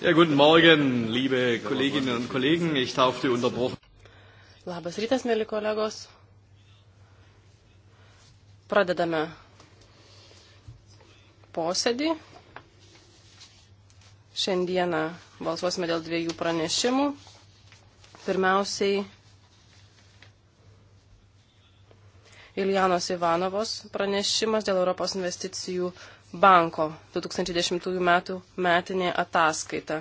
Ja, guten Morgen, liebe Kolleginnen und Kollegen. Ich darf die unterbrochen. Labas rytas, mėly kolegos. Pradedame posėdį. Šiandieną balsuosime dėl dviejų pranešimų. Pirmiausiai Iljanos Ivanovos pranešimas dėl Europos investicijų banko 2010 metų metinė ataskaita.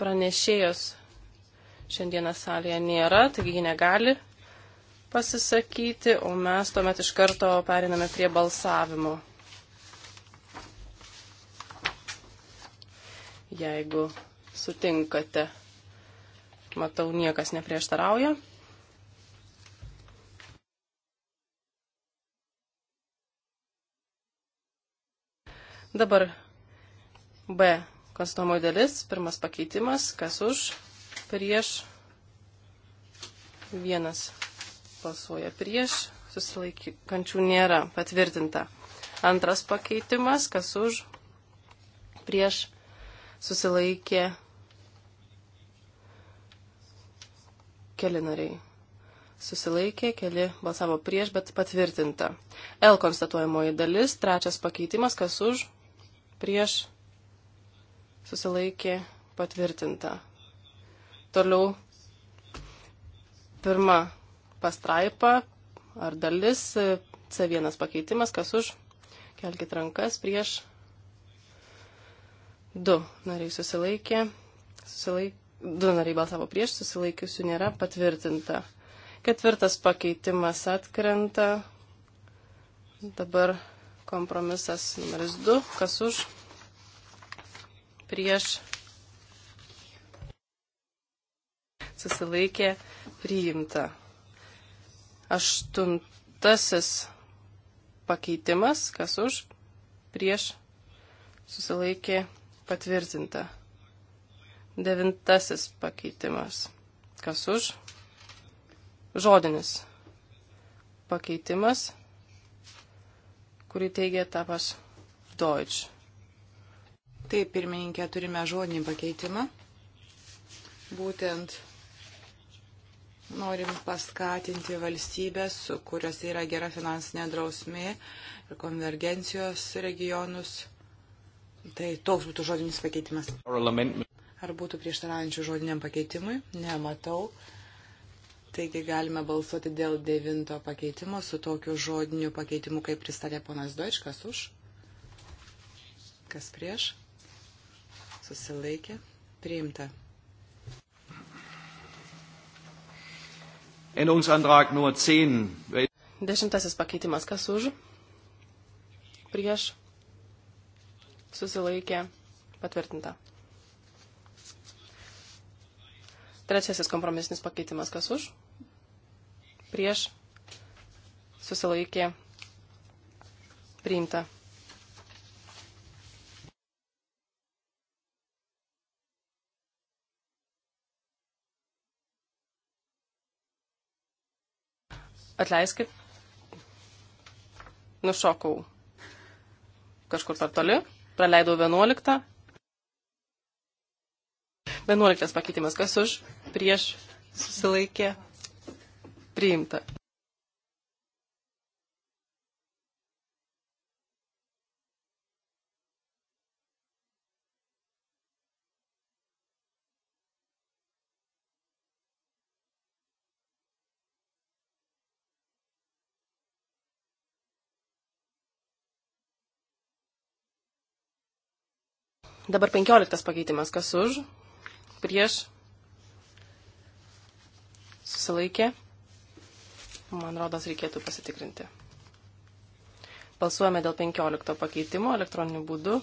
Pranešėjos šiandieną salėje nėra, taigi ji negali pasisakyti, o mes tuomet iš karto periname prie balsavimo. Jeigu sutinkate, matau, niekas neprieštarauja. Dabar B konstatuojamoji dalis, pirmas pakeitimas, kas už, prieš, vienas balsuoja prieš, susilaikančių nėra patvirtinta. Antras pakeitimas, kas už, prieš, susilaikė keli nariai. Susilaikė, keli balsavo prieš, bet patvirtinta. L konstatuojamoji dalis, trečias pakeitimas, kas už, prieš susilaikė patvirtinta. Toliau pirma pastraipa ar dalis C1 pakeitimas, kas už, kelkit rankas prieš. Du nariai susilaikė, susilaik, du nariai balsavo prieš, susilaikiusių nėra patvirtinta. Ketvirtas pakeitimas atkrenta. Dabar Kompromisas numeris 2. Kas už? Prieš. Susilaikė. Priimta. Aštuntasis pakeitimas. Kas už? Prieš. Susilaikė. Patvirtinta. Devintasis pakeitimas. Kas už? Žodinis pakeitimas kurį teigia tapas Deutsch. Taip, pirmininkė, turime žodinį pakeitimą. Būtent norim paskatinti valstybės, kurios yra gera finansinė drausmė ir konvergencijos regionus. Tai toks būtų žodinis pakeitimas. Ar būtų prieštaraujančių žodiniam pakeitimui? Nematau. Taigi galime balsuoti dėl devinto pakeitimo su tokiu žodiniu pakeitimu, kaip pristatė ponas Doičkas už. Kas prieš? Susilaikė. Priimta. Änderungsantrag Nummer 10. Dešimtasis pakeitimas. Kas už? Prieš. Susilaikė. Patvirtinta. Trečiasis kompromisinis pakeitimas. Kas už? prieš susilaikė priimta. Atleiskit, nušokau kažkur per toli, praleidau 11. 11 pakeitimas, kas už, prieš, susilaikė, priimta. Dabar 15 pakeitimas. Kas už? Prieš? Susilaikė? Man rodos, reikėtų pasitikrinti. Balsuojame dėl 15 pakeitimo elektroniniu būdu.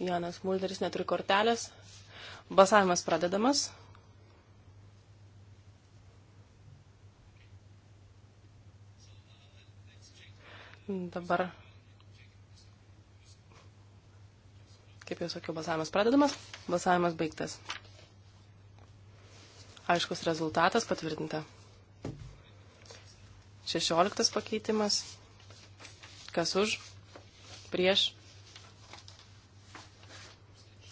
Janas Mulderis neturi kortelės. Balsavimas pradedamas. Dabar, kaip jau sakiau, balsavimas pradedamas, balsavimas baigtas. Aiškus rezultatas patvirtinta. 16 pakeitimas. Kas už? Prieš?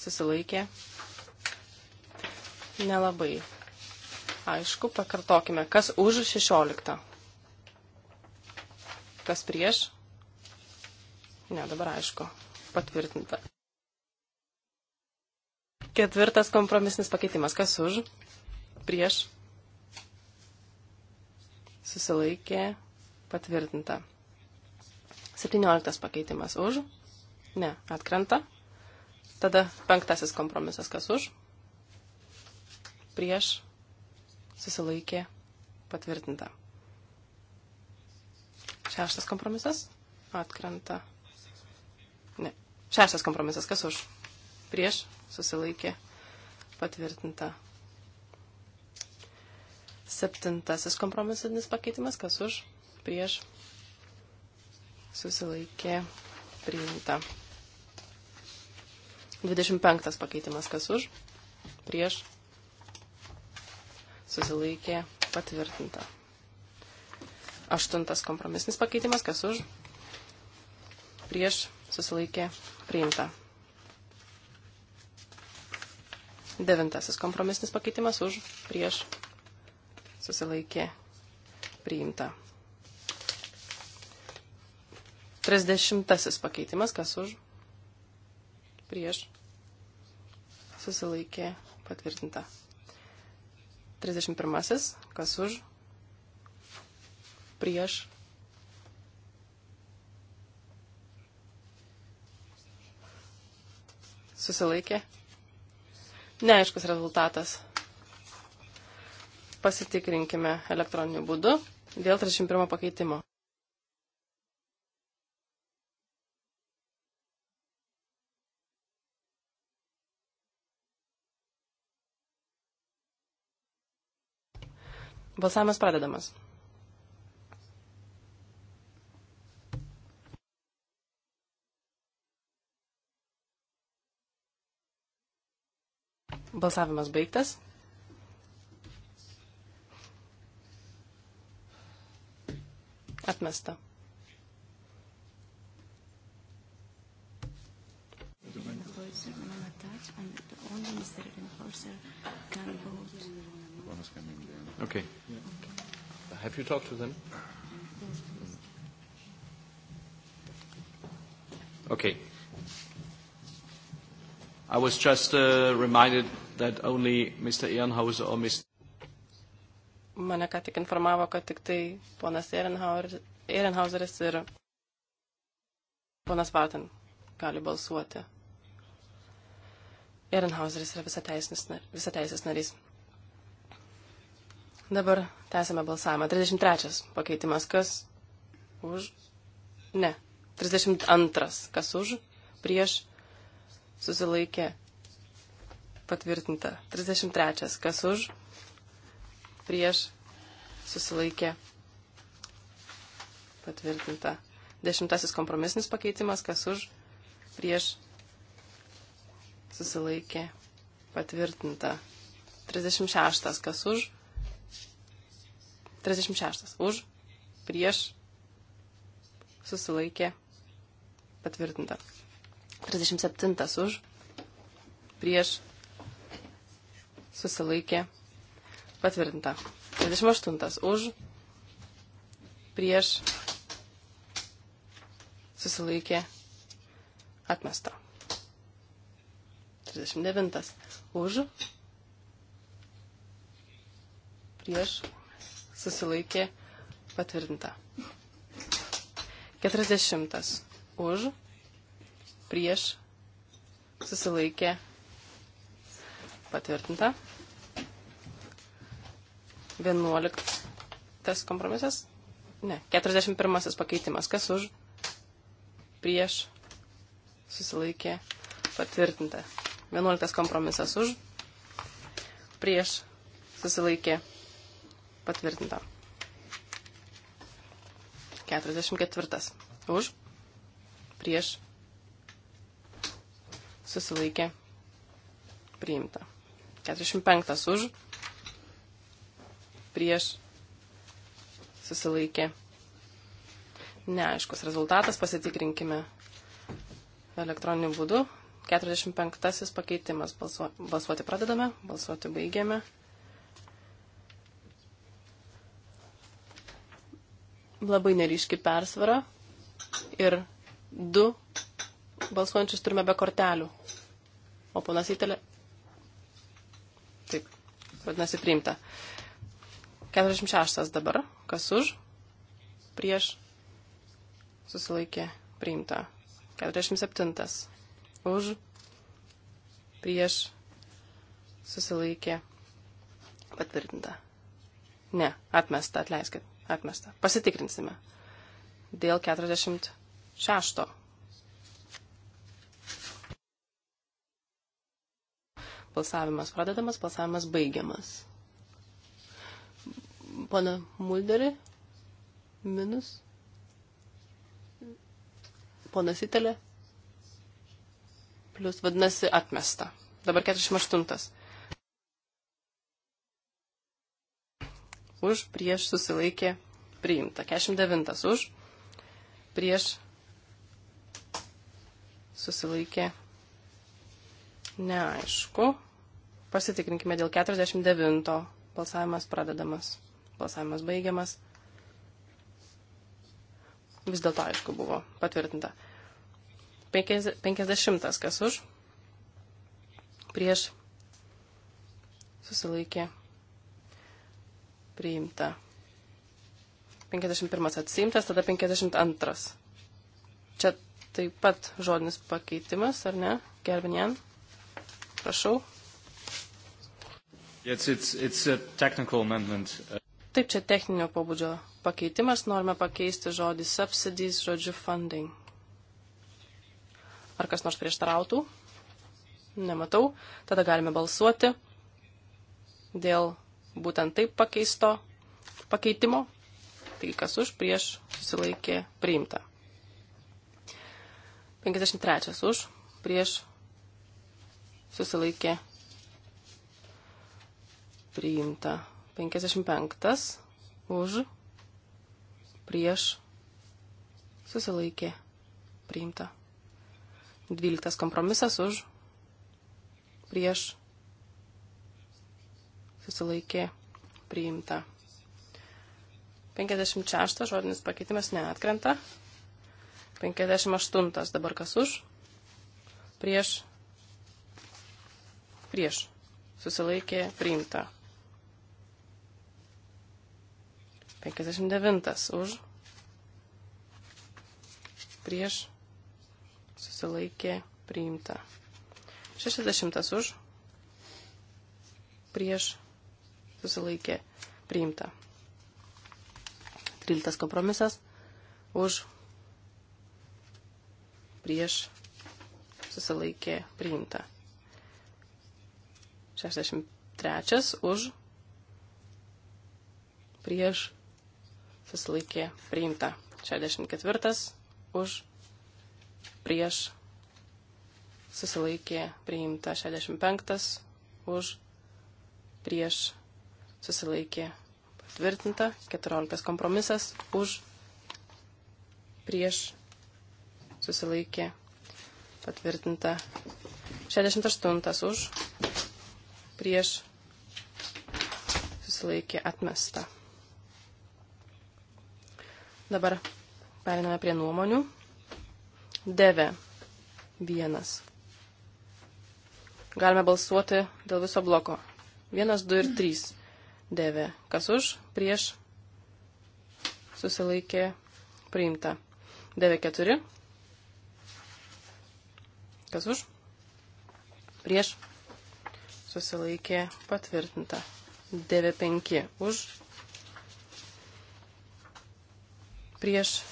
Susilaikė? Nelabai. Aišku, pakartokime. Kas už 16? Kas prieš? Ne, dabar aišku. Patvirtinta. Ketvirtas kompromisinis pakeitimas. Kas už? prieš susilaikė patvirtinta. 17 pakeitimas už, ne, atkrenta. Tada penktasis kompromisas kas už, prieš susilaikė patvirtinta. Šeštas kompromisas atkrenta. Ne. Šeštas kompromisas kas už, prieš susilaikė patvirtinta. Septintasis kompromisinis pakeitimas, kas už, prieš, susilaikė, priimta. 25 pakeitimas, kas už, prieš, susilaikė, patvirtinta. Aštuntas kompromisinis pakeitimas, kas už, prieš, susilaikė, priimta. Devintasis kompromisinis pakeitimas už, prieš, susilaikė priimta. 30 pakeitimas, kas už, prieš, susilaikė patvirtinta. 31 kas už, prieš, susilaikė. Neaiškus rezultatas. Pasitikrinkime elektroniniu būdu dėl 31 pakeitimo. Balsavimas pradedamas. Balsavimas baigtas. Atmesta. Okay. Have you talked to them? Okay. I was just uh, reminded that only Mr. Ehrenhauser or Mr mane ką tik informavo, kad tik tai ponas Ehrenhauseris ir ponas Vartan gali balsuoti. Ehrenhauseris yra visateisės narys. Dabar tęsime balsavimą. 33 pakeitimas. Kas už? Ne. 32. Kas už? Prieš? Susilaikė. Patvirtinta. 33. Kas už? prieš susilaikė patvirtinta. Dešimtasis kompromisinis pakeitimas, kas už prieš susilaikė patvirtinta. 36. Kas už? 36. Už, prieš, susilaikė, patvirtinta. 37. Už, prieš, susilaikė, Patvirtinta. 28. Už. Prieš. Susilaikė. Atmesta. 39. Už. Prieš. Susilaikė. Patvirtinta. 40. Už. Prieš. Susilaikė. Patvirtinta. 11 kompromisas. Ne, 41 pakeitimas. Kas už? Prieš susilaikė patvirtinta. 11 kompromisas už. Prieš susilaikė patvirtinta. 44 už. Prieš susilaikė priimta. 45 už prieš susilaikė. Neaiškus rezultatas, pasitikrinkime elektroniniu būdu. 45 pakeitimas. Balsuo, balsuoti pradedame, balsuoti baigiame. Labai neryški persvara ir du balsuojančius turime be kortelių. O ponas įtelė. Taip, vadinasi, priimta. 46 dabar. Kas už? Prieš. Susilaikė. Priimta. 47. Už. Prieš. Susilaikė. Patvirtinta. Ne. Atmesta. Atleiskit. Atmesta. Pasitikrinsime. Dėl 46. Balsavimas pradedamas, balsavimas baigiamas pana Mulderį, minus, ponas Itelė, plus vadinasi atmesta. Dabar 48. Už, prieš, susilaikė, priimta. 49. Už, prieš, susilaikė, neaišku. Pasitikrinkime dėl 49. Balsavimas pradedamas. Balsavimas baigiamas. Vis dėlto, aišku, buvo patvirtinta. 50 kas už. Prieš susilaikė priimta. 51 atsiimtas, tada 52. Čia taip pat žodinis pakeitimas, ar ne? Gerbinien, prašau. It's, it's, it's a technical amendment. Taip čia techninio pobūdžio pakeitimas, norime pakeisti žodį subsidies žodžiu funding. Ar kas nors prieštarautų? Nematau. Tada galime balsuoti dėl būtent taip pakeisto pakeitimo. Tai kas už, prieš, susilaikė, priimta. 53 už, prieš, susilaikė, priimta. 55 už, prieš, susilaikė, priimta. 12 kompromisas už, prieš, susilaikė, priimta. 56 žodinis pakeitimas neatkrenta. 58 dabar kas už, prieš, prieš, susilaikė, priimta. 59 už. Prieš. Susilaikė priimta. 60 už. Prieš. Susilaikė priimta. 13 kompromisas. Už. Prieš. Susilaikė priimta. 63 už prieš susilaikė priimta. 64 už prieš susilaikė priimta. 65 už prieš susilaikė patvirtinta. 14 kompromisas už prieš susilaikė patvirtinta. 68 už prieš susilaikė atmesta. Dabar periname prie nuomonių. Deve vienas. Galime balsuoti dėl viso bloko. Vienas, du ir trys. Deve. Kas už, prieš, susilaikė, priimta. Deve keturi. Kas už, prieš, susilaikė, patvirtinta. Deve penki. Už, prieš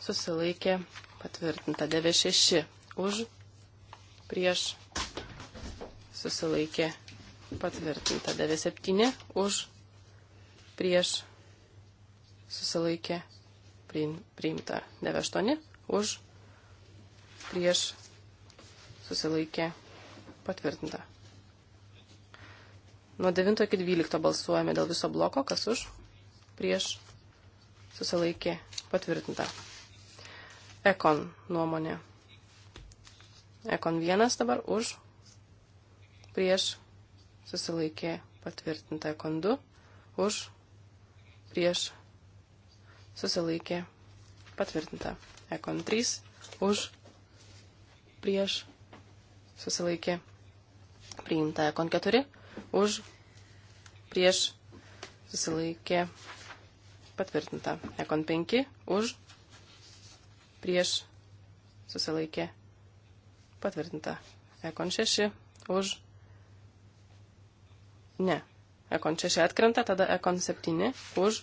susilaikė patvirtinta 96 už prieš susilaikė patvirtinta 97 už prieš susilaikė priimta 98 už prieš susilaikė patvirtinta. Nuo 9 iki 12 balsuojame dėl viso bloko, kas už, prieš, susilaikė patvirtinta. Ekon nuomonė. Ekon vienas dabar už, prieš, susilaikė patvirtinta. Ekon du, už, prieš, susilaikė patvirtinta. Ekon trys, už, prieš, susilaikė priimta. Ekon keturi, už, prieš, susilaikė patvirtinta patvirtinta. Ekon 5 už, prieš, susilaikė, patvirtinta. Ekon 6 už, ne. Ekon 6 atkrenta, tada Ekon 7 už,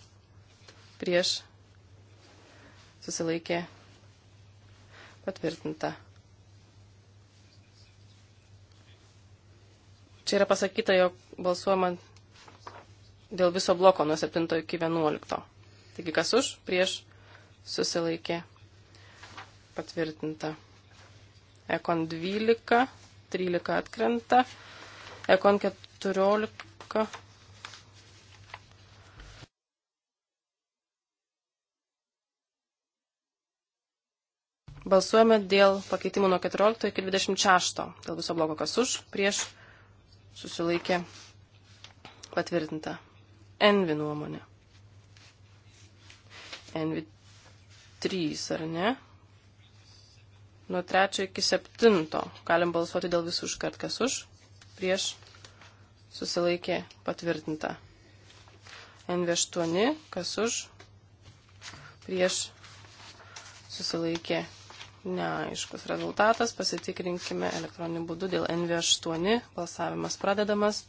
prieš, susilaikė, patvirtinta. Čia yra pasakyta, jog balsuojama dėl viso bloko nuo 7 iki 11. Taigi kas už, prieš, susilaikė, patvirtinta. Ekon 12, 13 atkrenta, Ekon 14. Balsuojame dėl pakeitimų nuo 14 iki 26. Dėl viso blogo kas už, prieš, susilaikė, patvirtinta. Envi nuomonė. Envi 3, ar ne? Nuo 3 iki 7 galim balsuoti dėl visų iškart, kas už, prieš, susilaikė, patvirtinta. Envi 8, kas už, prieš, susilaikė, neaiškus rezultatas. Pasitikrinkime elektroniniu būdu dėl NV8. Balsavimas pradedamas,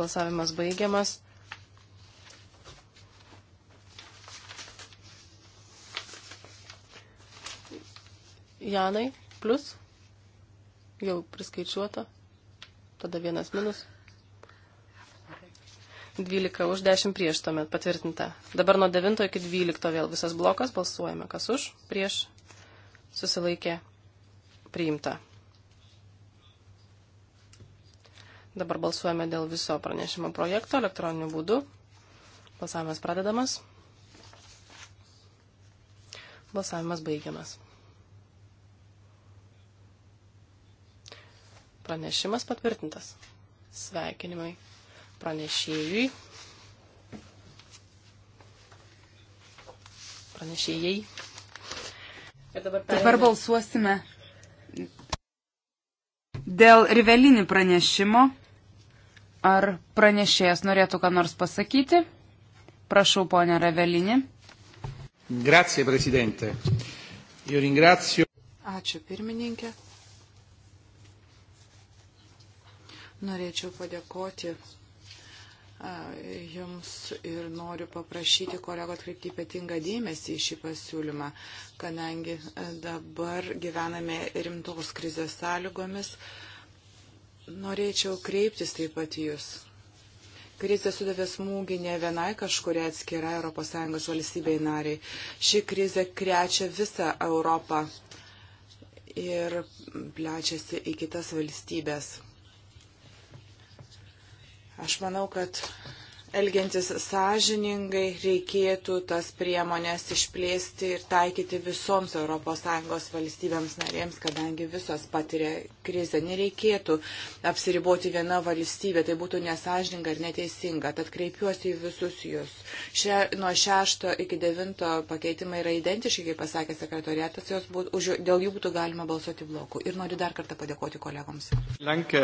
balsavimas baigiamas. Janai, plus, jau priskaičiuota, tada vienas minus. 12 už 10 prieš tuomet patvirtinta. Dabar nuo 9 iki 12 vėl visas blokas balsuojame. Kas už, prieš, susilaikė, priimta. Dabar balsuojame dėl viso pranešimo projekto elektroniniu būdu. Balsavimas pradedamas. Balsavimas baigiamas. Pranešimas patvirtintas. Sveikinimai pranešėjui. Pranešėjai. Ir dabar, perėmė. dabar balsuosime dėl rivelinį pranešimo. Ar pranešėjas norėtų ką nors pasakyti? Prašau, ponė Ravelinį. Grazie, prezidente. Ačiū, pirmininkė. Norėčiau padėkoti Jums ir noriu paprašyti kolego atkreipti ypatingą dėmesį į šį pasiūlymą, kadangi dabar gyvename rimtos krizės sąlygomis. Norėčiau kreiptis taip pat į Jūs. Krizė sudavė smūgį ne vienai kažkuria atskira ES valstybei nariai. Ši krizė krečia visą Europą ir plečiasi į kitas valstybės. Aš manau, kad elgiantis sąžiningai reikėtų tas priemonės išplėsti ir taikyti visoms ES valstybėms narėms, kadangi visos patiria krizę. Nereikėtų apsiriboti viena valstybė, tai būtų nesažininga ir neteisinga. Tad kreipiuosi į visus jūs. Še, nuo šešto iki devinto pakeitimai yra identiški, kaip pasakė sekretoriatas, būt, už, dėl jų būtų galima balsuoti blokų. Ir noriu dar kartą padėkoti kolegoms. Lanka,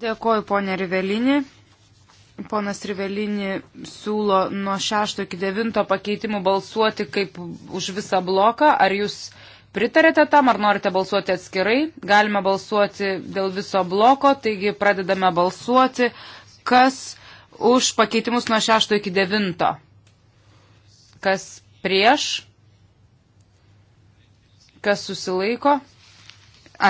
Dėkoju, ponė Rivelinė. Ponas Rivelinį siūlo nuo 6 iki 9 pakeitimų balsuoti kaip už visą bloką. Ar jūs pritarėte tam, ar norite balsuoti atskirai? Galime balsuoti dėl viso bloko, taigi pradedame balsuoti, kas už pakeitimus nuo 6 iki 9. Kas prieš? Kas susilaiko?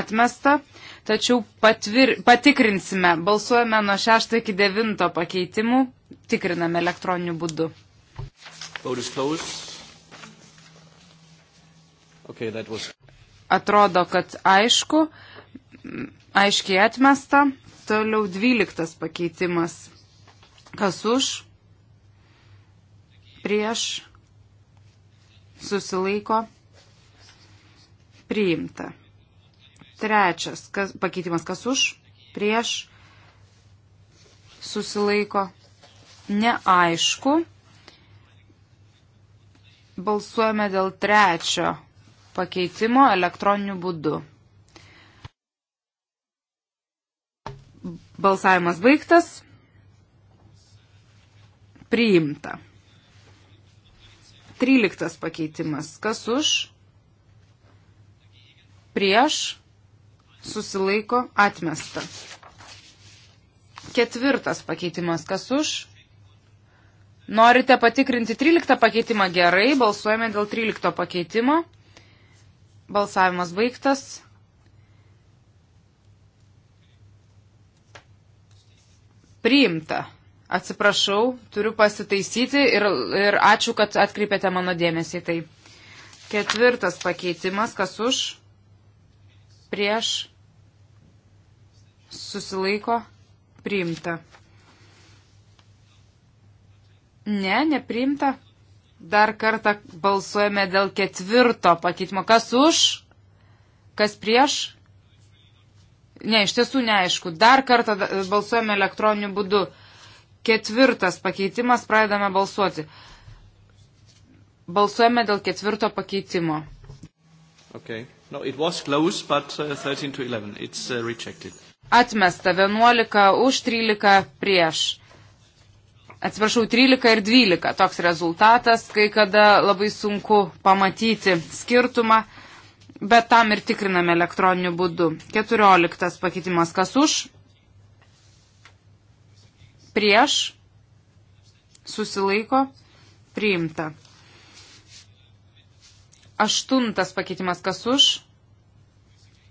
Atmesta tačiau patvir, patikrinsime. Balsuojame nuo 6 iki 9 pakeitimų, tikriname elektroniniu būdu. Okay, was... Atrodo, kad aišku, aiškiai atmesta. Toliau 12 pakeitimas. Kas už? Prieš? Susilaiko? Priimta. Trečias kas, pakeitimas, kas už, prieš, susilaiko, neaišku. Balsuojame dėl trečio pakeitimo elektroniniu būdu. Balsavimas baigtas. Priimta. Tryliktas pakeitimas. Kas už? Prieš susilaiko atmesta. Ketvirtas pakeitimas, kas už? Norite patikrinti 13 pakeitimą gerai, balsuojame dėl 13 pakeitimo. Balsavimas baigtas. Priimta. Atsiprašau, turiu pasitaisyti ir, ir ačiū, kad atkreipėte mano dėmesį. Tai ketvirtas pakeitimas, kas už? prieš, susilaiko, priimta. Ne, nepriimta. Dar kartą balsuojame dėl ketvirto pakeitimo. Kas už, kas prieš? Ne, iš tiesų neaišku. Dar kartą balsuojame elektroniniu būdu. Ketvirtas pakeitimas, pradedame balsuoti. Balsuojame dėl ketvirto pakeitimo. Okay. No, it was close, but uh, 13 to 11. It's uh, rejected. Atmesta 11 už 13 prieš. Atsiprašau, 13 ir 12 toks rezultatas, kai kada labai sunku pamatyti skirtumą, bet tam ir tikriname elektroniniu būdu. 14 pakeitimas kas už, prieš, susilaiko, priimta. Aštuntas pakeitimas kas už,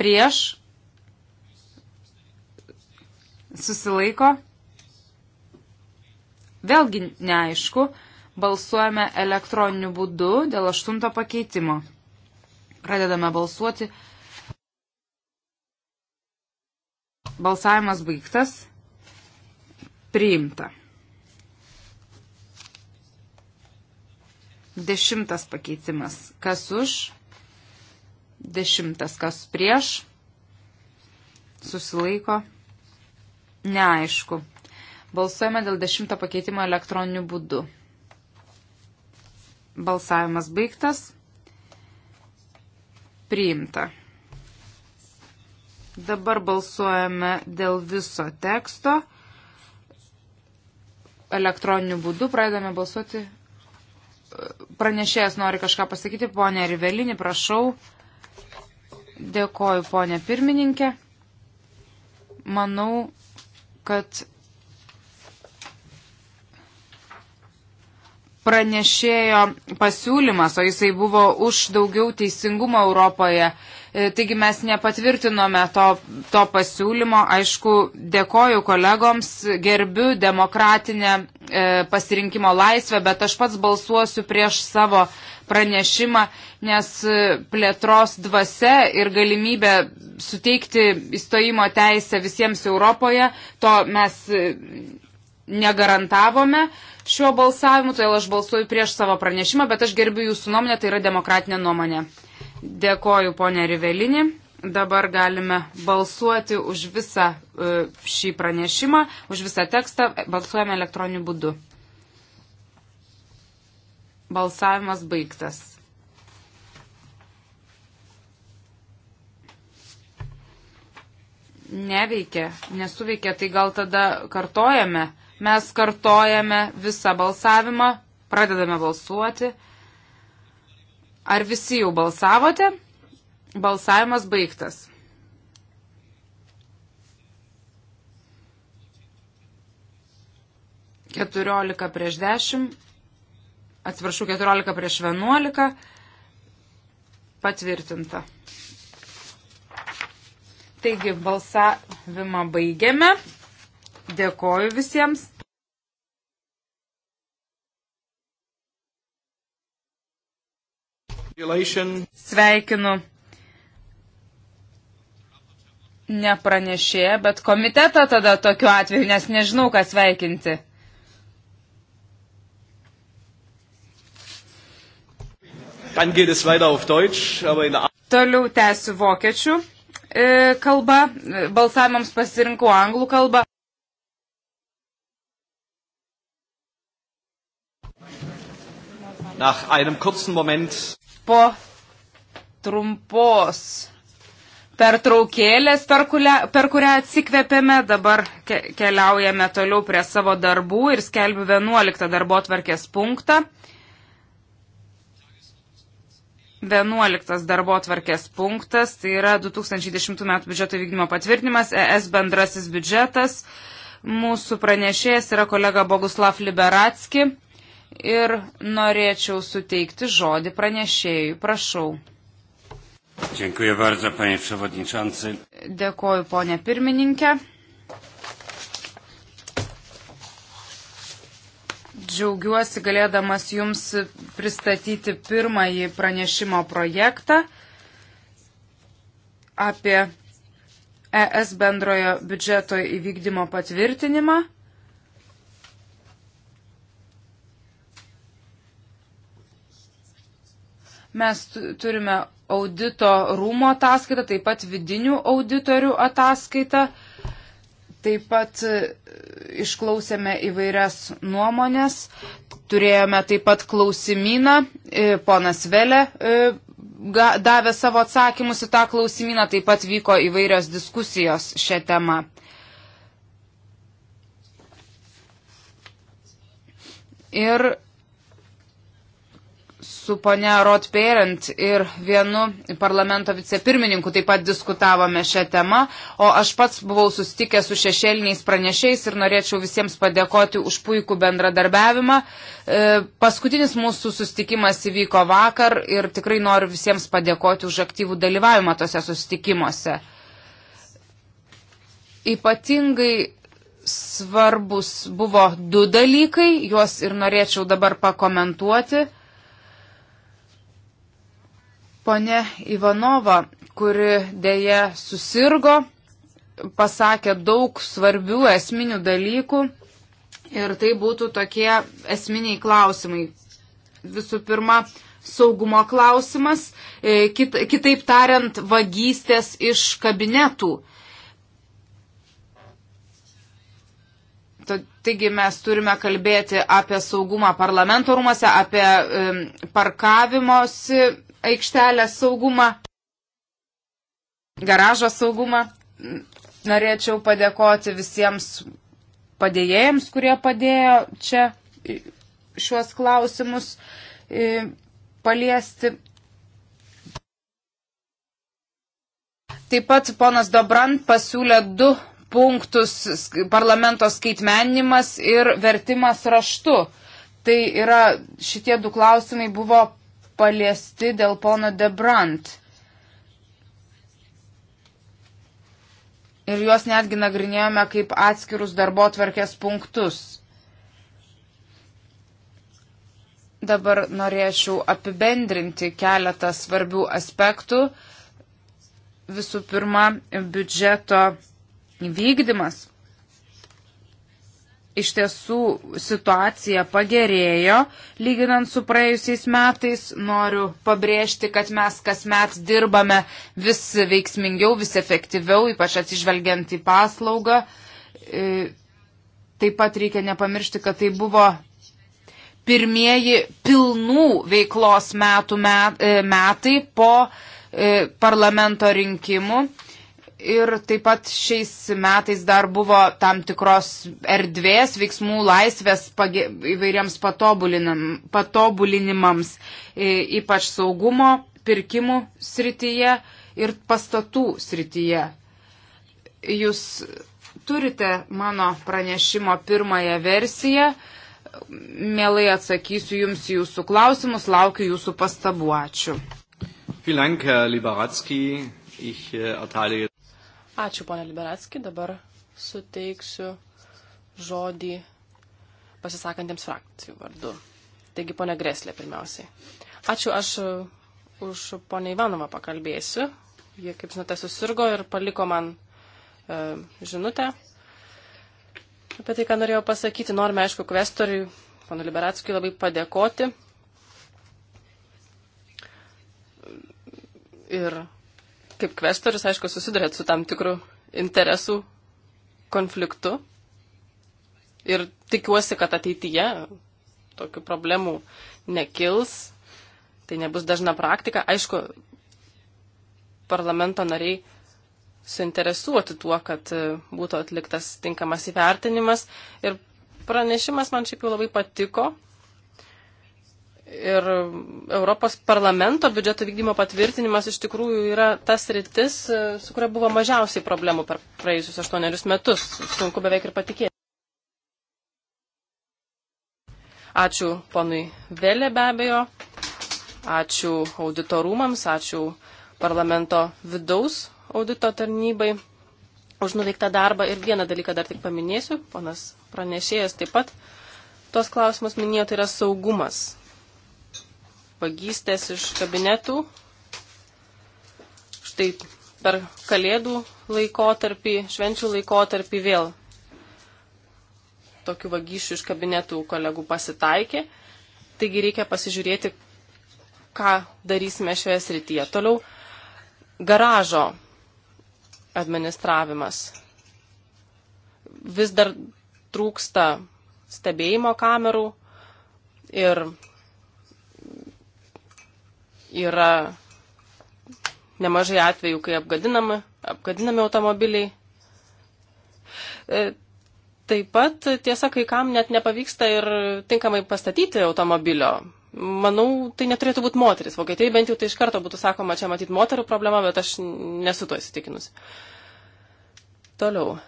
prieš, susilaiko. Vėlgi neaišku, balsuojame elektroniniu būdu dėl aštunto pakeitimo. Pradedame balsuoti. Balsavimas baigtas. Priimta. Dešimtas pakeitimas. Kas už? Dešimtas. Kas prieš? Susilaiko? Neaišku. Balsuojame dėl dešimto pakeitimo elektroniniu būdu. Balsavimas baigtas. Priimta. Dabar balsuojame dėl viso teksto. Elektroniniu būdu pradedame balsuoti pranešėjas nori kažką pasakyti. Pone Rivelinį, prašau. Dėkoju, ponė pirmininkė. Manau, kad pranešėjo pasiūlymas, o jisai buvo už daugiau teisingumo Europoje, uh, E, taigi mes nepatvirtinome to, to pasiūlymo. Aišku, dėkoju kolegoms, gerbiu demokratinę e, pasirinkimo laisvę, bet aš pats balsuosiu prieš savo pranešimą, nes e, plėtros dvasia ir galimybė suteikti įstojimo teisę visiems Europoje, to mes e, negarantavome šiuo balsavimu, todėl aš balsuoju prieš savo pranešimą, bet aš gerbiu jūsų nuomonę, tai yra demokratinė nuomonė. Dėkoju, ponė Rivelinį. Dabar galime balsuoti už visą e, šį pranešimą, už visą tekstą. Balsuojame elektroniniu būdu. Balsavimas baigtas. Neveikia, nesuveikia, tai gal tada kartojame. Mes kartojame visą balsavimą, pradedame balsuoti. Ar visi jau balsavote? Balsavimas baigtas. Keturiolika prieš dešimt, atsiprašau, keturiolika prieš vienuolika, patvirtinta. Taigi balsavimą baigiame. Dėkoju visiems. Sveikinu ne pranešėją, bet komitetą tada tokiu atveju, nes nežinau, ką sveikinti. Deutsch, der... Toliau tęsiu vokiečių e, kalbą, balsavimams pasirinkau anglų kalbą. Nach einem kurzen Moment po trumpos pertraukėlės, per, kulia, per kurią atsikvėpėme. Dabar ke keliaujame toliau prie savo darbų ir skelbiu 11 darbo tvarkės punktą. 11 darbo tvarkės punktas, tai yra 2010 m. biudžeto vykdymo patvirtinimas, ES bendrasis biudžetas. Mūsų pranešėjas yra kolega Boguslav Liberatski ir norėčiau suteikti žodį pranešėjui. Prašau. Dziękuję bardzo, panie przewodniczący. Dėkoju, ponė pirmininkė. Džiaugiuosi galėdamas jums pristatyti pirmąjį pranešimo projektą apie ES bendrojo biudžeto įvykdymo patvirtinimą. Mes turime audito rūmo ataskaitą, taip pat vidinių auditorių ataskaitą. Taip pat e, išklausėme įvairias nuomonės. Turėjome taip pat klausimyną. E, ponas Velė e, davė savo atsakymus į tą klausimyną. Taip pat vyko įvairios diskusijos šią temą. Ir su ponia Rotperent ir vienu parlamento vicepirmininku taip pat diskutavome šią temą, o aš pats buvau sustikęs su šešėliniais pranešiais ir norėčiau visiems padėkoti už puikų bendradarbiavimą. E, paskutinis mūsų sustikimas įvyko vakar ir tikrai noriu visiems padėkoti už aktyvų dalyvavimą tose sustikimuose. Ypatingai svarbus buvo du dalykai, juos ir norėčiau dabar pakomentuoti ponė Ivanova, kuri dėje susirgo, pasakė daug svarbių esminių dalykų ir tai būtų tokie esminiai klausimai. Visų pirma, saugumo klausimas, e, kit, kitaip tariant, vagystės iš kabinetų. Taigi mes turime kalbėti apie saugumą parlamento rūmose, apie parkavimosi aikštelės saugumą, garažo saugumą. Norėčiau padėkoti visiems padėjėjams, kurie padėjo čia šiuos klausimus paliesti. Taip pat ponas Dobrant pasiūlė du punktus parlamento skaitmenimas ir vertimas raštu. Tai yra, šitie du klausimai buvo paliesti dėl pono Debrant. Ir juos netgi nagrinėjome kaip atskirus darbo tvarkės punktus. Dabar norėčiau apibendrinti keletą svarbių aspektų. Visų pirma, biudžeto vykdymas iš tiesų situacija pagerėjo, lyginant su praėjusiais metais. Noriu pabrėžti, kad mes kasmet dirbame vis veiksmingiau, vis efektyviau, ypač atsižvelgiant į paslaugą. E, taip pat reikia nepamiršti, kad tai buvo pirmieji pilnų veiklos metų e, metai po e, parlamento rinkimų Ir taip pat šiais metais dar buvo tam tikros erdvės, veiksmų laisvės pagė, įvairiems patobulinimams, ypač saugumo, pirkimų srityje ir pastatų srityje. Jūs turite mano pranešimo pirmąją versiją. Mielai atsakysiu Jums Jūsų klausimus, laukiu Jūsų pastabuočių. Vielen Dank, Herr Liberatski. Ich äh, erteile Ačiū, ponė Liberatski. Dabar suteiksiu žodį pasisakantiems frakcijų vardu. Taigi, ponė Greslė, pirmiausiai. Ačiū, aš uh, už ponę Ivanovą pakalbėsiu. Jie, kaip žinote, susirgo ir paliko man e, žinutę apie tai, ką norėjau pasakyti. Norime, aišku, kvestoriui, ponu Liberatskijui, labai padėkoti. Ir kaip kvestorius, aišku, susidurėt su tam tikru interesų konfliktu. Ir tikiuosi, kad ateityje tokių problemų nekils. Tai nebus dažna praktika. Aišku, parlamento nariai suinteresuoti tuo, kad e, būtų atliktas tinkamas įvertinimas. Ir pranešimas man šiaip jau labai patiko. Ir Europos parlamento biudžeto vykdymo patvirtinimas iš tikrųjų yra tas rytis, e, su kuria buvo mažiausiai problemų per praėjusius aštuonerius metus. Sunku beveik ir patikėti. Ačiū ponui Vėlė be abejo, ačiū auditorumams, ačiū parlamento vidaus audito tarnybai už nuveiktą darbą. Ir vieną dalyką dar tik paminėsiu, ponas pranešėjas taip pat. Tos klausimus minėjo, tai yra saugumas vagystės iš kabinetų. Štai per kalėdų laikotarpį, švenčių laikotarpį vėl tokių vagysčių iš kabinetų kolegų pasitaikė. Taigi reikia pasižiūrėti, ką darysime šioje srityje. Toliau garažo administravimas. Vis dar trūksta stebėjimo kamerų ir yra nemažai atvejų, kai apgadinami, apgadinami automobiliai. E, taip pat, tiesa, kai kam net nepavyksta ir tinkamai pastatyti automobilio. Manau, tai neturėtų būti moteris. Vokietijai bent jau tai iš karto būtų sakoma, čia matyti moterų problema, bet aš nesu tuo įsitikinusi. Toliau.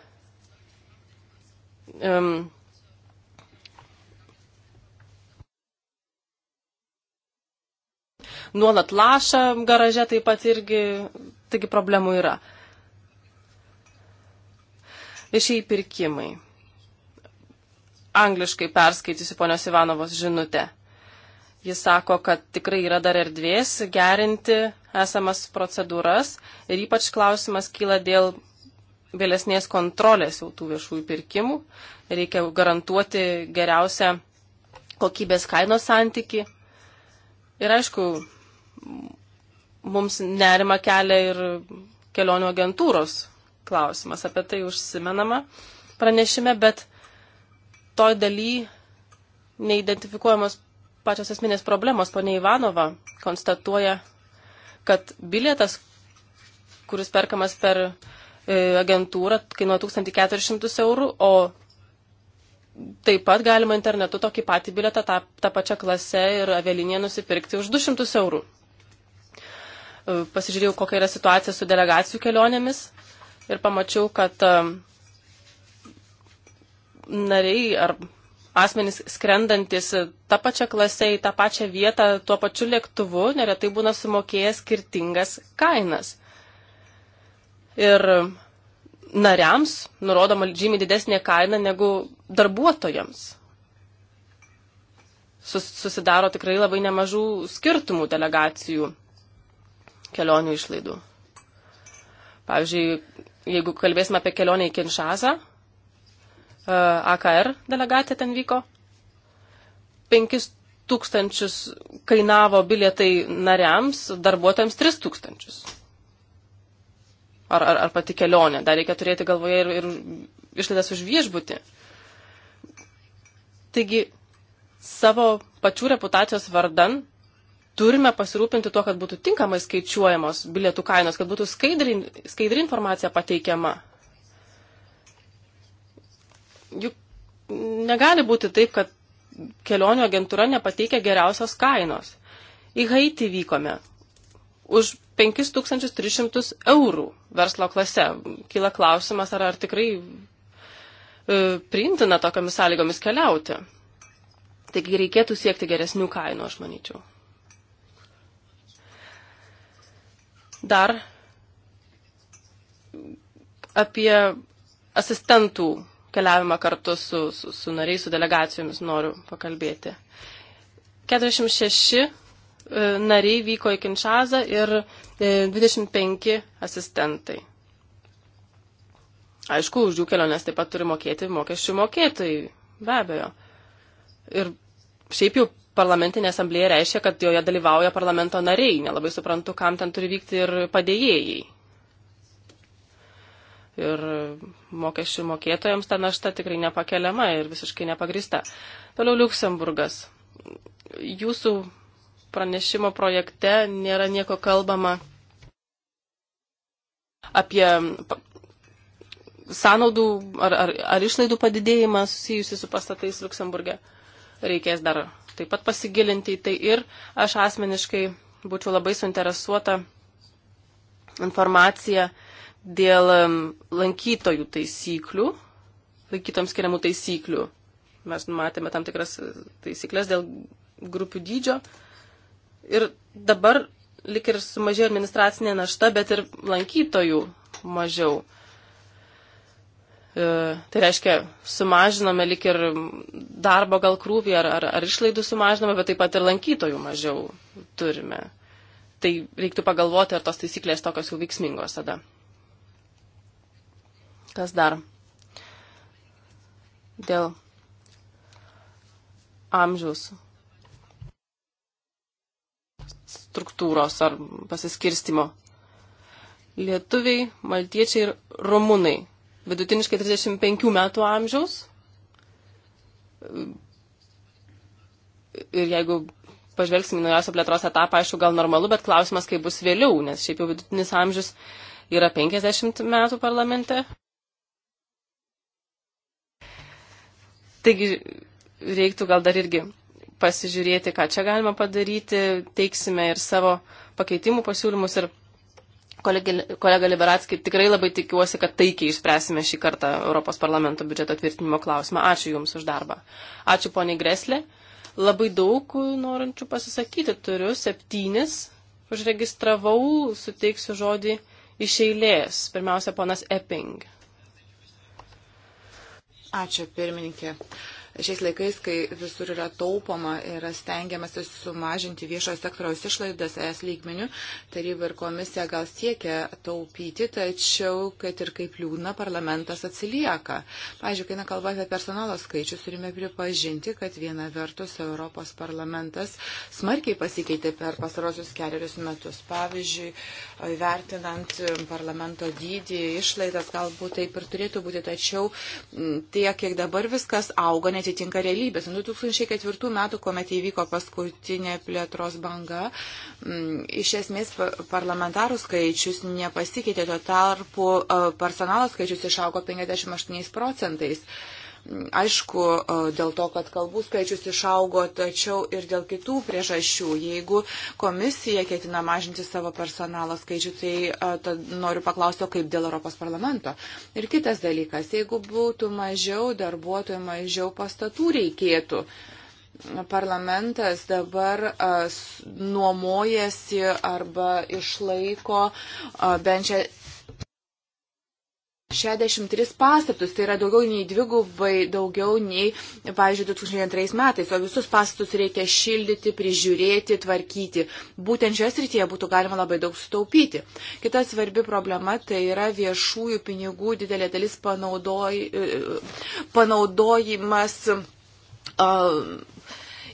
Um, nuolat laša garaže taip pat irgi, taigi problemų yra. Viešiai pirkimai. Angliškai perskaitysiu ponios Ivanovos žinutę. Jis sako, kad tikrai yra dar erdvės gerinti esamas procedūras ir ypač klausimas kyla dėl vėlesnės kontrolės jau tų viešųjų pirkimų. Reikia garantuoti geriausią kokybės kainos santyki. Ir aišku, mums nerima kelia ir kelionių agentūros klausimas. Apie tai užsimenama pranešime, bet toj daly neidentifikuojamos pačios esminės problemos. Pone Ivanova konstatuoja, kad bilietas, kuris perkamas per e, agentūrą, kainuoja 1400 eurų, o taip pat galima internetu tokį patį bilietą tą, tą pačią klasę ir avelinėje nusipirkti už 200 eurų. E, pasižiūrėjau, kokia yra situacija su delegacijų kelionėmis ir pamačiau, kad e, nariai ar asmenys skrendantis tą pačią klasę į tą pačią vietą tuo pačiu lėktuvu neretai būna sumokėję skirtingas kainas. Ir nariams nurodoma žymiai didesnė kaina negu darbuotojams. Sus, susidaro tikrai labai nemažų skirtumų delegacijų kelionių išlaidų. Pavyzdžiui, jeigu kalbėsime apie kelionę į Kinšasą, e, AKR delegacija ten vyko, 5 tūkstančius kainavo bilietai nariams, darbuotojams 3 tūkstančius. Ar, ar, ar pati kelionė. Dar reikia turėti galvoje ir, ir išlaidas už viešbutį. Taigi, savo pačių reputacijos vardan turime pasirūpinti tuo, kad būtų tinkamai skaičiuojamos bilietų kainos, kad būtų skaidri, skaidri informacija pateikiama. Juk negali būti taip, kad kelionių agentūra nepateikia geriausios kainos. Į Haitį vykome už 5300 eurų verslo klase. Kila klausimas, ar, ar tikrai e, priimtina tokiamis sąlygomis keliauti. Taigi reikėtų siekti geresnių kainų, aš manyčiau. Dar apie asistentų keliavimą kartu su, su, su nariais, su delegacijomis noriu pakalbėti. 46 e, nariai vyko į Kinšazą ir 25 e, asistentai. Aišku, už jų keliones taip pat turi mokėti mokesčių mokėtojai, be abejo. Ir šiaip jau parlamentinė asamblėje reiškia, kad joje dalyvauja parlamento nariai. Nelabai suprantu, kam ten turi vykti ir padėjėjai. Ir mokesčių mokėtojams ta našta tikrai nepakeliama ir visiškai nepagrista. Toliau Luksemburgas. Jūsų pranešimo projekte nėra nieko kalbama apie sąnaudų ar, ar, ar išlaidų padidėjimą susijusi su pastatais Luksemburgė. Reikės dar taip pat pasigilinti į tai ir aš asmeniškai būčiau labai suinteresuota informacija dėl lankytojų taisyklių, lankytojams skiriamų taisyklių. Mes numatėme tam tikras e, taisyklės dėl grupių dydžio. Ir dabar lik ir sumažėjo administracinė našta, bet ir lankytojų mažiau. E, tai reiškia, sumažiname lik ir darbo gal krūvį ar, ar, ar išlaidų sumažiname, bet taip pat ir lankytojų mažiau turime. Tai reiktų pagalvoti, ar tos taisyklės tokios jau veiksmingos tada. Kas dar? Dėl amžiaus struktūros ar pasiskirstimo. Lietuviai, maltiečiai ir rumunai vidutiniškai 35 metų amžiaus. Ir jeigu pažvelgsime į naujausią plėtros etapą, aišku, gal normalu, bet klausimas, kaip bus vėliau, nes šiaip jau vidutinis amžius yra 50 metų parlamente. Taigi reiktų gal dar irgi pasižiūrėti, ką čia galima padaryti, teiksime ir savo pakeitimų pasiūlymus ir Kolega Liberatskai, tikrai labai tikiuosi, kad taikiai išspręsime šį kartą Europos parlamento biudžeto tvirtinimo klausimą. Ačiū Jums už darbą. Ačiū poniai Greslė. Labai daug norinčių pasisakyti turiu. Septynis užregistravau, suteiksiu žodį iš eilės. Pirmiausia, ponas Epping. Ačiū, pirmininkė. Uh, Šiais laikais, kai visur yra taupoma ir stengiamasi sumažinti viešojo sektoriaus išlaidas es lygmenių, taryba ir komisija gal siekia taupyti, tačiau, kad ir kaip liūdna, parlamentas atsilieka. Pavyzdžiui, kai kalba apie personalo skaičius, turime pripažinti, kad viena vertus Europos parlamentas smarkiai pasikeitė per pastarosius keliarius metus. Pavyzdžiui, vertinant parlamento dydį, išlaidas galbūt taip ir turėtų būti, tačiau tiek, kiek dabar viskas auga, net netitinka realybės. 2004 metų, kuomet įvyko paskutinė plėtros banga, mm, iš esmės parlamentarų skaičius nepasikeitė, tuo tarpu e, personalo skaičius išaugo 58 procentais. Aišku, e, dėl to, kad kalbų skaičius išaugo, tačiau ir dėl kitų priežasčių. Jeigu komisija ketina mažinti savo personalo skaičių, tai e, noriu paklausti, kaip dėl Europos parlamento. Ir kitas dalykas, jeigu būtų mažiau darbuotojų, mažiau pastatų reikėtų parlamentas dabar e, nuomojasi arba išlaiko bent 63 pastatus, tai yra daugiau nei dvigubai daugiau nei, pavyzdžiui, 2002 metais, o visus pastatus reikia šildyti, prižiūrėti, tvarkyti. Būtent šioje srityje būtų galima labai daug sutaupyti. Kita svarbi problema tai yra viešųjų pinigų didelė dalis panaudoj, e, e, panaudojimas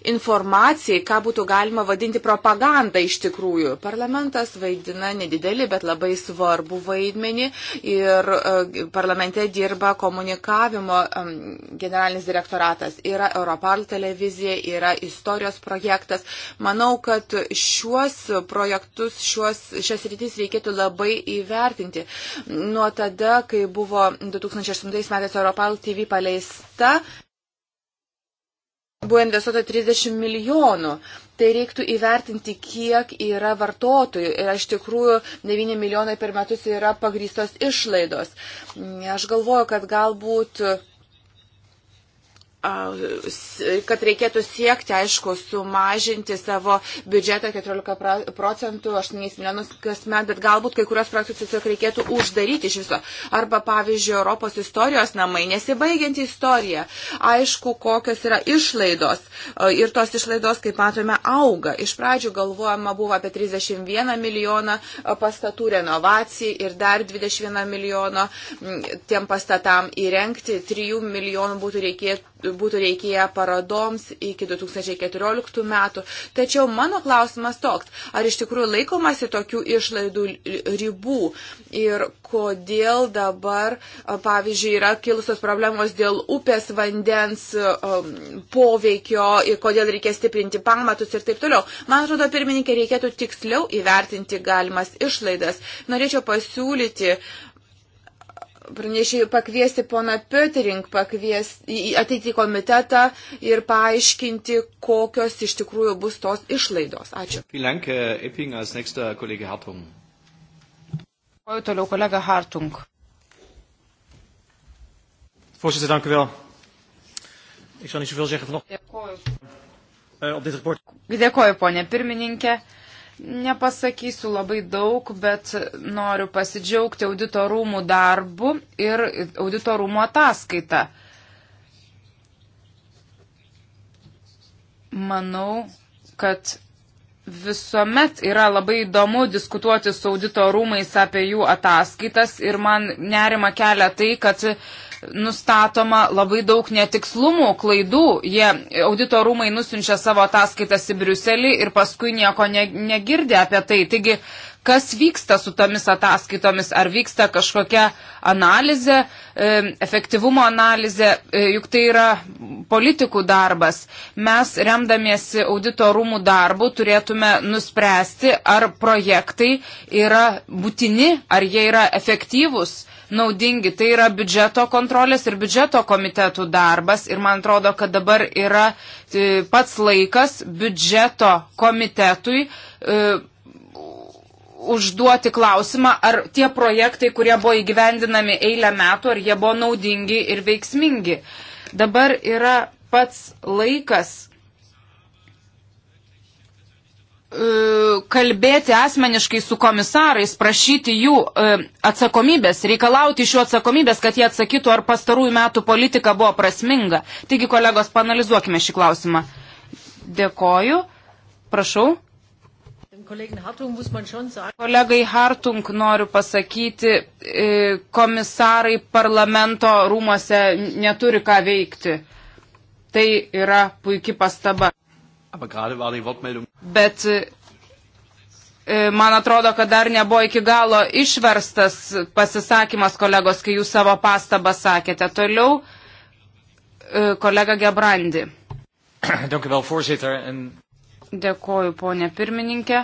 informacijai, ką būtų galima vadinti propaganda iš tikrųjų. Parlamentas vaidina nedidelį, bet labai svarbu vaidmenį ir e, parlamente dirba komunikavimo generalinis direktoratas. Yra Europal televizija, yra istorijos projektas. Manau, kad šiuos projektus, šiuos, šias rytis reikėtų labai įvertinti. Nuo tada, kai buvo 2008 metais Europal TV paleista, buvo investuota 30 milijonų. Tai reiktų įvertinti, kiek yra vartotojų. Ir iš tikrųjų 9 milijonai per metus yra pagrystos išlaidos. Aš galvoju, kad galbūt kad reikėtų siekti, aišku, sumažinti savo biudžetą 14 procentų, 8 milijonus kasmet, bet galbūt kai kurios projektus tiesiog reikėtų uždaryti iš viso. Arba, pavyzdžiui, Europos istorijos namai, nesibaigianti istorija. Aišku, kokios yra išlaidos ir tos išlaidos, kaip matome, auga. Iš pradžių galvojama buvo apie 31 milijoną pastatų renovacijai ir dar 21 milijono tiem pastatam įrengti, 3 milijonų būtų reikėtų būtų reikėję parodoms iki 2014 metų. Tačiau mano klausimas toks, ar iš tikrųjų laikomasi tokių išlaidų ribų ir kodėl dabar, pavyzdžiui, yra kilusios problemos dėl upės vandens poveikio ir kodėl reikia stiprinti pamatus ir taip toliau. Man atrodo, pirmininkė, reikėtų tiksliau įvertinti galimas išlaidas. Norėčiau pasiūlyti pranešėjų pakviesti poną Pöterink, pakviesti ateiti į komitetą ir paaiškinti, kokios iš tikrųjų bus tos išlaidos. Ačiū. Dėkuoju toliau kolega Hartung. Voorzitter, dank u wel. Ik zal niet zoveel zeggen vanochtend. Dėkuoju. Uh, eh, op dit rapport. Dėkuoju, ponė pirmininkė. Uh, Nepasakysiu labai daug, bet noriu pasidžiaugti auditorumų darbu ir auditorumų ataskaitą. Manau, kad visuomet yra labai įdomu diskutuoti su audito rūmais apie jų ataskaitas ir man nerima kelia tai, kad nustatoma labai daug netikslumų, klaidų. Jie auditorumai nusinčia savo ataskaitas į Briuselį ir paskui nieko ne, negirdė apie tai. Taigi, kas vyksta su tomis ataskaitomis? Ar vyksta kažkokia analizė, e, efektyvumo analizė? E, juk tai yra politikų darbas. Mes, remdamiesi auditorumų darbu, turėtume nuspręsti, ar projektai yra būtini, ar jie yra efektyvūs naudingi. Tai yra biudžeto kontrolės ir biudžeto komitetų darbas ir man atrodo, kad dabar yra e, pats laikas biudžeto komitetui e, užduoti klausimą, ar tie projektai, kurie buvo įgyvendinami eilę metų, ar jie buvo naudingi ir veiksmingi. Dabar yra pats laikas E, kalbėti asmeniškai su komisarais, prašyti jų e, atsakomybės, reikalauti iš jų atsakomybės, kad jie atsakytų, ar pastarųjų metų politika buvo prasminga. Taigi, kolegos, panalizuokime šį klausimą. Dėkoju. Prašau. Kolegai Hartung noriu pasakyti, e, komisarai parlamento rūmose neturi ką veikti. Tai yra puikia pastaba. Bet e, e, man atrodo, kad dar nebuvo iki galo išverstas pasisakymas kolegos, kai jūs savo pastabą sakėte. Toliau e, kolega Gebrandi. Dėkoju, ponė pirmininkė.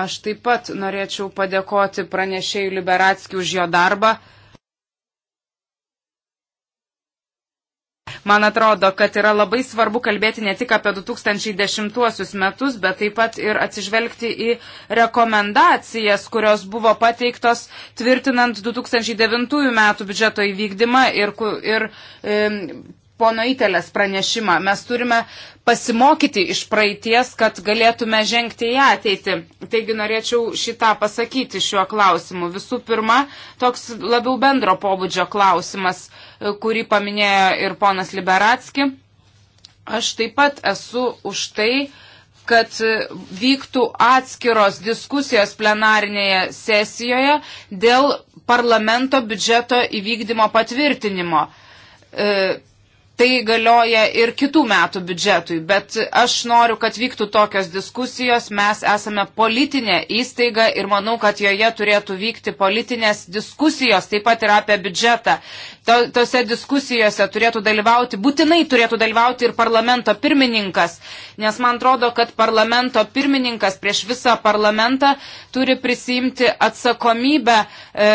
Aš taip pat norėčiau padėkoti pranešėjų Liberatskių už jo darbą. Man atrodo, kad yra labai svarbu kalbėti ne tik apie 2010 metus, bet taip pat ir atsižvelgti į rekomendacijas, kurios buvo pateiktos tvirtinant 2009 metų biudžeto įvykdymą ir, ir e, pono Itelės pranešimą. Mes turime pasimokyti iš praeities, kad galėtume žengti į ateitį. Taigi norėčiau šitą pasakyti šiuo klausimu. Visų pirma, toks labiau bendro pobūdžio klausimas, kurį paminėjo ir ponas Liberatski. Aš taip pat esu už tai, kad vyktų atskiros diskusijos plenarinėje sesijoje dėl parlamento biudžeto įvykdymo patvirtinimo e, tai galioja ir kitų metų biudžetui, bet aš noriu, kad vyktų tokios diskusijos, mes esame politinė įstaiga ir manau, kad joje turėtų vykti politinės diskusijos, taip pat ir apie biudžetą. To, tose diskusijose turėtų dalyvauti, būtinai turėtų dalyvauti ir parlamento pirmininkas, nes man atrodo, kad parlamento pirmininkas prieš visą parlamentą turi prisimti atsakomybę e,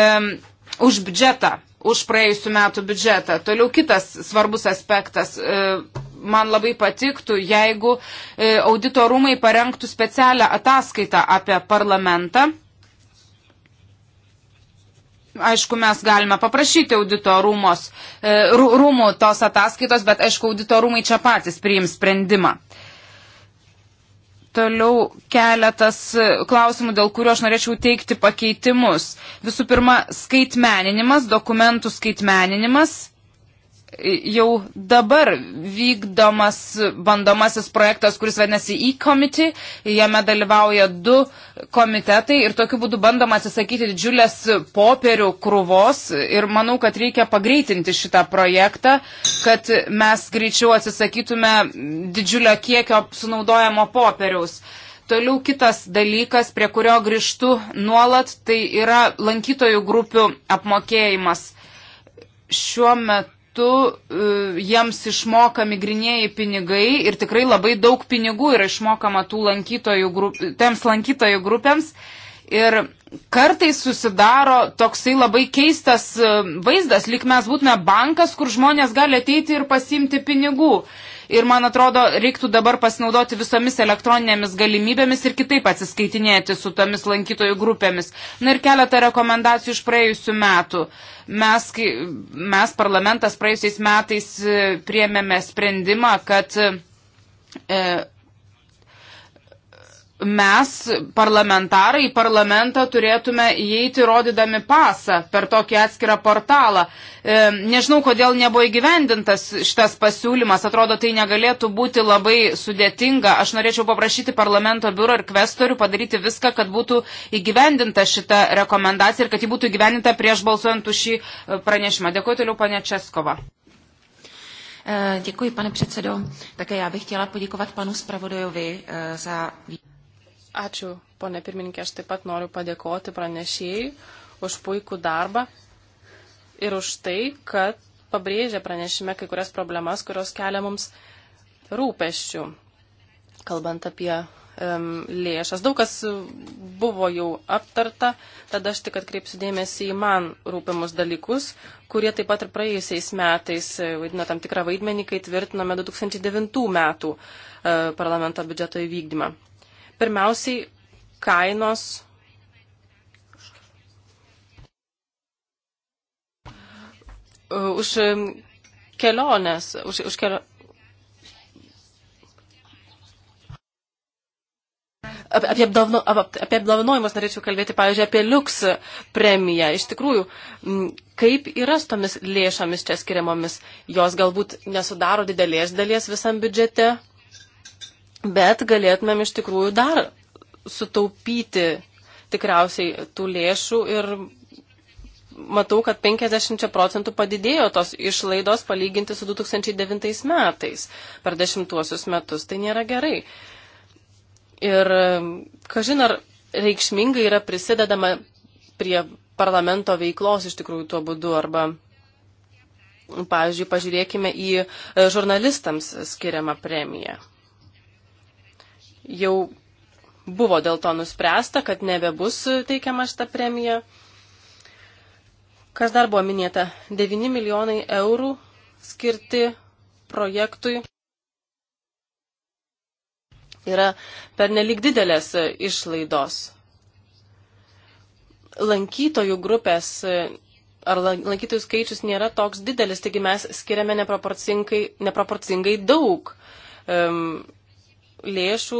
už biudžetą už praėjusių metų biudžetą. Toliau kitas svarbus aspektas. E, man labai patiktų, jeigu e, audito rūmai parengtų specialią ataskaitą apie parlamentą. Aišku, mes galime paprašyti audito rūmos, e, rūmų tos ataskaitos, bet aišku, audito rūmai čia patys priims sprendimą. Toliau keletas e, klausimų, dėl kurių aš norėčiau teikti pakeitimus. Visų pirma, skaitmeninimas, dokumentų skaitmeninimas jau dabar vykdomas bandomasis projektas, kuris vadinasi e-committee, jame dalyvauja du komitetai ir tokiu būdu bandoma atsisakyti didžiulės popierių krūvos ir manau, kad reikia pagreitinti šitą projektą, kad mes greičiau atsisakytume didžiulio kiekio sunaudojamo popieriaus. Toliau kitas dalykas, prie kurio grįžtu nuolat, tai yra lankytojų grupių apmokėjimas. Šiuo metu metu e, jiems išmokami grinėjai pinigai ir tikrai labai daug pinigų yra išmokama tų lankytojų grup, tiems lankytojų grupėms. Ir kartais susidaro toksai labai keistas e, vaizdas, lyg mes būtume bankas, kur žmonės gali ateiti ir pasimti pinigų. Uh, ir man atrodo, reiktų dabar pasinaudoti visomis elektroninėmis galimybėmis ir kitaip atsiskaitinėti su tomis lankytojų grupėmis. Na ir keletą rekomendacijų iš praėjusių metų. Mes, mes parlamentas praėjusiais metais e, priėmėme sprendimą, kad e, mes, parlamentarai, į parlamentą turėtume įeiti rodydami pasą per tokį atskirą portalą. E, nežinau, kodėl nebuvo įgyvendintas šitas pasiūlymas. Atrodo, tai negalėtų būti labai sudėtinga. Aš norėčiau paprašyti parlamento biuro ir kvestorių padaryti viską, kad būtų įgyvendinta šita rekomendacija ir kad ji būtų įgyvendinta prieš balsuojant už šį e, pranešimą. Dėkuoju toliau, ponė Českova. E, děkuji, pane předsedo. Také já bych chtěla poděkovat panu zpravodajovi e, za. Ačiū, ponė pirmininkė, aš taip pat noriu padėkoti pranešėjai už puikų darbą ir už tai, kad pabrėžė pranešime kai kurias problemas, kurios kelia mums rūpeščių, kalbant apie um, lėšas. Daug kas buvo jau aptarta, tad aš tik atkreipsiu dėmesį į man rūpimus dalykus, kurie taip pat ir praėjusiais metais vaidino tam tikrą vaidmenį, kai tvirtinome 2009 metų uh, parlamento biudžeto įvykdymą. Pirmiausiai kainos. Už kelionės, už, už kelio... Apie, apdavno, apie apdovanojimus norėčiau kalbėti, pavyzdžiui, apie liuks premiją. Iš tikrųjų, kaip yra su tomis lėšomis čia skiriamomis? Jos galbūt nesudaro didelės dalies visam biudžete, bet galėtumėm iš tikrųjų dar sutaupyti tikriausiai tų lėšų ir matau, kad 50 procentų padidėjo tos išlaidos palyginti su 2009 metais per dešimtuosius metus. Tai nėra gerai. Ir kažin ar reikšmingai yra prisidedama prie parlamento veiklos iš tikrųjų tuo būdu arba. Pavyzdžiui, pažiūrėkime į e, žurnalistams skiriamą premiją jau buvo dėl to nuspręsta, kad nebebus teikiama šita premija. Kas dar buvo minėta? 9 milijonai eurų skirti projektui yra per nelik didelės išlaidos. Lankytojų grupės ar lankytojų skaičius nėra toks didelis, taigi mes skiriame neproporcingai, neproporcingai daug. Um, lėšų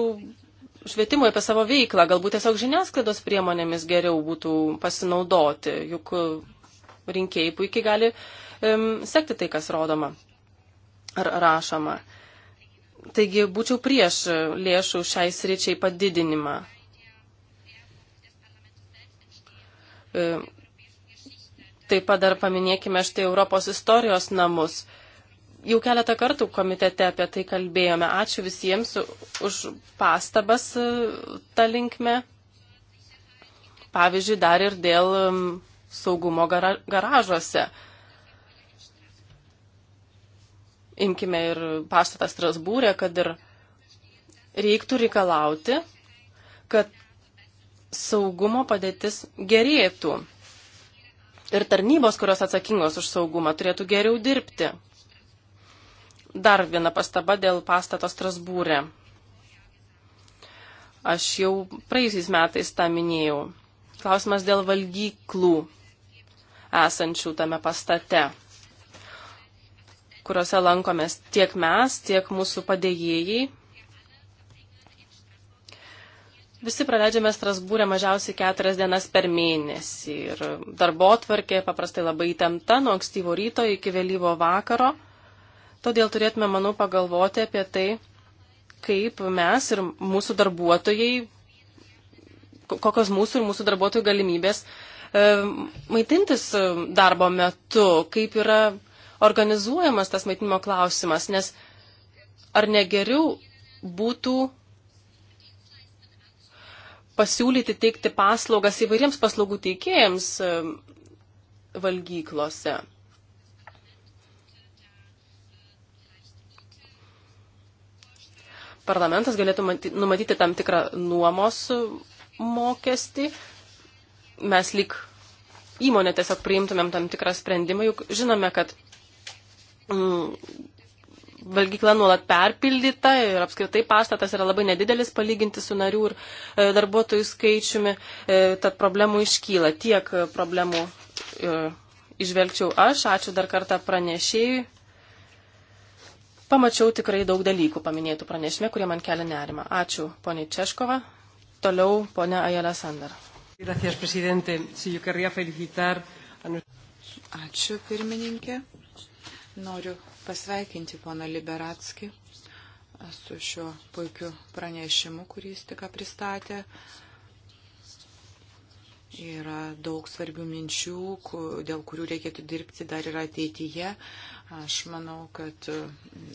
švietimui apie savo veiklą, galbūt tiesiog žiniasklaidos priemonėmis geriau būtų pasinaudoti, juk e, rinkėjai puikiai gali um, sekti tai, kas rodoma ar rašoma. Taigi būčiau prieš lėšų šiai sričiai padidinimą. E, taip pat dar paminėkime štai Europos istorijos namus jau keletą kartų komitete apie tai kalbėjome. Ačiū visiems už pastabas e, tą linkmę. Pavyzdžiui, dar ir dėl saugumo gara garažuose. Imkime ir pastatą Strasbūrę, kad ir reiktų reikalauti, kad saugumo padėtis gerėtų. Ir tarnybos, kurios atsakingos už saugumą, turėtų geriau dirbti, dar viena pastaba dėl pastato Strasbūrė. Aš jau praėjusiais metais tą minėjau. Klausimas dėl valgyklų esančių tame pastate, kuriuose lankomės tiek mes, tiek mūsų padėjėjai. Visi praleidžiame Strasbūrę mažiausiai keturias dienas per mėnesį ir darbo tvarkė paprastai labai įtempta nuo ankstyvo ryto iki vėlyvo vakaro. Todėl turėtume, manau, pagalvoti apie tai, kaip mes ir mūsų darbuotojai, kokios mūsų ir mūsų darbuotojų galimybės e, maitintis e, darbo metu, kaip yra organizuojamas tas maitinimo klausimas, nes ar negeriau būtų pasiūlyti teikti paslaugas įvairiems paslaugų teikėjams e, valgyklose. parlamentas galėtų numatyti tam tikrą nuomos mokestį. Mes lyg įmonė tiesiog priimtumėm tam tikrą sprendimą, juk žinome, kad mm, valgykla nuolat perpildyta ir apskritai pastatas yra labai nedidelis palyginti su narių ir e, darbuotojų skaičiumi, e, tad problemų iškyla. Tiek problemų e, išvelgčiau aš. Ačiū dar kartą pranešėjui Pamačiau tikrai daug dalykų paminėtų pranešime, kurie man kelia nerimą. Ačiū, poniai Češkova. Toliau, ponia Ajala Sandar. Ačiū, pirmininkė. Noriu pasveikinti poną Liberatskį su šiuo puikiu pranešimu, kurį jis tik pristatė. Yra daug svarbių minčių, dėl kurių reikėtų dirbti dar ir ateityje. Aš manau, kad e,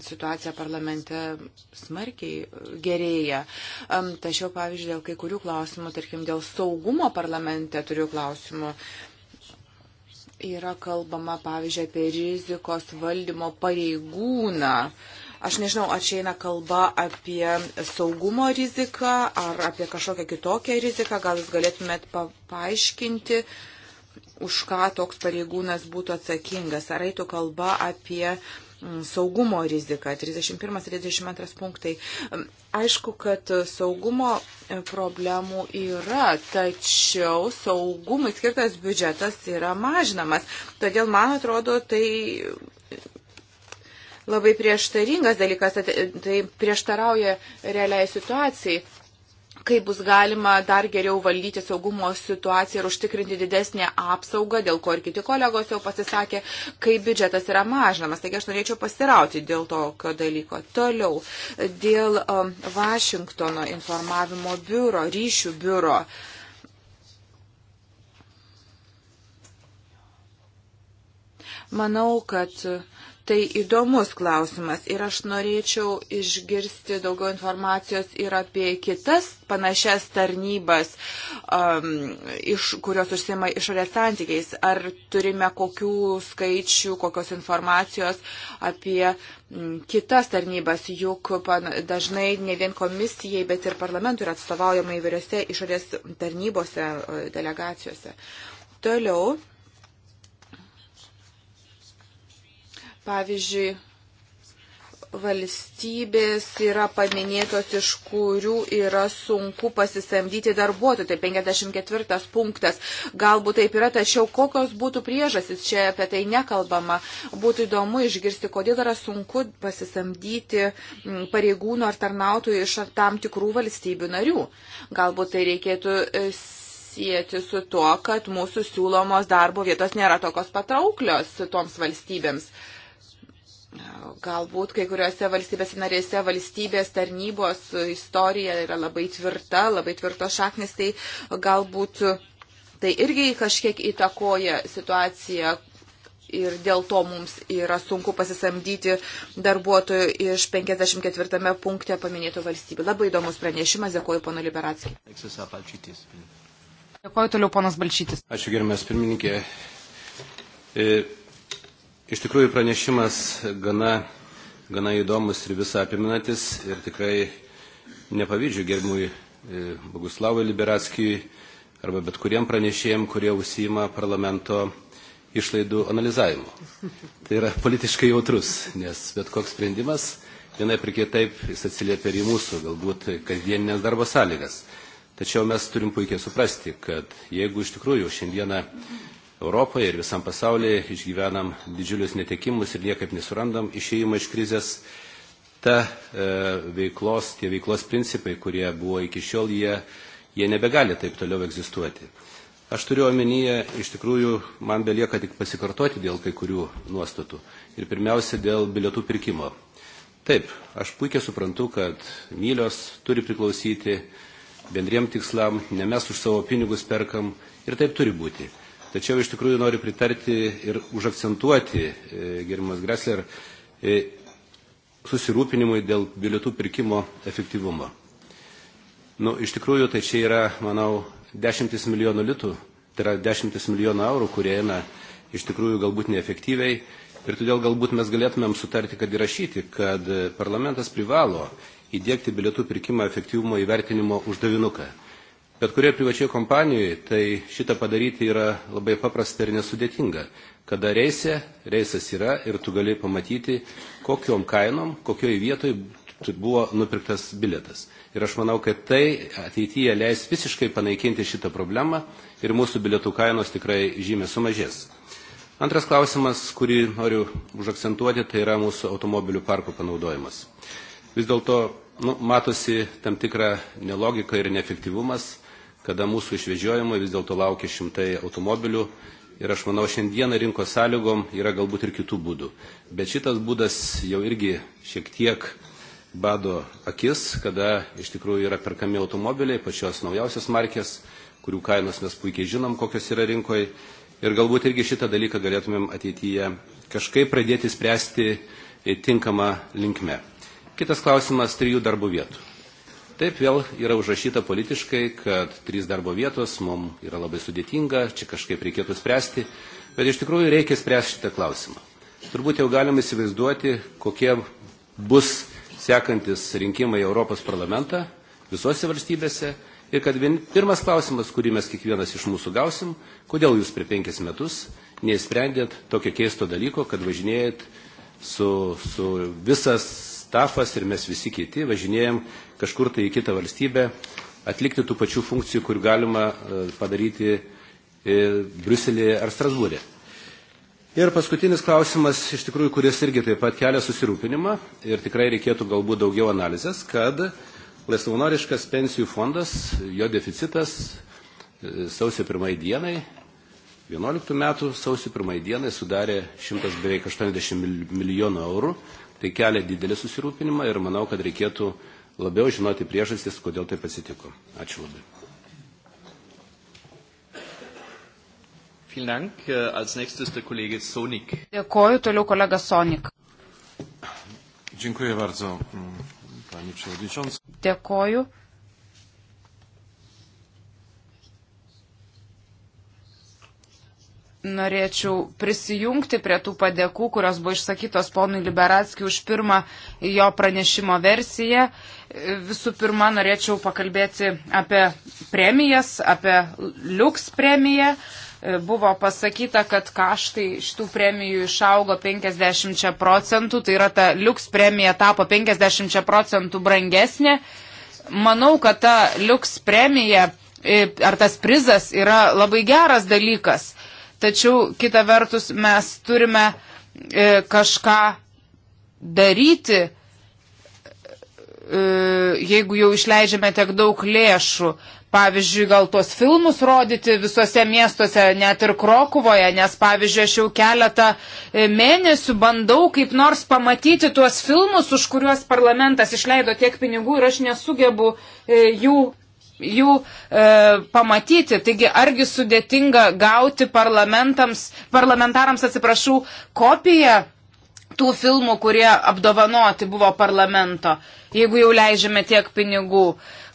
situacija parlamente smarkiai e, gerėja. Tačiau, pavyzdžiui, dėl kai kurių klausimų, tarkim, dėl saugumo parlamente turiu klausimų. Yra kalbama, pavyzdžiui, apie rizikos valdymo pareigūną. Aš nežinau, ar čia eina kalba apie saugumo riziką ar apie kažkokią kitokią riziką. Gal jūs galėtumėt pa paaiškinti. Uh, už ką toks pareigūnas būtų atsakingas. Ar eitų kalba apie mm, saugumo riziką, 31-32 punktai. Mm, aišku, kad saugumo e, problemų yra, tačiau saugumui skirtas biudžetas yra mažinamas. Todėl, man atrodo, tai labai prieštaringas dalykas, e, tai prieštarauja realiai situacijai kaip bus galima dar geriau valdyti saugumo situaciją ir užtikrinti didesnį apsaugą, dėl ko ir kiti kolegos jau pasisakė, kaip biudžetas yra mažinamas. Taigi aš norėčiau pasirauti dėl tokio dalyko. Toliau, dėl um, Vašingtono informavimo biuro, ryšių biuro. Manau, kad uh, tai įdomus klausimas ir aš norėčiau išgirsti daugiau informacijos ir apie kitas panašias tarnybas, um, iš, kurios užsima išorės santykiais. Ar turime kokių skaičių, kokios informacijos apie m, kitas tarnybas, juk pan, dažnai ne vien komisijai, bet ir parlamentui yra atstovaujama įvairiose išorės tarnybose, delegacijose. Toliau Pavyzdžiui, valstybės yra paminėtos, iš kurių yra sunku pasisamdyti darbuotojų. Tai 54 punktas. Galbūt taip yra, tačiau kokios būtų priežasis, čia apie tai nekalbama. Būtų įdomu išgirsti, kodėl yra sunku pasisamdyti pareigūnų ar tarnautojų iš tam tikrų valstybių narių. Galbūt tai reikėtų e, sieti su tuo, kad mūsų siūlomos darbo vietos nėra tokios patrauklios toms valstybėms. Galbūt kai kuriuose valstybėse narėse valstybės tarnybos istorija yra labai tvirta, labai tvirtos šaknis, tai galbūt tai irgi kažkiek įtakoja situaciją ir dėl to mums yra sunku pasisamdyti darbuotojų iš 54 punkte paminėtų valstybių. Labai įdomus pranešimas, dėkoju pono Liberatskį. Dėkoju toliau ponas Balčytis. Ačiū gerbiamas pirmininkė. E... Iš tikrųjų pranešimas gana, gana įdomus ir visą apiminantis ir tikrai nepavydžiu gerbimui e, Boguslavui Liberatskijui arba bet kuriem pranešėjim, kurie užsima parlamento išlaidų analizavimu. Tai yra politiškai jautrus, nes bet koks sprendimas vienai per kitaip jis atsiliepia ir į mūsų galbūt kasdieninės darbo sąlygas. Tačiau mes turim puikiai suprasti, kad jeigu iš tikrųjų šiandieną Europoje ir visam pasaulyje išgyvenam didžiulius netekimus ir niekaip nesurandam išėjimą iš krizės. Ta e, veiklos, tie veiklos principai, kurie buvo iki šiol, jie, jie nebegali taip toliau egzistuoti. Aš turiu omenyje, iš tikrųjų, man belieka tik pasikartoti dėl kai kurių nuostatų. Ir pirmiausia, dėl bilietų pirkimo. Taip, aš puikiai suprantu, kad mylios turi priklausyti bendriem tikslam, ne mes už savo pinigus perkam ir taip turi būti. Tačiau iš tikrųjų noriu pritarti ir užakcentuoti, e, gerimas Gressler, e, susirūpinimui dėl bilietų pirkimo efektyvumo. Nu, iš tikrųjų, tai čia yra, manau, dešimtis milijonų litų, tai yra dešimtis milijonų eurų, kurie eina iš tikrųjų galbūt neefektyviai. Ir todėl galbūt mes galėtumėm sutarti, kad įrašyti, kad e, parlamentas privalo įdėkti bilietų pirkimo efektyvumo įvertinimo uždavinuką bet kurioje privačioje kompanijoje tai šitą padaryti yra labai paprasta ir nesudėtinga. Kada reisė, reisas yra ir tu gali pamatyti, kokiom kainom, kokioj vietoj buvo nupirktas bilietas. Ir aš manau, kad tai ateityje leis visiškai panaikinti šitą problemą ir mūsų bilietų kainos tikrai žymiai sumažės. Antras klausimas, kurį noriu užakcentuoti, tai yra mūsų automobilių parko panaudojimas. Vis dėlto nu, matosi tam tikrą nelogiką ir neefektyvumas, kada mūsų išvežiojimo vis dėlto laukia šimtai automobilių. Ir aš manau, šiandieną rinkos sąlygom yra galbūt ir kitų būdų. Bet šitas būdas jau irgi šiek tiek bado akis, kada iš tikrųjų yra perkami automobiliai, pačios naujausios markės, kurių kainos mes puikiai žinom, kokios yra rinkoje. Ir galbūt irgi šitą dalyką galėtumėm ateityje kažkaip pradėti spręsti tinkamą linkmę. Kitas klausimas - trijų darbo vietų. Taip vėl yra užrašyta politiškai, kad trys darbo vietos mums yra labai sudėtinga, čia kažkaip reikėtų spręsti, bet iš tikrųjų reikia spręsti šitą klausimą. Turbūt jau galime įsivaizduoti, kokie bus sekantis rinkimai Europos parlamentą visose valstybėse ir kad vien, pirmas klausimas, kurį mes kiekvienas iš mūsų gausim, kodėl jūs prie penkis metus neįsprendėt tokio keisto dalyko, kad važinėjat su, su visas stafas ir mes visi kiti važinėjom kažkur tai į kitą valstybę, atlikti tų pačių funkcijų, kur galima e, padaryti e, Briuselėje ar Strasbūrė. Ir paskutinis klausimas, iš tikrųjų, kuris irgi taip pat kelia susirūpinimą ir tikrai reikėtų galbūt daugiau analizės, kad laisvanoriškas pensijų fondas, jo deficitas e, sausio pirmai dienai, 11 metų sausio pirmai dienai sudarė 100 beveik 80 milijonų eurų, tai kelia didelį susirūpinimą ir manau, kad reikėtų labiau žinoti priežastis, kodėl taip atsitiko. Ačiū labai. Äh, Dėkoju, toliau kolega Sonik. Dziękuję bardzo, mm, pani przewodnicząca. Dėkoju. norėčiau prisijungti prie tų padėkų, kurios buvo išsakytos ponui Liberatskiui už pirmą jo pranešimo versiją. Visų pirma, norėčiau pakalbėti apie premijas, apie Lux premiją. Buvo pasakyta, kad kaštai šitų premijų išaugo 50 procentų, tai yra ta Lux premija tapo 50 procentų brangesnė. Manau, kad ta Lux premija e, ar tas prizas yra labai geras dalykas tačiau kita vertus mes turime e, kažką daryti, e, jeigu jau išleidžiame tiek daug lėšų. Pavyzdžiui, gal tuos filmus rodyti visuose miestuose, net ir Krokuvoje, nes, pavyzdžiui, aš jau keletą e, mėnesių bandau kaip nors pamatyti tuos filmus, už kuriuos parlamentas išleido tiek pinigų ir aš nesugebu e, jų jų e, pamatyti. Taigi argi sudėtinga gauti parlamentarams, atsiprašau, kopiją tų filmų, kurie apdovanoti buvo parlamento, jeigu jau leidžiame tiek pinigų.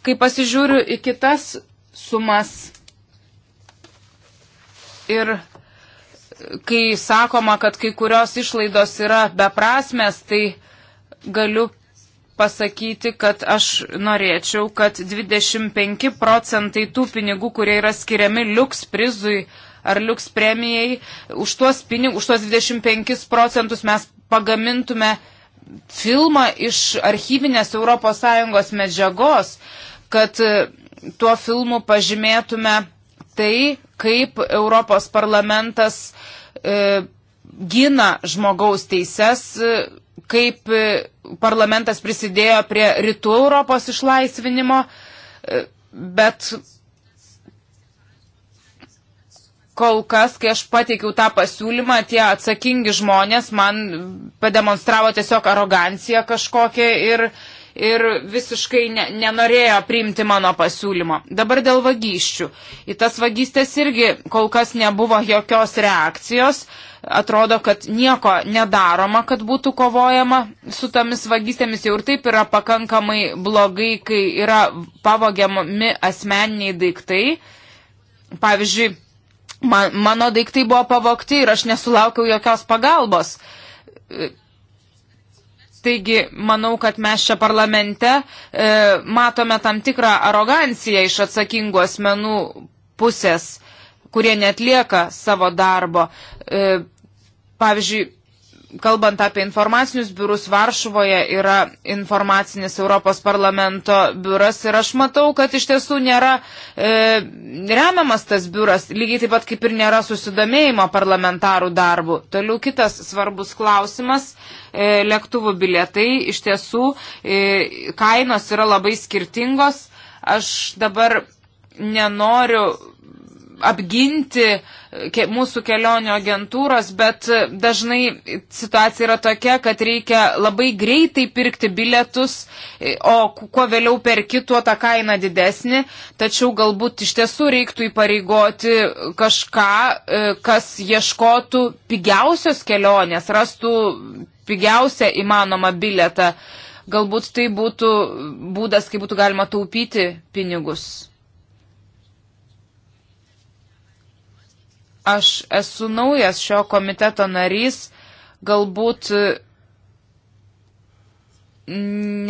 Kai pasižiūriu į kitas sumas ir kai sakoma, kad kai kurios išlaidos yra beprasmės, tai galiu pasakyti, kad aš norėčiau, kad 25 procentai tų pinigų, kurie yra skiriami liuks prizui ar liuks premijai, už tuos, pinig, už tuos 25 procentus mes pagamintume filmą iš archyvinės ES medžiagos, kad e, tuo filmu pažymėtume tai, kaip Europos parlamentas e, gina žmogaus teises. E, kaip e, parlamentas prisidėjo prie rytų Europos išlaisvinimo, e, bet kol kas, kai aš pateikiau tą pasiūlymą, tie atsakingi žmonės man pademonstravo tiesiog aroganciją kažkokią ir, ir visiškai ne, nenorėjo priimti mano pasiūlymo. Dabar dėl vagysčių. Į tas vagystės irgi kol kas nebuvo jokios reakcijos. Uh, atrodo, kad nieko nedaroma, kad būtų kovojama su tomis vagystėmis. Jau ir taip yra pakankamai blogai, kai yra pavogiami asmeniniai daiktai. Pavyzdžiui, man, mano daiktai buvo pavogti ir aš nesulaukiau jokios pagalbos. Taigi, manau, kad mes čia parlamente e, matome tam tikrą aroganciją iš atsakingų asmenų pusės kurie netlieka savo darbo. E, pavyzdžiui, kalbant apie informacinius biurus, Varšuvoje yra informacinis Europos parlamento biuras ir aš matau, kad iš tiesų nėra e, remiamas tas biuras, lygiai taip pat kaip ir nėra susidomėjimo parlamentarų darbų. Toliau kitas svarbus klausimas e, - lėktuvų bilietai. Iš tiesų e, kainos yra labai skirtingos. Aš dabar nenoriu apginti mūsų kelionių agentūros, bet dažnai situacija yra tokia, kad reikia labai greitai pirkti bilietus, o kuo vėliau perki, tuo ta kaina didesnė. Tačiau galbūt iš tiesų reiktų įpareigoti kažką, e, kas ieškotų pigiausios kelionės, rastų pigiausią įmanomą bilietą. Galbūt tai būtų būdas, kaip būtų galima taupyti pinigus. Aš esu naujas šio komiteto narys, galbūt e,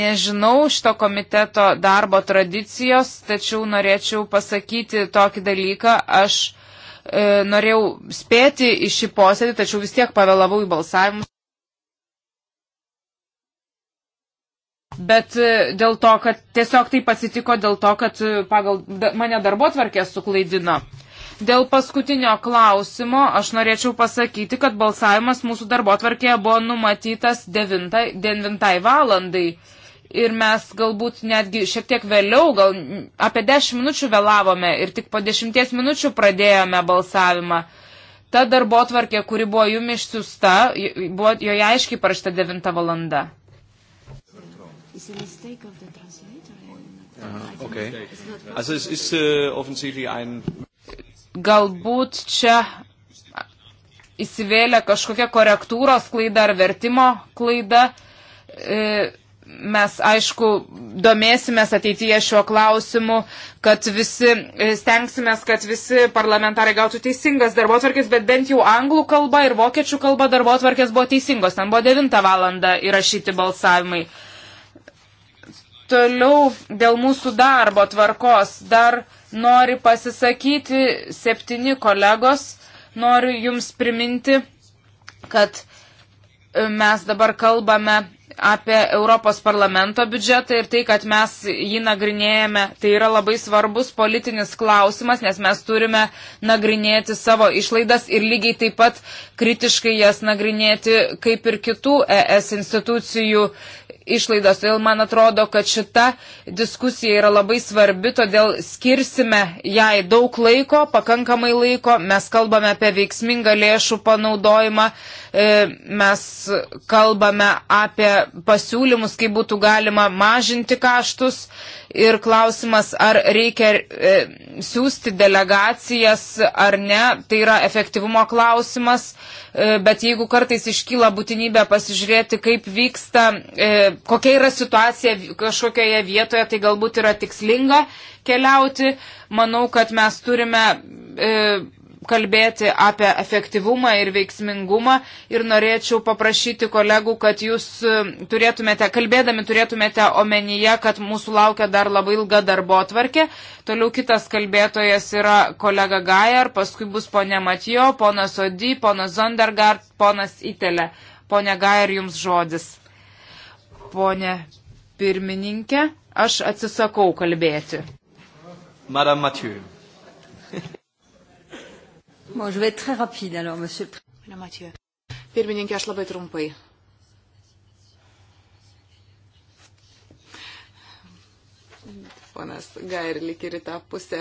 nežinau šito komiteto darbo tradicijos, tačiau norėčiau pasakyti tokį dalyką. Aš e, norėjau spėti į šį posėdį, tačiau vis tiek pavėlavau į balsavimus. Bet e, dėl to, kad tiesiog taip atsitiko, dėl to, kad e, pagal mane darbo tvarkės suklaidino. Dėl paskutinio klausimo aš norėčiau pasakyti, kad balsavimas mūsų darbo tvarkėje buvo numatytas 9, 9 valandai. Ir mes galbūt netgi šiek tiek vėliau, gal apie 10 minučių vėlavome ir tik po 10 minučių pradėjome balsavimą. Ta darbo tvarkė, kuri buvo jum išsiusta, buvo joje aiškiai parašta 9 valanda. Aha, okay. Also es ist äh, offensichtlich ein galbūt čia įsivėlė kažkokia korektūros klaida ar vertimo klaida. E, mes, aišku, domėsimės ateityje šiuo klausimu, kad visi e, stengsimės, kad visi parlamentarai gautų teisingas darbo tvarkės, bet bent jau anglų kalba ir vokiečių kalba darbo tvarkės buvo teisingos. Ten buvo 9 valandą įrašyti balsavimai. Toliau dėl mūsų darbo tvarkos dar nori pasisakyti, septyni kolegos. Noriu Jums priminti, kad e, mes dabar kalbame apie Europos parlamento biudžetą ir tai, kad mes jį nagrinėjame, tai yra labai svarbus politinis klausimas, nes mes turime nagrinėti savo išlaidas ir lygiai taip pat kritiškai jas nagrinėti kaip ir kitų ES institucijų išlaidas. Todėl man atrodo, kad šita diskusija yra labai svarbi, todėl skirsime jai daug laiko, pakankamai laiko, mes kalbame apie veiksmingą lėšų panaudojimą E, mes kalbame apie pasiūlymus, kaip būtų galima mažinti kaštus ir klausimas, ar reikia e, siūsti delegacijas ar ne, tai yra efektyvumo klausimas, e, bet jeigu kartais iškyla būtinybė pasižiūrėti, kaip vyksta, kokia yra situacija kažkokioje vietoje, tai galbūt yra tikslinga keliauti. Manau, kad mes turime kalbėti apie efektyvumą ir veiksmingumą ir norėčiau paprašyti kolegų, kad jūs e, turėtumėte, kalbėdami turėtumėte omenyje, kad mūsų laukia dar labai ilga darbo atvarkė. Toliau kitas kalbėtojas yra kolega Gajar, paskui bus ponė Matijo, ponas Odi, ponas Zondergard, ponas Itelė. Pone Gajar, jums žodis. Pone pirmininkė, aš atsisakau kalbėti. Madame Mathieu. Moi, je vais être très rapide, alors, monsieur le Président. Pirmininkė, aš labai trumpai. Ponas Gair lik ir į tą pusę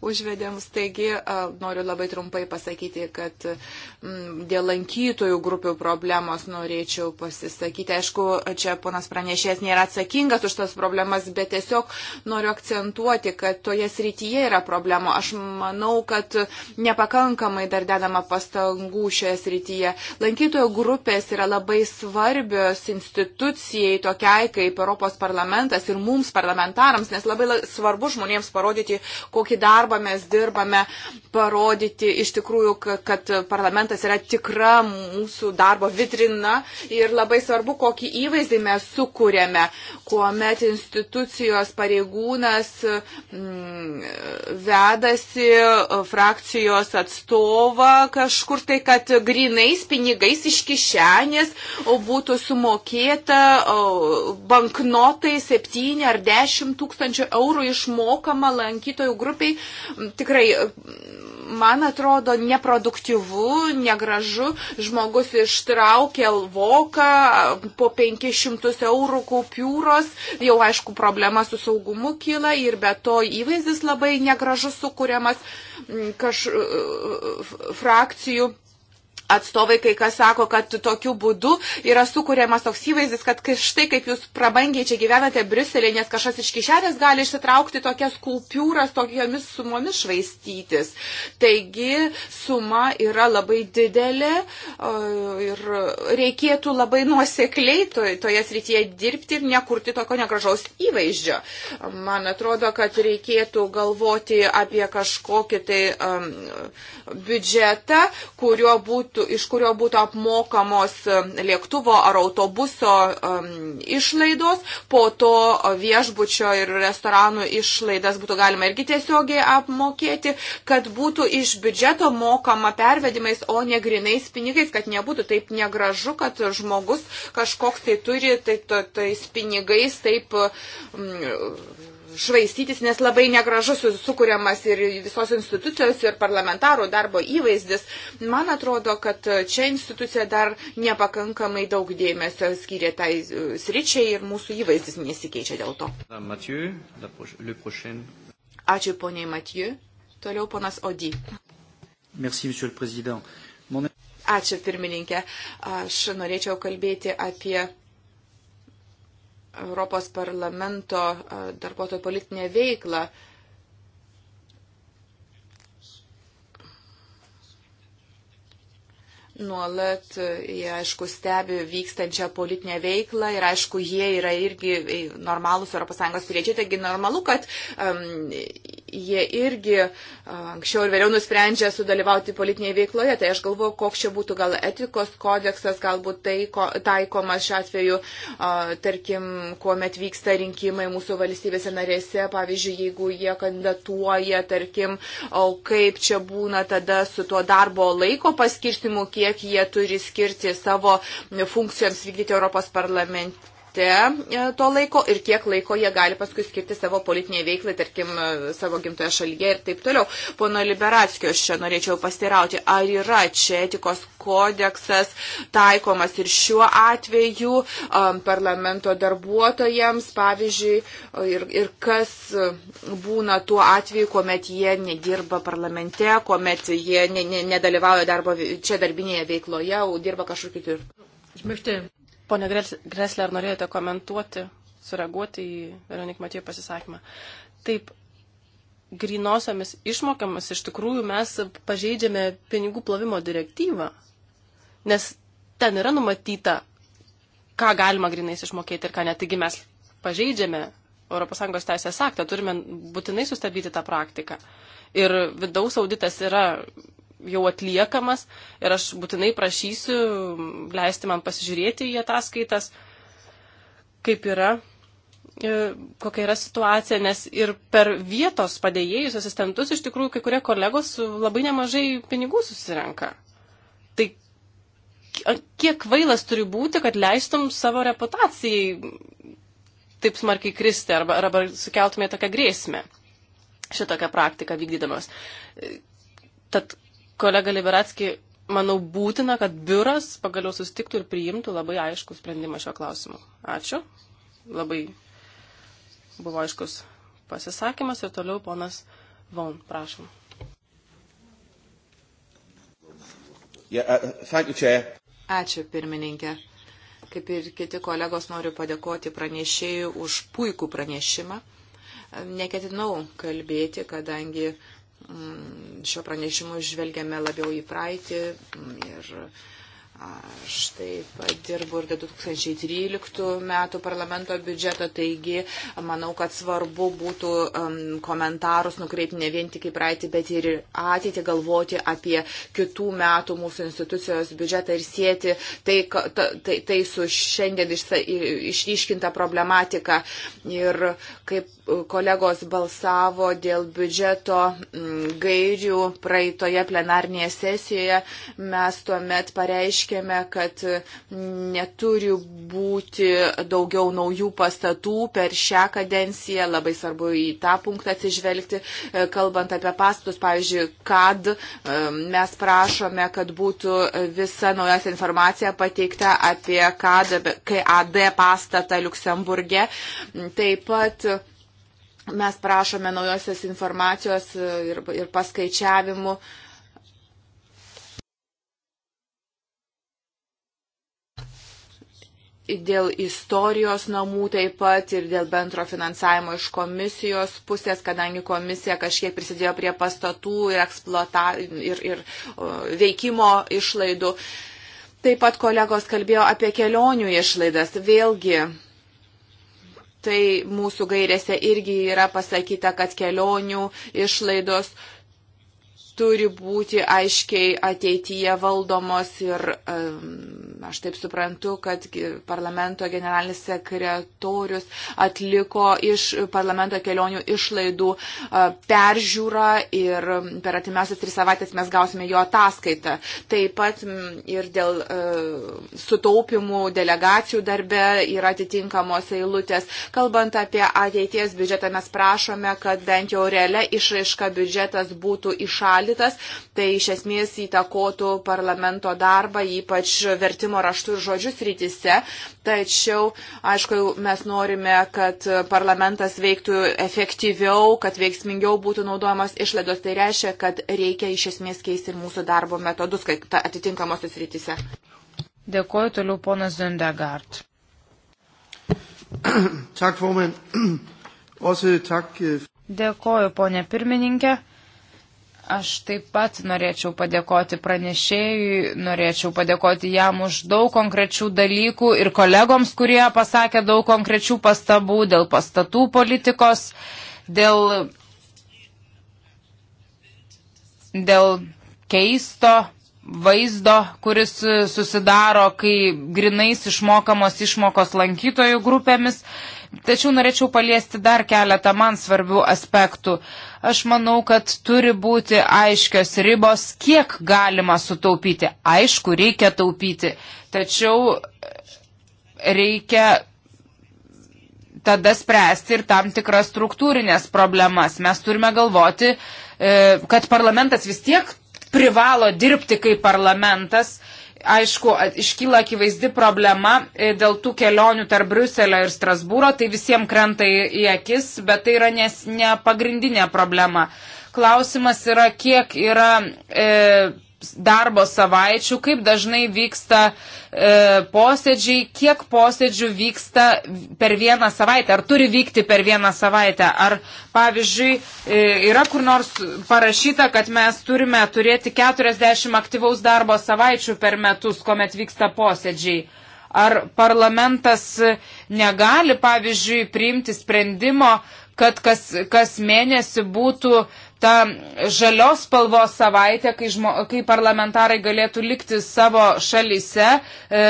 užvedėm. Taigi noriu labai trumpai pasakyti, kad mm, dėl lankytojų grupių problemos norėčiau pasisakyti. Aišku, čia ponas pranešėjas nėra atsakingas už tas problemas, bet tiesiog noriu akcentuoti, kad toje srityje yra problemų. Aš manau, kad nepakankamai dar dedama pastangų šioje srityje. Lankytojų grupės yra labai svarbios institucijai tokiai kaip Europos parlamentas ir mums parlamentarams, nes labai svarbu žmonėms parodyti, kokį darbą darbą mes dirbame, parodyti iš tikrųjų, kad parlamentas yra tikra mūsų darbo vitrina ir labai svarbu, kokį įvaizdį mes sukūrėme, kuomet institucijos pareigūnas m, mm, vedasi frakcijos atstovą kažkur tai, kad grinais pinigais iš kišenės būtų sumokėta banknotai 7 ar 10 tūkstančių eurų išmokama lankytojų grupiai, Tikrai, man atrodo, neproduktyvu, negražu. Žmogus ištraukė voką po 500 eurų kupiūros. Jau aišku, problema su saugumu kyla ir be to įvaizdis labai negražus sukūriamas mm, kaž, frakcijų atstovai kai kas sako, kad tokiu būdu yra sukūriamas toks įvaizdis, kad štai kaip jūs prabangiai čia gyvenate Briuselėje, nes kažkas iš kišenės gali išsitraukti tokias kultūras, tokiomis sumomis švaistytis. Taigi suma yra labai didelė ir reikėtų labai nuosekliai toje srityje dirbti ir nekurti tokio negražaus įvaizdžio. Man atrodo, kad reikėtų galvoti apie kažkokį tai um, biudžetą, kurio būtų būtų, iš kurio būtų apmokamos e, lėktuvo ar autobuso um, išlaidos, po to viešbučio ir restoranų išlaidas būtų galima irgi tiesiogiai apmokėti, kad būtų iš biudžeto mokama pervedimais, o ne grinais pinigais, kad nebūtų taip negražu, kad žmogus kažkoks tai turi tai, tai, tais pinigais taip. Um, švaistytis, nes labai negražus sukūriamas ir visos institucijos, ir parlamentarų darbo įvaizdis. Man atrodo, kad čia institucija dar nepakankamai daug dėmesio skiria tai e, sričiai ir mūsų įvaizdis nesikeičia dėl to. Ačiū poniai Matiju. Toliau ponas Odi. Merci, monsieur le président. Mon... Ačiū pirmininkė. Aš norėčiau kalbėti apie Europos parlamento darbuotojų politinę veiklą. nuolat, jie aišku stebi vykstančią politinę veiklą ir aišku, jie yra irgi e, normalūs ES piliečiai, taigi normalu, kad um, jie irgi anksčiau ir vėliau nusprendžia sudalyvauti politinėje veikloje. Tai aš galvoju, koks čia būtų gal etikos kodeksas, galbūt tai ko, taikomas šiuo atveju, tarkim, kuomet vyksta rinkimai mūsų valstybėse narėse, pavyzdžiui, jeigu jie kandidatuoja, tarkim, o kaip čia būna tada su tuo darbo laiko paskirstimu, kiek jie turi skirti savo funkcijoms vykdyti Europos parlamente rate to laiko ir kiek laiko jie gali paskui skirti savo politiniai veiklai, tarkim, e, savo gimtoje šalyje ir taip toliau. Pono Liberatskio aš čia norėčiau pastirauti, ar yra čia etikos kodeksas taikomas ir šiuo atveju um, parlamento darbuotojams, pavyzdžiui, ir, ir kas būna tuo atveju, kuomet jie nedirba parlamente, kuomet jie ne, ne, nedalyvauja darbo, čia darbinėje veikloje, o dirba kažkur kitur. Aš mėgti. Pone Greslė, ar norėjote komentuoti, sureaguoti į Veronik Matijo pasisakymą? Taip, grinosiomis išmokiamas iš tikrųjų mes pažeidžiame pinigų plovimo direktyvą, nes ten yra numatyta, ką galima grinais išmokėti ir ką ne. Taigi mes pažeidžiame ES teisės aktą, turime būtinai sustabdyti tą praktiką. Ir vidaus auditas yra jau atliekamas ir aš būtinai prašysiu leisti man pasižiūrėti į ataskaitas, kaip yra, e, kokia yra situacija, nes ir per vietos padėjėjus, asistentus iš tikrųjų kai kurie kolegos labai nemažai pinigų susirenka. Tai kiek kvailas turi būti, kad leistum savo reputacijai taip smarkiai kristi arba, arba sukeltumė tokią grėsmę šitokią praktiką vykdydamas. E, tad kolega Liberatski, manau, būtina, kad biuras pagaliau sustiktų ir priimtų labai aišku sprendimą šio klausimu. Ačiū. Labai buvo aiškus pasisakymas ir toliau ponas Von, prašom. Yeah, uh, you, Ačiū, pirmininkė. Kaip ir kiti kolegos, noriu padėkoti pranešėjui už puikų pranešimą. Neketinau kalbėti, kadangi uh, Mm, šio pranešimu žvelgiame labiau į praeitį mm, ir aš taip pat dirbu ir 2013 metų parlamento biudžeto, taigi manau, kad svarbu būtų um, komentarus nukreipti ne vien tik į praeitį, bet ir ateitį galvoti apie kitų metų mūsų institucijos biudžetą ir sėti tai, tai, tai su šiandien išryškinta problematika ir kaip kolegos balsavo dėl biudžeto gairių praeitoje plenarnėje sesijoje, mes tuomet pareiškėme, kad neturi būti daugiau naujų pastatų per šią kadenciją, labai svarbu į tą punktą atsižvelgti, kalbant apie pastus, pavyzdžiui, kad mes prašome, kad būtų visa naujas informacija pateikta apie KAD, KAD pastatą Luksemburgė. Taip pat Mes prašome naujosios informacijos e, ir, ir paskaičiavimų. dėl istorijos namų taip pat ir dėl bendro finansavimo iš komisijos pusės, kadangi komisija kažkiek prisidėjo prie pastatų ir, eksploata, ir, ir veikimo išlaidų. Taip pat kolegos kalbėjo apie kelionių išlaidas. Vėlgi, tai mūsų gairėse irgi yra pasakyta, kad kelionių išlaidos uh, turi būti aiškiai ateityje valdomos ir aš taip suprantu, kad parlamento generalinis sekretorius atliko iš parlamento kelionių išlaidų peržiūrą ir per atimiausias tris savaitės mes gausime jo ataskaitą. Taip pat ir dėl e, sutaupimų delegacijų darbe yra atitinkamos eilutės. Kalbant apie ateities biudžetą, mes prašome, kad bent jau realia išraiška biudžetas būtų išalė perpildytas, tai iš esmės įtakotų parlamento darbą, ypač vertimo raštų ir žodžius rytise. Tačiau, aišku, mes norime, kad parlamentas veiktų efektyviau, kad veiksmingiau būtų naudojamas išlaidos. Tai reiškia, kad reikia iš esmės keisti ir mūsų darbo metodus, kaip atitinkamos rytise. Dėkuoju toliau ponas Zendegard. Tak, formand. Også tak. Øh, Dėkoju, ponė pirmininkė. Aš taip pat norėčiau padėkoti pranešėjui, norėčiau padėkoti jam už daug konkrečių dalykų ir kolegoms, kurie pasakė daug konkrečių pastabų dėl pastatų politikos, dėl, dėl keisto vaizdo, kuris susidaro, kai grinais išmokamos išmokos lankytojų grupėmis. Uh, Tačiau norėčiau paliesti dar keletą man svarbių aspektų. Aš manau, kad turi būti aiškios ribos, kiek galima sutaupyti. Aišku, reikia taupyti, tačiau reikia tada spręsti ir tam tikras struktūrinės problemas. Mes turime galvoti, e, kad parlamentas vis tiek privalo dirbti kaip parlamentas, aišku, iškyla akivaizdi problema e, dėl tų kelionių tarp Bruselio ir Strasbūro, tai visiems krenta į akis, bet tai yra nes, ne pagrindinė problema. Klausimas yra, kiek yra e, darbo savaičių, kaip dažnai vyksta e, posėdžiai, kiek posėdžių vyksta per vieną savaitę, ar turi vykti per vieną savaitę, ar pavyzdžiui e, yra kur nors parašyta, kad mes turime turėti 40 aktyvaus darbo savaičių per metus, kuomet vyksta posėdžiai. Ar parlamentas negali, pavyzdžiui, priimti sprendimo, kad kas, kas mėnesį būtų e, ta žalios spalvos savaitė, kai, žmo, kai parlamentarai galėtų likti savo šalyse, e,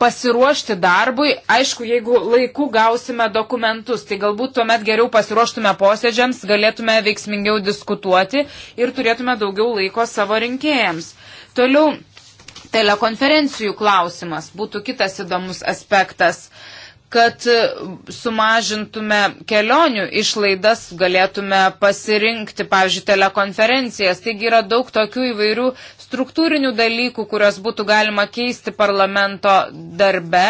pasiruošti darbui. Aišku, jeigu laiku gausime dokumentus, tai galbūt tuomet geriau pasiruoštume posėdžiams, galėtume veiksmingiau diskutuoti ir turėtume daugiau laiko savo rinkėjams. Toliau telekonferencijų klausimas būtų kitas įdomus aspektas. E, kad sumažintume kelionių išlaidas, galėtume pasirinkti, pavyzdžiui, telekonferencijas. Taigi yra daug tokių įvairių struktūrinių dalykų, kurios būtų galima keisti parlamento darbe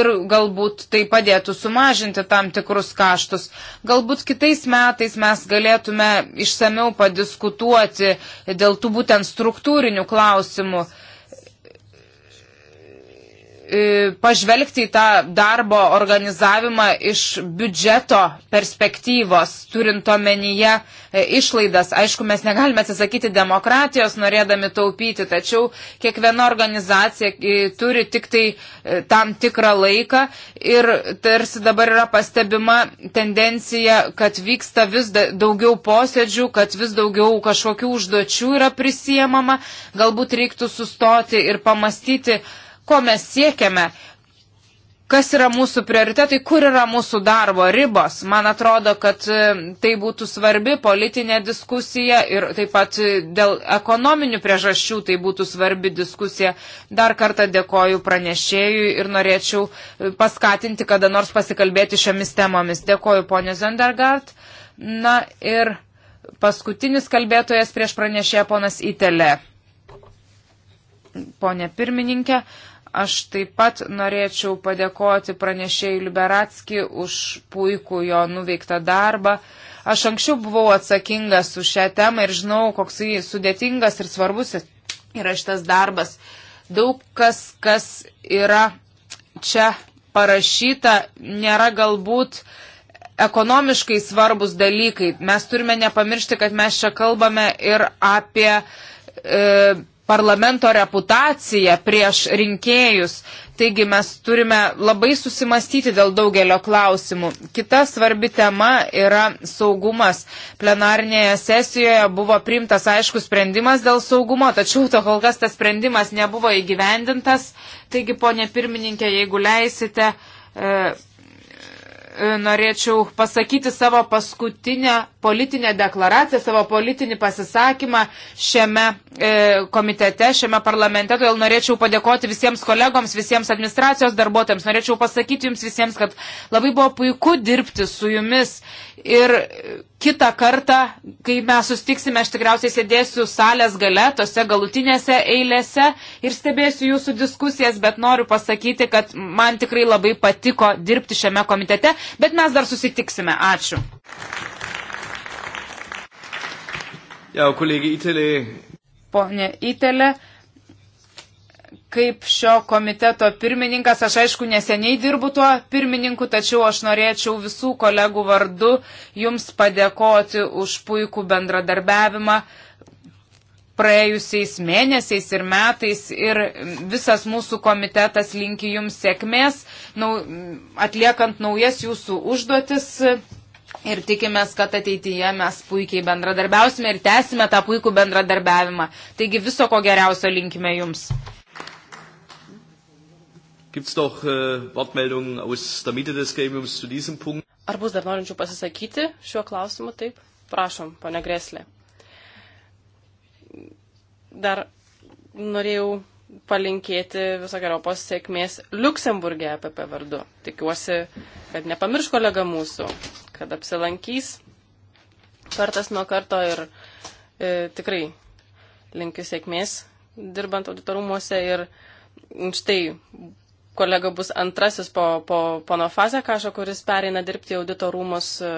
ir galbūt tai padėtų sumažinti tam tikrus kaštus. Galbūt kitais metais mes galėtume išsameu padiskutuoti dėl tų būtent struktūrinių klausimų. E, pažvelgti į tą darbo organizavimą iš biudžeto perspektyvos, turint omenyje e, išlaidas. Aišku, mes negalime atsisakyti demokratijos, norėdami taupyti, tačiau kiekviena organizacija e, turi tik tai tam tikrą laiką ir tarsi dabar yra pastebima tendencija, kad vyksta vis daugiau posėdžių, kad vis daugiau kažkokių užduočių yra prisijėmama. Galbūt reiktų sustoti ir pamastyti, ko mes siekiame, kas yra mūsų prioritetai, kur yra mūsų darbo ribos. Man atrodo, kad e, tai būtų svarbi politinė diskusija ir taip pat e, dėl ekonominių priežasčių tai būtų svarbi diskusija. Dar kartą dėkoju pranešėjui ir norėčiau e, paskatinti kada nors pasikalbėti šiomis temomis. Dėkoju ponė Zendergard. Na ir paskutinis kalbėtojas prieš pranešėją ponas Itelė. Pone pirmininkė, Aš taip pat norėčiau padėkoti pranešėjai Liberatski už puikų jo nuveiktą darbą. Aš anksčiau buvau atsakingas už šią temą ir žinau, koks jis sudėtingas ir svarbus yra šitas darbas. Daug kas, kas yra čia parašyta, nėra galbūt ekonomiškai svarbus dalykai. Mes turime nepamiršti, kad mes čia kalbame ir apie. E, parlamento reputaciją prieš rinkėjus. Taigi mes turime labai susimastyti dėl daugelio klausimų. Kita svarbi tema yra saugumas. Plenarnėje sesijoje buvo priimtas aiškus sprendimas dėl saugumo, tačiau to kol kas tas sprendimas nebuvo įgyvendintas. Taigi, ponė pirmininkė, jeigu leisite. E, E, norėčiau pasakyti savo paskutinę politinę deklaraciją, savo politinį pasisakymą šiame e, komitete, šiame parlamente. Todėl norėčiau padėkoti visiems kolegoms, visiems administracijos darbuotojams. Norėčiau pasakyti jums visiems, kad labai buvo puiku dirbti su jumis ir kitą kartą, kai mes sustiksime, aš tikriausiai sėdėsiu salės gale, tose galutinėse eilėse ir stebėsiu jūsų diskusijas, bet noriu pasakyti, kad man tikrai labai patiko dirbti šiame komitete, bet mes dar susitiksime. Ačiū. Ja, kolegė Itelė. Pone Itelė kaip šio komiteto pirmininkas, aš aišku neseniai dirbu tuo pirmininku, tačiau aš norėčiau visų kolegų vardu jums padėkoti už puikų bendradarbiavimą praėjusiais mėnesiais ir metais ir visas mūsų komitetas linki jums sėkmės, nau, atliekant naujas jūsų užduotis. Ir tikimės, kad ateityje mes puikiai bendradarbiausime ir tęsime tą puikų bendradarbiavimą. Taigi viso ko geriausio linkime jums. Gibt es noch äh, Wortmeldungen aus der Mitte des Gremiums zu diesem Punkt? Ar bus dar norinčių pasisakyti šiuo klausimu? Taip, prašom, pane Greslė. Dar norėjau palinkėti visokiojo sėkmės Luksemburgė apie pavardu. Tikiuosi, kad nepamirš kolega mūsų, kad apsilankys kartas nuo karto ir e, tikrai linkiu sėkmės dirbant auditorumuose ir štai kolega bus antrasis po, po pono Fazekašo, kuris pereina dirbti audito rūmus. E,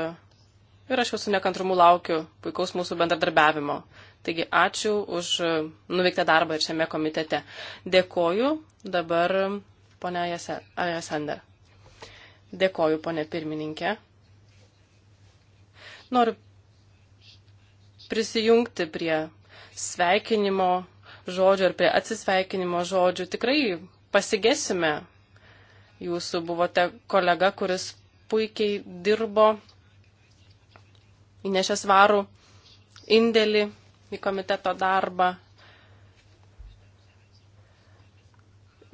ir aš jau su nekantrumu laukiu puikaus mūsų bendradarbiavimo. Taigi ačiū už e, nuveiktą darbą ir šiame komitete. Dėkoju dabar ponia Alessander. Dėkoju, ponė pirmininkė. Noriu prisijungti prie sveikinimo žodžio ir prie atsisveikinimo žodžių. Tikrai pasigesime. Jūsų buvote kolega, kuris puikiai dirbo, įnešęs varų indėlį į komiteto darbą.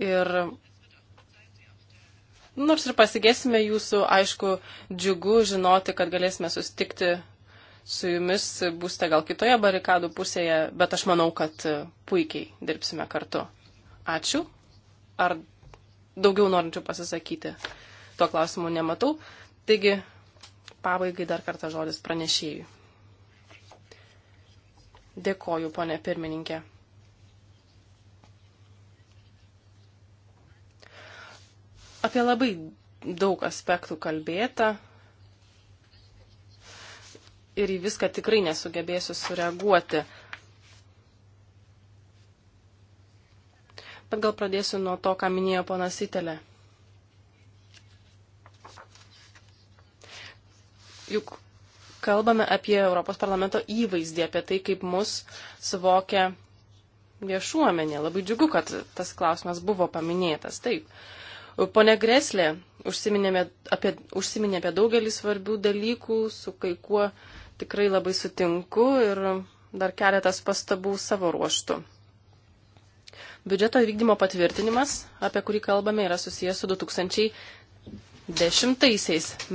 Ir nors ir pasigėsime jūsų, aišku, džiugu žinoti, kad galėsime susitikti su jumis, būsite gal kitoje barikadų pusėje, bet aš manau, kad puikiai dirbsime kartu. Ačiū. Ar daugiau norinčių pasisakyti? Tuo klausimu nematau. Taigi, pabaigai dar kartą žodis pranešėjui. Dėkoju, ponė pirmininkė. Apie labai daug aspektų kalbėta ir į viską tikrai nesugebėsiu sureaguoti. bet gal pradėsiu nuo to, ką minėjo ponas Itelė. Juk kalbame apie Europos parlamento įvaizdį, apie tai, kaip mus suvokia viešuomenė. Labai džiugu, kad tas klausimas buvo paminėtas. Taip. Pone Greslė užsiminė apie, užsiminė apie daugelį svarbių dalykų, su kai kuo tikrai labai sutinku ir dar keletas pastabų savo ruoštų. Biudžeto įvykdymo patvirtinimas, apie kurį kalbame, yra susijęs su 2010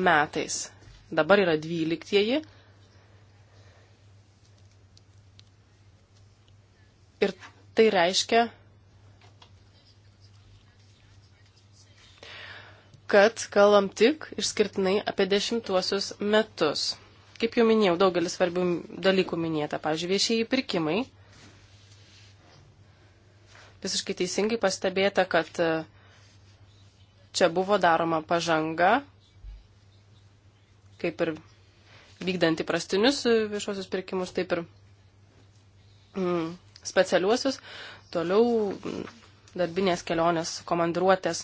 metais. Dabar yra 12. Ir tai reiškia, kad kalbam tik išskirtinai apie dešimtuosius metus. Kaip jau minėjau, daugelis svarbių dalykų minėta, pavyzdžiui, viešieji pirkimai – visiškai teisingai pastebėta, kad e, čia buvo daroma pažanga, kaip ir vykdant įprastinius e, viešuosius pirkimus, taip ir mm, specialiuosius. Toliau mm, darbinės kelionės, komandiruotės.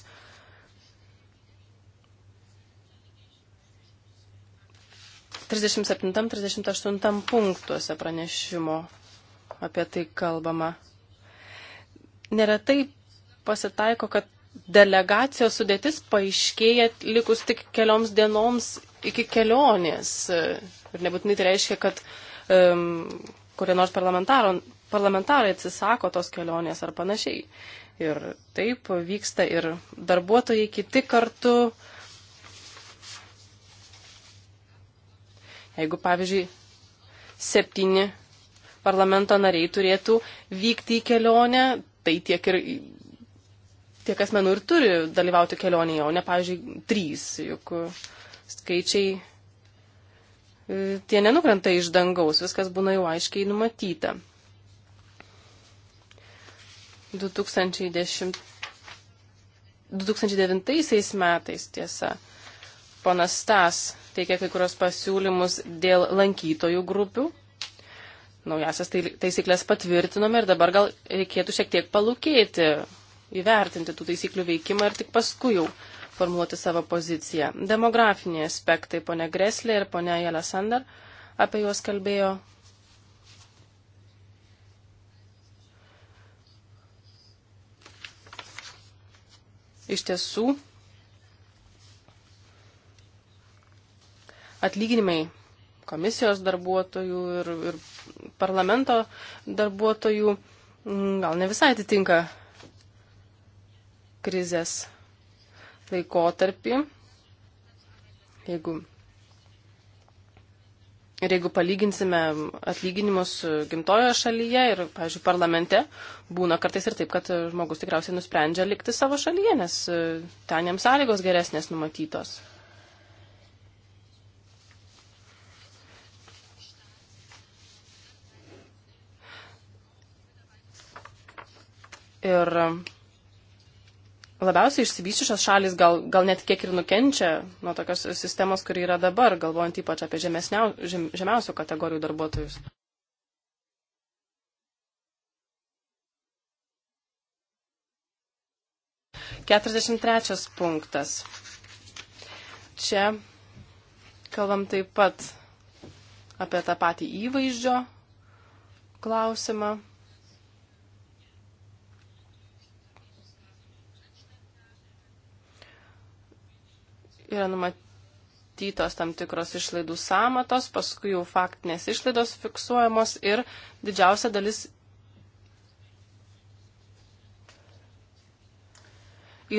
Trisdešimt septintam, trisdešimt aštuntam punktuose pranešimo apie tai kalbama neretai pasitaiko, kad delegacijos sudėtis paaiškėja likus tik kelioms dienoms iki kelionės. Ir nebūtinai tai reiškia, kad um, kurie nors parlamentarai atsisako tos kelionės ar panašiai. Ir taip vyksta ir darbuotojai kiti kartu. Jeigu, pavyzdžiui, septyni parlamento nariai turėtų vykti į kelionę, tai tiek ir tiek asmenų ir turi dalyvauti kelionėje, o ne, pavyzdžiui, trys, juk skaičiai e, tie nenukrenta iš dangaus, viskas būna jau aiškiai numatyta. 2010, 2009 metais, tiesa, ponas Stas teikia kai kurios pasiūlymus dėl lankytojų grupių naujasias tai- taisyklės patvirtinome ir dabar gal reikėtų šiek tiek palūkėti, įvertinti tų taisyklių veikimą ir tik paskui jau formuoti savo poziciją. Demografiniai aspektai, ponia Greslė ir ponia Jela Sander apie juos kalbėjo. Iš tiesų, atlyginimai komisijos darbuotojų ir, ir parlamento darbuotojų mm, gal ne visai atitinka krizės laikotarpį. Jeigu Ir jeigu palyginsime atlyginimus gimtojoje šalyje ir, pavyzdžiui, parlamente, būna kartais ir taip, kad žmogus tikriausiai nusprendžia likti savo šalyje, nes ten jam sąlygos geresnės numatytos. Ir labiausiai išsivyščiusios šalis gal, gal net kiek ir nukenčia nuo tokios sistemos, kuri yra dabar, galvojant ypač apie žem, žemiausių kategorijų darbuotojus. Keturiasdešimt trečias punktas. Čia kalbam taip pat apie tą patį įvaizdžio klausimą. yra numatytos tam tikros išlaidų samatos, paskui jau faktinės išlaidos fiksuojamos ir didžiausia dalis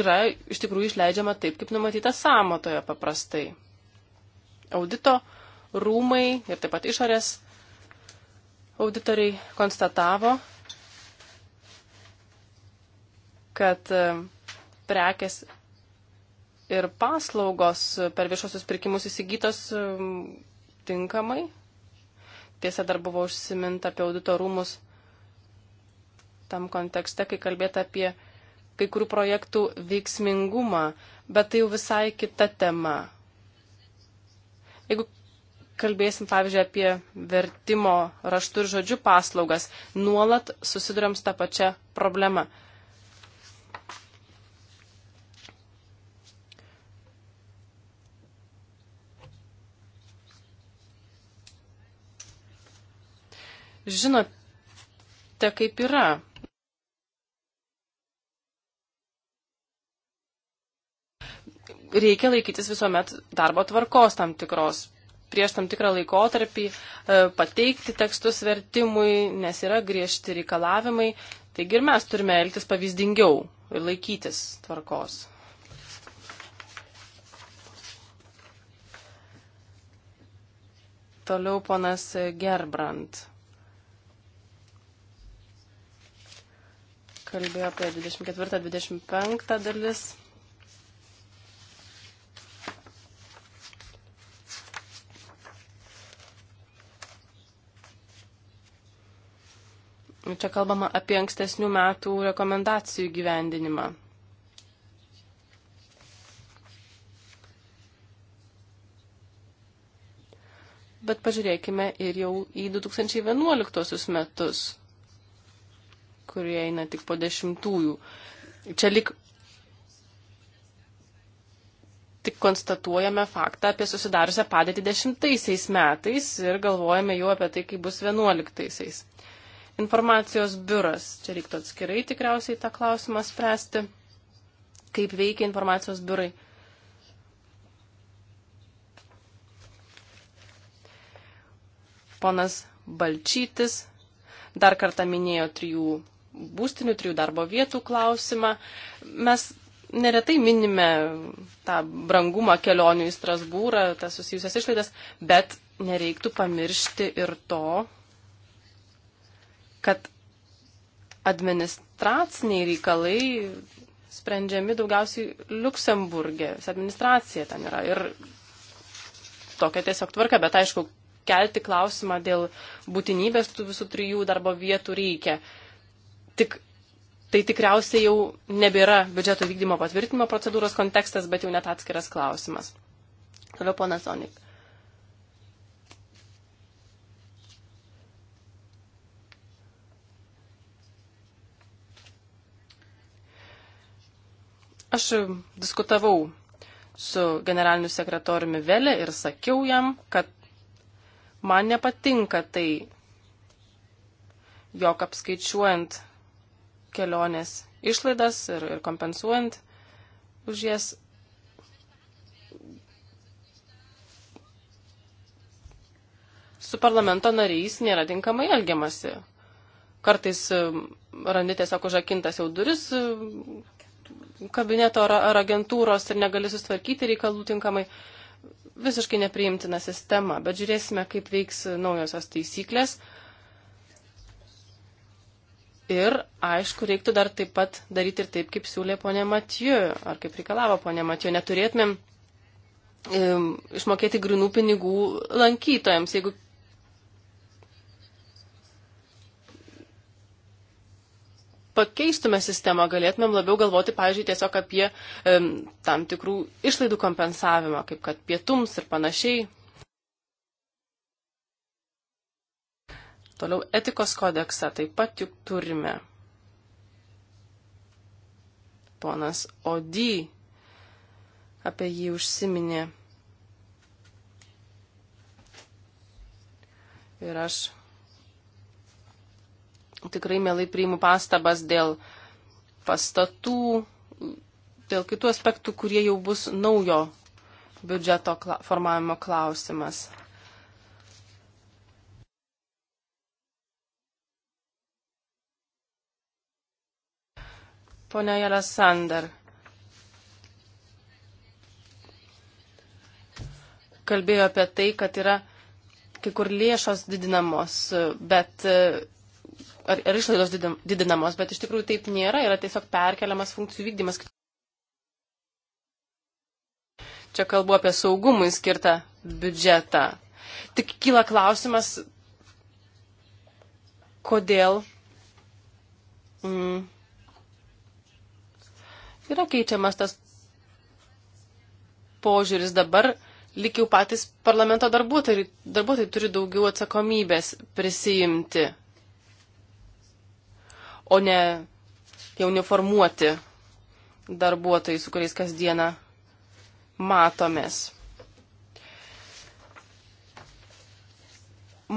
yra iš tikrųjų išleidžiama taip, kaip numatyta samatoje paprastai. Audito rūmai ir taip pat išorės auditoriai konstatavo, kad e, prekės ir paslaugos per viešosius pirkimus įsigytos um, tinkamai. Tiesa, dar buvo užsiminta apie audito rūmus tam kontekste, kai kalbėta apie kai kurių projektų veiksmingumą, bet tai jau visai kita tema. Jeigu kalbėsim, pavyzdžiui, apie vertimo raštų ir žodžių paslaugas, nuolat susidurėm su tą pačią problemą. žinote, kaip yra. Reikia laikytis visuomet darbo tvarkos tam tikros. Prieš tam tikrą laikotarpį e, pateikti tekstus vertimui, nes yra griežti reikalavimai. Taigi ir mes turime elgtis pavyzdingiau ir laikytis tvarkos. Toliau ponas Gerbrand. kalbėjo apie 24-25 dalis. Čia kalbama apie ankstesnių metų rekomendacijų gyvendinimą. Bet pažiūrėkime ir jau į 2011 metus kurie eina tik po dešimtųjų. Čia lik tik konstatuojame faktą apie susidariusią padėtį dešimtaisiais metais ir galvojame jau apie tai, kaip bus vienuoliktaisiais. Informacijos biuras. Čia reiktų atskirai tikriausiai tą klausimą spręsti, kaip veikia informacijos biurai. Ponas Balčytis dar kartą minėjo trijų būstinių, trijų darbo vietų klausimą. Mes neretai minime tą brangumą kelionių į Strasbūrą, tas susijusias išlaidas, bet nereiktų pamiršti ir to, kad administraciniai reikalai sprendžiami daugiausiai Luksemburgė, administracija ten yra. Ir tokia tiesiog tvarka, bet aišku, kelti klausimą dėl būtinybės tų visų trijų darbo vietų reikia. Uh, tik, tai tikriausiai jau nebėra biudžeto vykdymo patvirtinimo procedūros kontekstas, bet jau net atskiras klausimas. Toliau ponas Onik. Aš diskutavau su generaliniu sekretoriumi Velė ir sakiau jam, kad man nepatinka tai, jog apskaičiuojant kelionės išlaidas ir, ir kompensuojant už jas. Su parlamento nariais nėra tinkamai elgiamasi. Kartais um, randi tiesiog užakintas jau duris um, kabineto ar, ar agentūros ir negali sustvarkyti reikalų tinkamai. Visiškai nepriimtina sistema, bet žiūrėsime, kaip veiks naujosios taisyklės. Uh, Ir, aišku, reiktų dar taip pat daryti ir taip, kaip siūlė ponė Matiju, ar kaip reikalavo ponė Matiju. Neturėtumėm išmokėti grinų pinigų lankytojams. Jeigu pakeistume sistemą, galėtumėm labiau galvoti, pavyzdžiui, tiesiog apie um, tam tikrų išlaidų kompensavimą, kaip kad pietums ir panašiai. Toliau etikos kodeksą taip pat juk turime. Ponas Odi apie jį užsiminė. Ir aš tikrai mielai priimu pastabas dėl pastatų, dėl kitų aspektų, kurie jau bus naujo biudžeto formavimo klausimas. Pone Jelasander. Kalbėjo apie tai, kad yra kai kur lėšos didinamos, bet ar, ar išlaidos didinamos, bet iš tikrųjų taip nėra, yra tiesiog perkeliamas funkcijų vykdymas. Čia kalbu apie saugumui skirtą biudžetą. Tik kyla klausimas, kodėl mm, yra keičiamas tas požiūris dabar, lik jau patys parlamento darbuotojai, darbuotojai turi daugiau atsakomybės prisijimti, o ne jau neformuoti darbuotojai, su kuriais kasdieną matomės.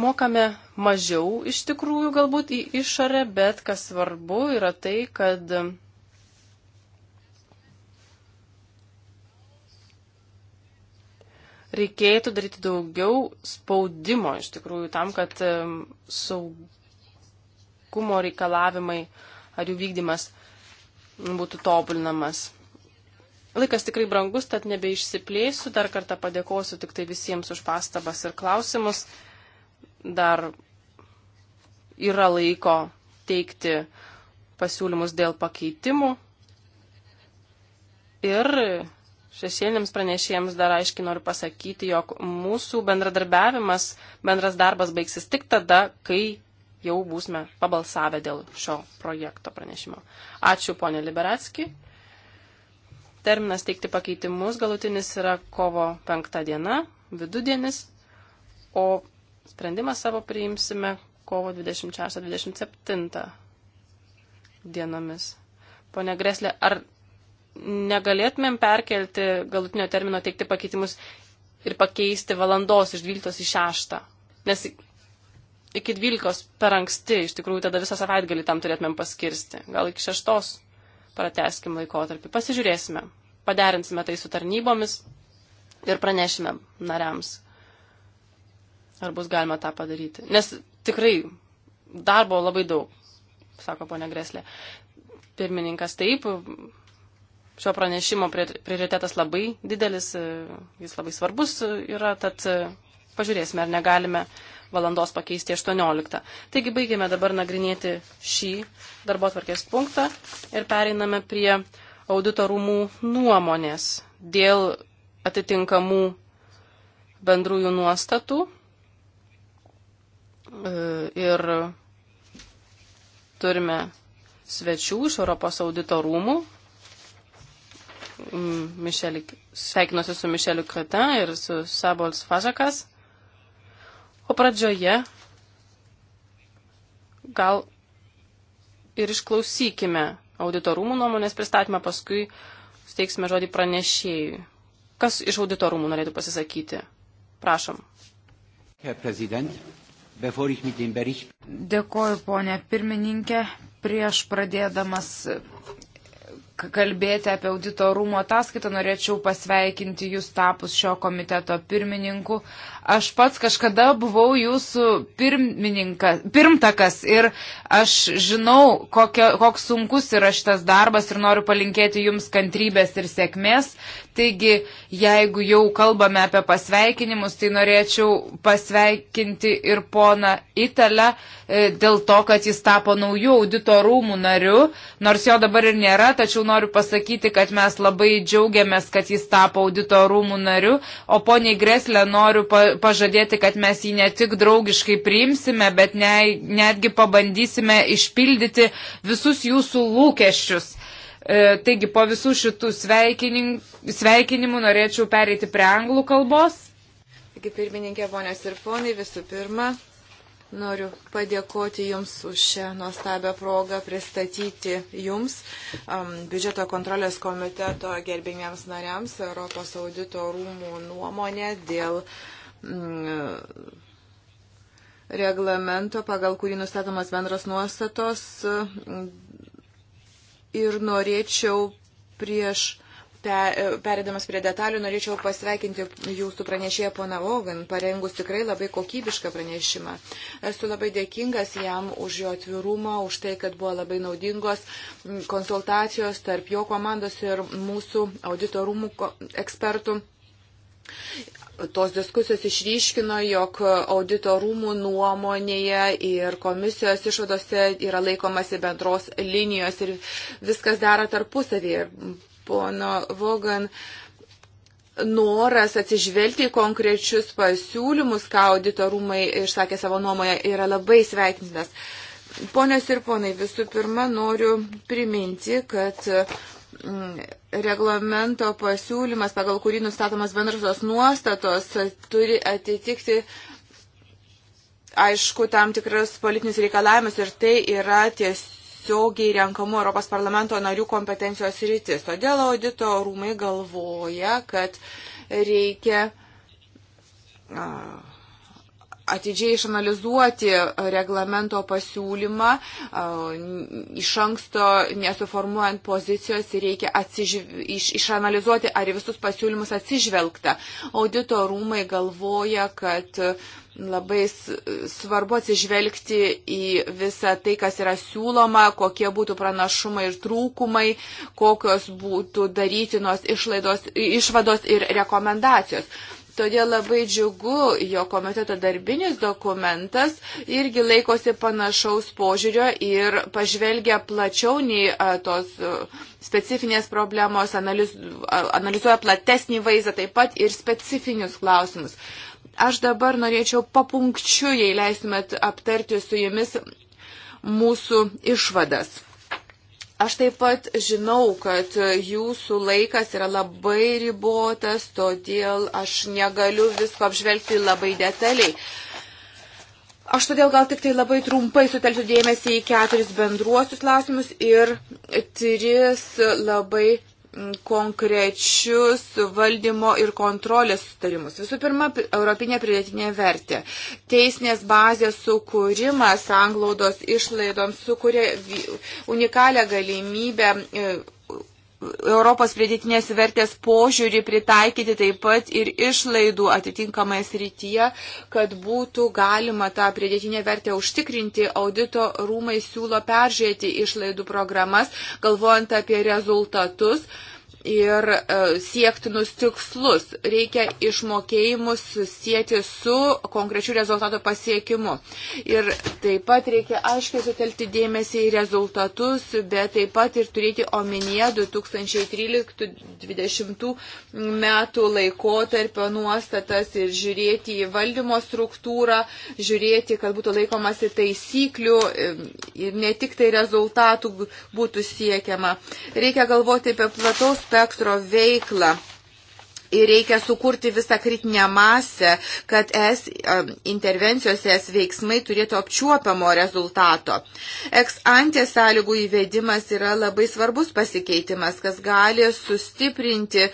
Mokame mažiau iš tikrųjų galbūt į išorę, bet kas svarbu yra tai, kad reikėtų daryti daugiau spaudimo iš tikrųjų tam, kad saugumo reikalavimai ar jų vykdymas būtų tobulinamas. Laikas tikrai brangus, tad nebeišsiplėsiu. Dar kartą padėkosiu tik tai visiems už pastabas ir klausimus. Dar yra laiko teikti pasiūlymus dėl pakeitimų. Ir šešėlėms pranešėjams dar aiškiai noriu pasakyti, jog mūsų bendradarbiavimas, bendras darbas baigsis tik tada, kai jau būsime pabalsavę dėl šio projekto pranešimo. Ačiū, ponė Liberatski. Terminas teikti pakeitimus galutinis yra kovo penktą dieną, vidudienis, o sprendimą savo priimsime kovo 26-27 dienomis. Pone Greslė, ar negalėtumėm perkelti galutinio termino teikti pakeitimus ir pakeisti valandos iš 12 į 6. Nes iki 12 per anksti, iš tikrųjų, tada visą savaitgalį tam turėtumėm paskirsti. Gal iki 6 prateskim laikotarpį. Pasižiūrėsime. Paderinsime tai su tarnybomis ir pranešime nariams, ar bus galima tą padaryti. Nes tikrai darbo labai daug, sako ponia Greslė. Pirmininkas taip, šio pranešimo prioritetas labai didelis, e, jis labai svarbus yra, tad e, pažiūrėsime, ar negalime valandos pakeisti 18. Taigi baigėme dabar nagrinėti šį darbo tvarkės punktą ir pereiname prie audito rūmų nuomonės dėl atitinkamų bendrųjų nuostatų e, ir turime svečių iš Europos audito rūmų, Mišelik, sveikinuosi su Mišeliu Kretin ir su Sabols Fažakas. O pradžioje gal ir išklausykime auditorumų nuomonės pristatymą, paskui steiksime žodį pranešėjui. Kas iš auditorumų norėtų pasisakyti? Prašom. Dėkoju, ponė pirmininkė. Prieš pradėdamas kalbėti apie audito rūmo ataskaitą, norėčiau pasveikinti jūs tapus šio komiteto pirmininku. Aš pats kažkada buvau jūsų pirmtakas ir aš žinau, kokio, koks sunkus yra šitas darbas ir noriu palinkėti jums kantrybės ir sėkmės. Taigi, jeigu jau kalbame apie pasveikinimus, tai norėčiau pasveikinti ir poną Italę e, dėl to, kad jis tapo naujų audito rūmų nariu, nors jo dabar ir nėra, tačiau noriu pasakyti, kad mes labai džiaugiamės, kad jis tapo audito rūmų nariu, o poniai Greslė noriu pa pažadėti, kad mes jį ne tik draugiškai priimsime, bet ne, netgi pabandysime išpildyti visus jūsų lūkesčius. E, taigi po visų šitų sveikinimų norėčiau pereiti prie anglų kalbos. Taigi pirmininkė, ponios ir ponai, visų pirma, Noriu padėkoti Jums už šią nuostabią progą pristatyti Jums, um, biudžeto kontrolės komiteto gerbimiems nariams, Europos audito rūmų nuomonę dėl uh, Mm, reglamento, pagal kurį nustatomas bendros nuostatos ir norėčiau prieš perėdamas prie detalių, norėčiau pasveikinti jūsų pranešėją poną Vogan, parengus tikrai labai kokybišką pranešimą. Esu labai dėkingas jam už jo atvirumą, už tai, kad buvo labai naudingos konsultacijos tarp jo komandos ir mūsų auditorumų ekspertų. Tos diskusijos išryškino, jog audito rūmų nuomonėje ir komisijos išvadose yra laikomasi bendros linijos ir viskas dera tarpusavėje. Pono Vogan, noras atsižvelgti į konkrečius pasiūlymus, ką auditorumai išsakė savo nuomoje, yra labai sveikintinas. Ponios ir ponai, visų pirma, noriu priminti, kad uh, Mm, reglamento pasiūlymas, pagal kurį nustatomas bendrosios nuostatos, turi atitikti, aišku, tam tikrus politinius reikalavimus ir tai yra tiesiogiai renkamų Europos parlamento narių kompetencijos rytis. Todėl audito rūmai galvoja, kad reikia. Uh, atidžiai išanalizuoti reglamento pasiūlymą, iš anksto nesuformuojant pozicijos reikia atsižv... iš, išanalizuoti, ar visus pasiūlymus atsižvelgta. Audito rūmai galvoja, kad labai svarbu atsižvelgti į visą tai, kas yra siūloma, kokie būtų pranašumai ir trūkumai, kokios būtų darytinos išlaidos, išvados ir rekomendacijos. Todėl labai džiugu, jo komiteto darbinis dokumentas irgi laikosi panašaus požiūrio ir pažvelgia plačiau nei tos specifinės problemos, analiz, analizuoja platesnį vaizdą taip pat ir specifinius klausimus. Aš dabar norėčiau papunkčiu, jei leistumėt aptarti su jumis mūsų išvadas. Aš taip pat žinau, kad jūsų laikas yra labai ribotas, todėl aš negaliu visko apžvelgti labai detaliai. Aš todėl gal tik tai labai trumpai sutelsiu dėmesį į keturis bendruosius klausimus ir tris labai konkrečius valdymo ir kontrolės sutarimus. Visų pirma, Europinė pridėtinė vertė. Teisinės bazės sukūrimas anglaudos išlaidoms sukuria unikalią galimybę e, Europos pridėtinės vertės požiūrį pritaikyti taip pat ir išlaidų atitinkamai srityje, kad būtų galima tą pridėtinę vertę užtikrinti. Audito rūmai siūlo peržiūrėti išlaidų programas, galvojant apie rezultatus. Uh, ir e, siektinus tikslus. Reikia išmokėjimus susijęti su konkrečiu rezultato pasiekimu. Ir taip pat reikia aiškiai sutelkti dėmesį į rezultatus, bet taip pat ir turėti omenyje 2013-2020 metų laikotarpio nuostatas ir žiūrėti į valdymo struktūrą, žiūrėti, kad būtų laikomasi taisyklių e, ir ne tik tai rezultatų būtų siekiama. Reikia galvoti apie plataus spektro veiklą ir reikia sukurti visą kritinę masę, kad es intervencijos es veiksmai turėtų apčiuopiamo rezultato. Eks antė sąlygų įvedimas yra labai svarbus pasikeitimas, kas gali sustiprinti e,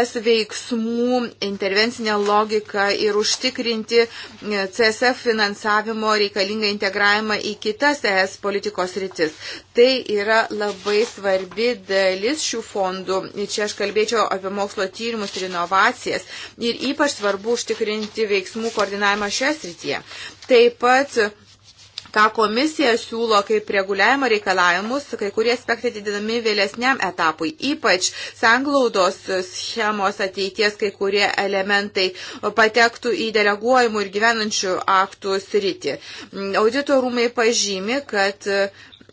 es veiksmų intervencinę logiką ir užtikrinti e, CSF finansavimo reikalingą integravimą į kitas es politikos rytis. Tai yra labai svarbi dalis šių fondų. Čia aš kalbėčiau apie mokslo tyrimus ir inovacijas. Ir ypač svarbu užtikrinti veiksmų koordinavimą šioje srityje. Taip pat ką komisija siūlo kaip reguliavimo reikalavimus, kai kurie aspektai didinami vėlesniam etapui, ypač sanglaudos schemos ateities, kai kurie elementai patektų į deleguojimų ir gyvenančių aktų sritį. Audito rūmai pažymi, kad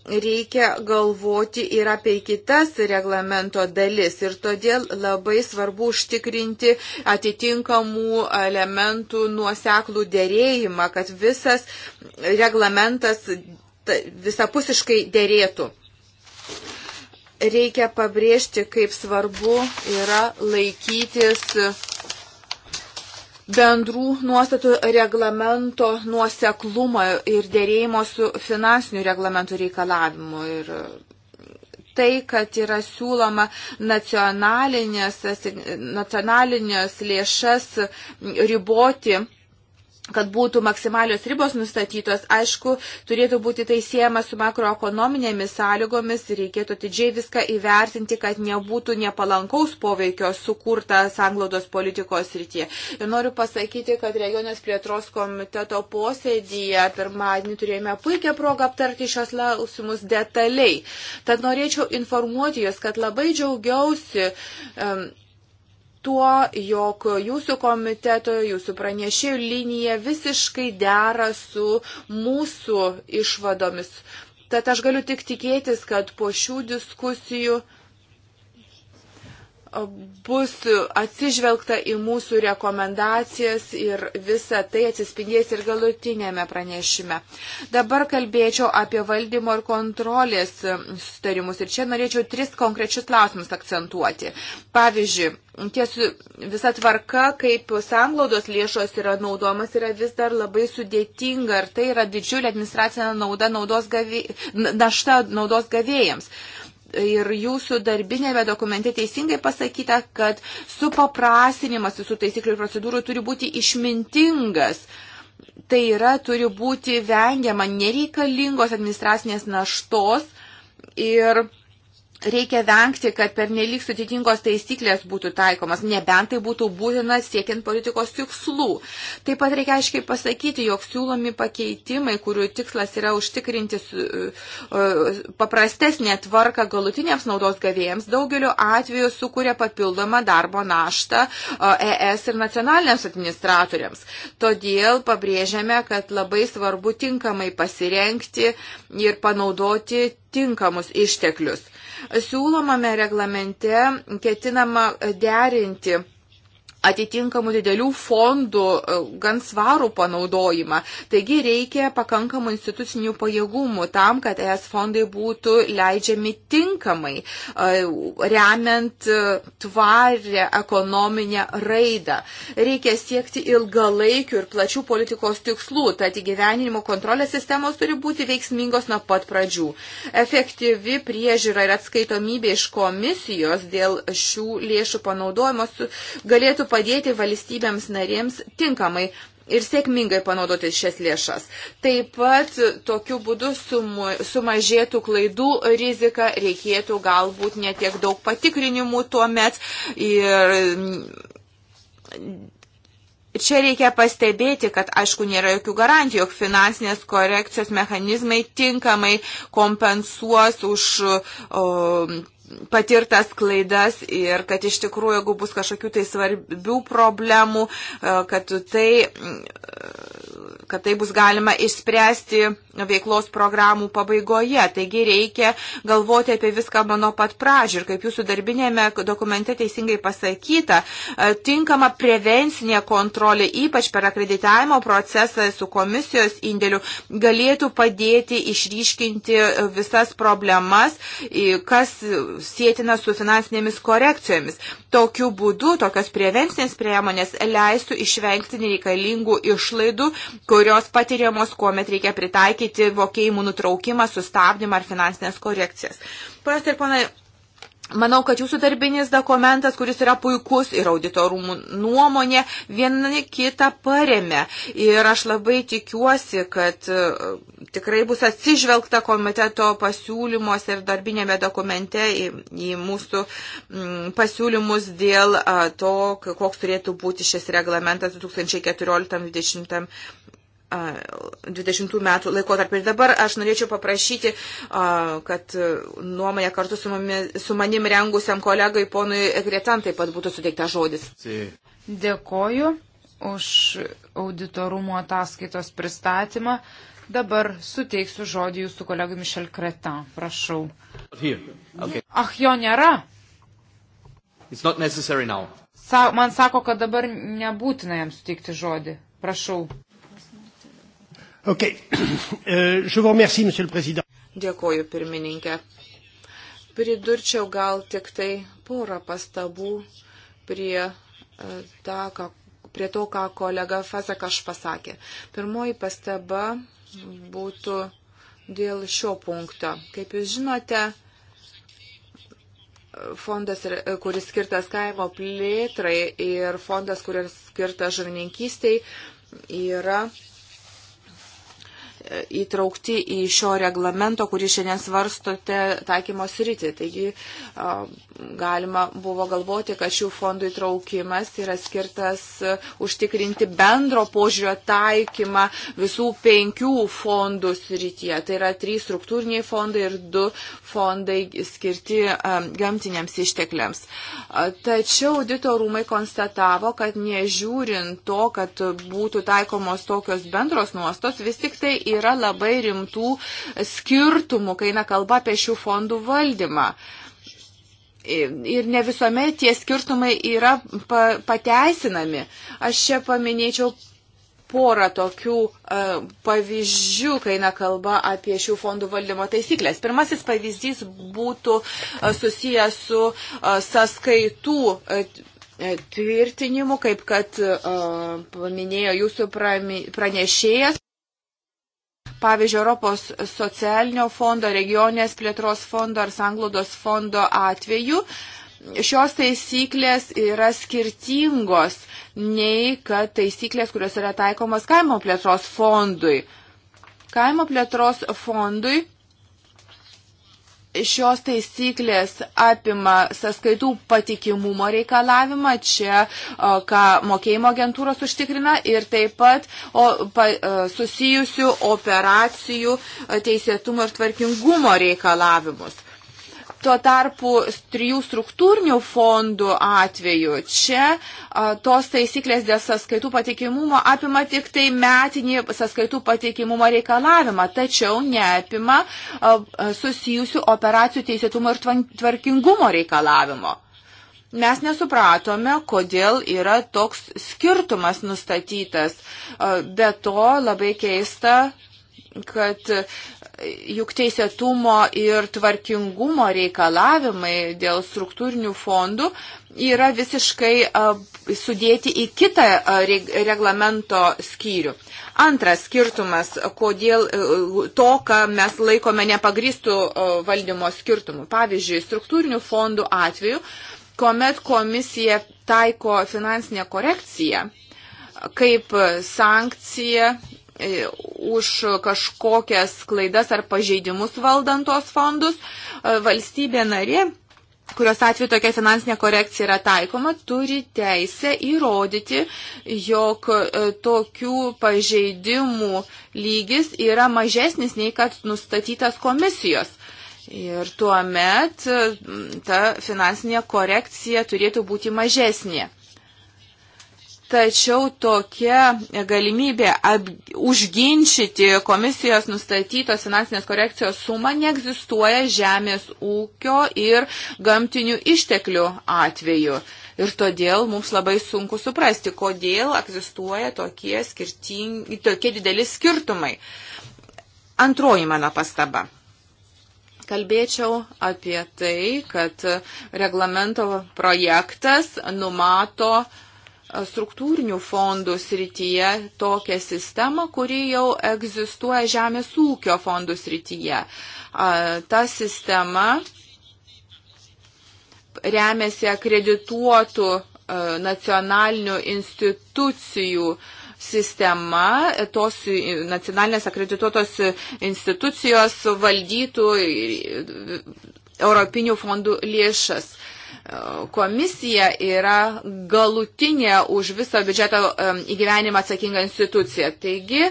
reikia galvoti ir apie kitas reglamento dalis. Ir todėl labai svarbu užtikrinti atitinkamų elementų nuoseklų dėrėjimą, kad visas reglamentas visapusiškai dėrėtų. Reikia pabrėžti, kaip svarbu yra laikytis bendrų nuostatų reglamento nuoseklumą ir dėrėjimo su finansiniu reglamentu reikalavimu. Ir tai, kad yra siūloma nacionalinės, nacionalinės lėšas riboti kad būtų maksimalios ribos nustatytos, aišku, turėtų būti tai siejama su makroekonominėmis sąlygomis ir reikėtų didžiai viską įvertinti, kad nebūtų nepalankaus poveikio sukurta sanglaudos politikos rytie. Ir noriu pasakyti, kad regionės plėtros komiteto posėdyje pirmadienį turėjome puikią progą aptarti šios lausimus detaliai. Tad norėčiau informuoti Jūs, kad labai džiaugiausi. Um, tuo, jog jūsų komiteto, jūsų pranešėjų linija visiškai dera su mūsų išvadomis. Tad aš galiu tik tikėtis, kad po šių diskusijų uh, bus atsižvelgta į mūsų rekomendacijas ir visa tai atsispindės ir galutinėme pranešime. Dabar kalbėčiau apie valdymo ir kontrolės sustarimus ir čia norėčiau tris konkrečius klausimus akcentuoti. Pavyzdžiui, ties visa tvarka, kaip sanglaudos lėšos yra naudomas, yra vis dar labai sudėtinga ir tai yra didžiulė administracinė nauda naudos gavė, našta naudos gavėjams. Gavė, ir jūsų darbinėme dokumente teisingai pasakyta, kad supaprasinimas visų taisyklių ir procedūrų turi būti išmintingas. Tai yra, turi būti vengiama nereikalingos administracinės naštos ir reikia vengti, kad pernelyg sudėtingos taisyklės būtų taikomas, nebent tai būtų būtina siekiant politikos tikslų. Taip pat reikia aiškiai pasakyti, jog siūlomi pakeitimai, kurių tikslas yra užtikrinti e, e, paprastesnė tvarka galutiniams naudos gavėjams, daugeliu atveju sukuria papildomą darbo naštą ES e ir nacionaliniams administratoriams. Todėl pabrėžiame, kad labai svarbu tinkamai pasirenkti ir panaudoti tinkamus išteklius siūlomame reglamente ketinama derinti atitinkamų didelių fondų e, gan svarų panaudojimą. Taigi reikia pakankamų institucinių pajėgumų tam, kad ES fondai būtų leidžiami tinkamai, e, remiant e, tvarę ekonominę raidą. Reikia siekti ilgalaikių ir plačių politikos tikslų, tad įgyveninimo kontrolės sistemos turi būti veiksmingos nuo pat pradžių. Efektyvi priežiūra ir atskaitomybė iš komisijos dėl šių lėšų panaudojimo galėtų padėti valstybėms narėms tinkamai ir sėkmingai panaudoti šias lėšas. Taip pat tokiu būdu sumu, sumažėtų klaidų rizika, reikėtų galbūt netiek daug patikrinimų tuo met. Ir mm, čia reikia pastebėti, kad aišku nėra jokių garantijų, jog finansinės korekcijos mechanizmai tinkamai kompensuos už o, patirtas klaidas ir kad iš tikrųjų, jeigu bus kažkokių tai svarbių problemų, e, kad tai mm, kad tai bus galima išspręsti veiklos programų pabaigoje. Taigi reikia galvoti apie viską mano pat pražį. Ir kaip jūsų darbinėme dokumente teisingai pasakyta, e, tinkama prevencinė kontrolė, ypač per akreditavimo procesą su komisijos indėliu, galėtų padėti išryškinti e, visas problemas, kas sėtina su finansinėmis korekcijomis. Tokiu būdu tokios prevencinės priemonės leistų išvengti nereikalingų išlaidų, kur kurios patiriamos, kuomet reikia pritaikyti vokėjimų nutraukimą, sustabdymą ar finansinės korekcijas. Ponas ir ponai, Manau, kad jūsų darbinis dokumentas, kuris yra puikus ir auditorumų nuomonė, viena kitą paremė. Ir aš labai tikiuosi, kad e, tikrai bus atsižvelgta komiteto pasiūlymos ir darbinėme dokumente į, į mūsų mm, pasiūlymus dėl e, to, koks turėtų būti šis reglamentas 2014-2020 20 metų laikotarpį. Ir dabar aš norėčiau paprašyti, kad nuomonė kartu su, mami, su manim rengusiam kolegai ponui Gretan taip pat būtų suteikta žodis. Dėkoju už auditorumo ataskaitos pristatymą. Dabar suteiksiu žodį jūsų kolegui Mišel Kretan. Prašau. Okay. Ach, jo nėra. Sa man sako, kad dabar nebūtina jam suteikti žodį. Prašau. Okay. Euh, remercie, Dėkoju, pirmininkė. Pridurčiau gal tik tai porą pastabų prie, e, ta, ką, prie to, ką kolega Fazakaš pasakė. Pirmoji pastaba būtų dėl šio punkto. Kaip jūs žinote, fondas, kuris skirtas kaimo plėtrai ir fondas, kuris skirtas žuvininkystei, yra įtraukti į šio reglamento, kurį šiandien svarstote, taikymo sritį. Taigi galima buvo galvoti, kad šių fondų įtraukimas yra skirtas užtikrinti bendro požiūrio taikymą visų penkių fondų srityje. Tai yra trys struktūriniai fondai ir du fondai skirti gamtiniams ištekliams. Tačiau auditorumai konstatavo, kad nežiūrint to, kad būtų taikomos tokios bendros nuostos, vis tik tai yra labai rimtų skirtumų, kai eina kalba apie šių fondų valdymą ir ne visuomet tie skirtumai yra pa, pateisinami. Aš čia paminėčiau porą tokių uh, pavyzdžių, kai eina kalba apie šių fondų valdymo taisyklės. Pirmasis pavyzdys būtų uh, susijęs su uh, sąskaitų. Uh, tvirtinimu, kaip kad uh, paminėjo jūsų pranešėjas pavyzdžiui, Europos socialinio fondo, regionės plėtros fondo ar sanglaudos fondo atveju, šios taisyklės yra skirtingos nei kad taisyklės, kurios yra taikomas kaimo plėtros fondui. Kaimo plėtros fondui šios taisyklės apima sąskaitų patikimumo reikalavimą, čia ką mokėjimo agentūros užtikrina ir taip pat o, pa, e, susijusių operacijų e, teisėtumo ir tvarkingumo reikalavimus. Tuo tarpu trijų struktūrinių fondų atveju čia a, tos taisyklės dėl sąskaitų patikimumo apima tik tai metinį sąskaitų patikimumo reikalavimą, tačiau neapima a, susijusių operacijų teisėtumo ir tvarkingumo reikalavimo. Mes nesupratome, kodėl yra toks skirtumas nustatytas. Be to labai keista, kad juk teisėtumo ir tvarkingumo reikalavimai dėl struktūrinių fondų yra visiškai sudėti į kitą reglamento skyrių. Antras skirtumas, kodėl e, to, ką mes laikome nepagristų valdymo skirtumų. Pavyzdžiui, struktūrinių fondų atveju, kuomet komisija taiko finansinę korekciją kaip sankcija E, už kažkokias klaidas ar pažeidimus valdantos fondus. E, valstybė narė kurios atveju tokia finansinė korekcija yra taikoma, turi teisę įrodyti, jog e, tokių pažeidimų lygis yra mažesnis nei kad nustatytas komisijos. Ir tuo met ta finansinė korekcija turėtų būti mažesnė. Tačiau tokia galimybė ab, užginčyti komisijos nustatytos finansinės korekcijos sumą neegzistuoja žemės ūkio ir gamtinių išteklių atveju. Ir todėl mums labai sunku suprasti, kodėl egzistuoja tokie, skirting, tokie dideli skirtumai. Antroji mano pastaba. Kalbėčiau apie tai, kad reglamento projektas numato uh, struktūrinių fondų srityje tokią sistemą, kuri jau egzistuoja žemės ūkio fondų srityje. Ta sistema remiasi akredituotų e, nacionalinių institucijų sistema, tos nacionalinės akredituotos institucijos valdytų e, europinių fondų lėšas. Uh, Komisija yra galutinė už viso biudžeto įgyvenimą atsakinga institucija. Taigi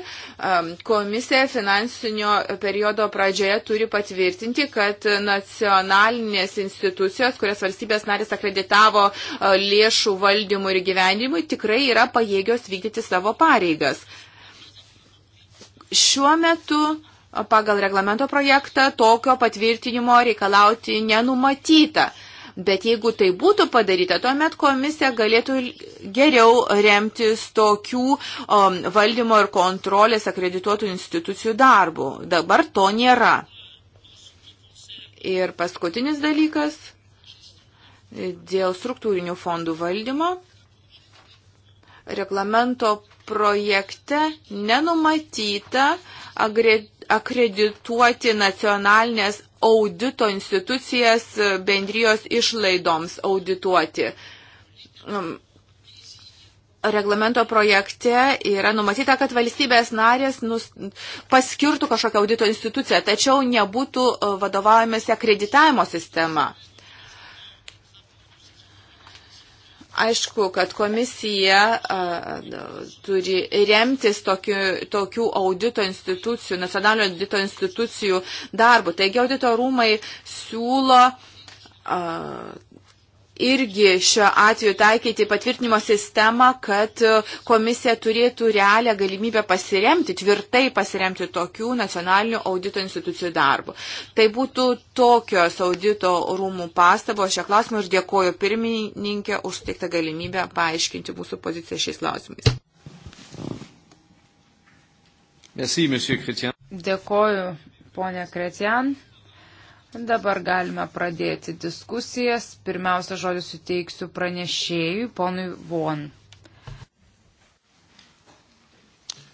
komisija finansinio periodo pradžioje turi patvirtinti, kad nacionalinės institucijos, kurias valstybės narės akreditavo e, lėšų valdymui ir gyvenimui, tikrai yra pajėgios vykdyti savo pareigas. Šiuo metu pagal reglamento projektą tokio patvirtinimo reikalauti nenumatyta. Bet jeigu tai būtų padaryta, tuomet komisija galėtų geriau remtis tokių um, valdymo ir kontrolės akredituotų institucijų darbų. Dabar to nėra. Ir paskutinis dalykas dėl struktūrinių fondų valdymo. Reglamento projekte nenumatyta agredituotų akredituoti nacionalinės audito institucijas e, bendrijos išlaidoms audituoti. Mm. Reglamento projekte yra numatyta, kad valstybės narės nus, paskirtų kažkokią audito instituciją, tačiau nebūtų e, vadovaujamasi akreditavimo sistema. Aišku, kad komisija a, turi remtis tokiu, tokių audito institucijų, nacionalinio audito institucijų darbų. Taigi audito rūmai siūlo a, irgi šiuo atveju taikyti patvirtinimo sistemą, kad e, komisija turėtų realią galimybę pasiremti, tvirtai pasiremti tokių nacionalinių audito institucijų darbų. Tai būtų tokios audito rūmų pastabos šio klausimu ir dėkoju pirmininkė už suteiktą galimybę paaiškinti mūsų poziciją šiais klausimais. Merci, Dėkoju, ponė Kretian. Dabar galime pradėti diskusijas. Pirmiausia, žodį suteiksiu pranešėjui, ponui Von.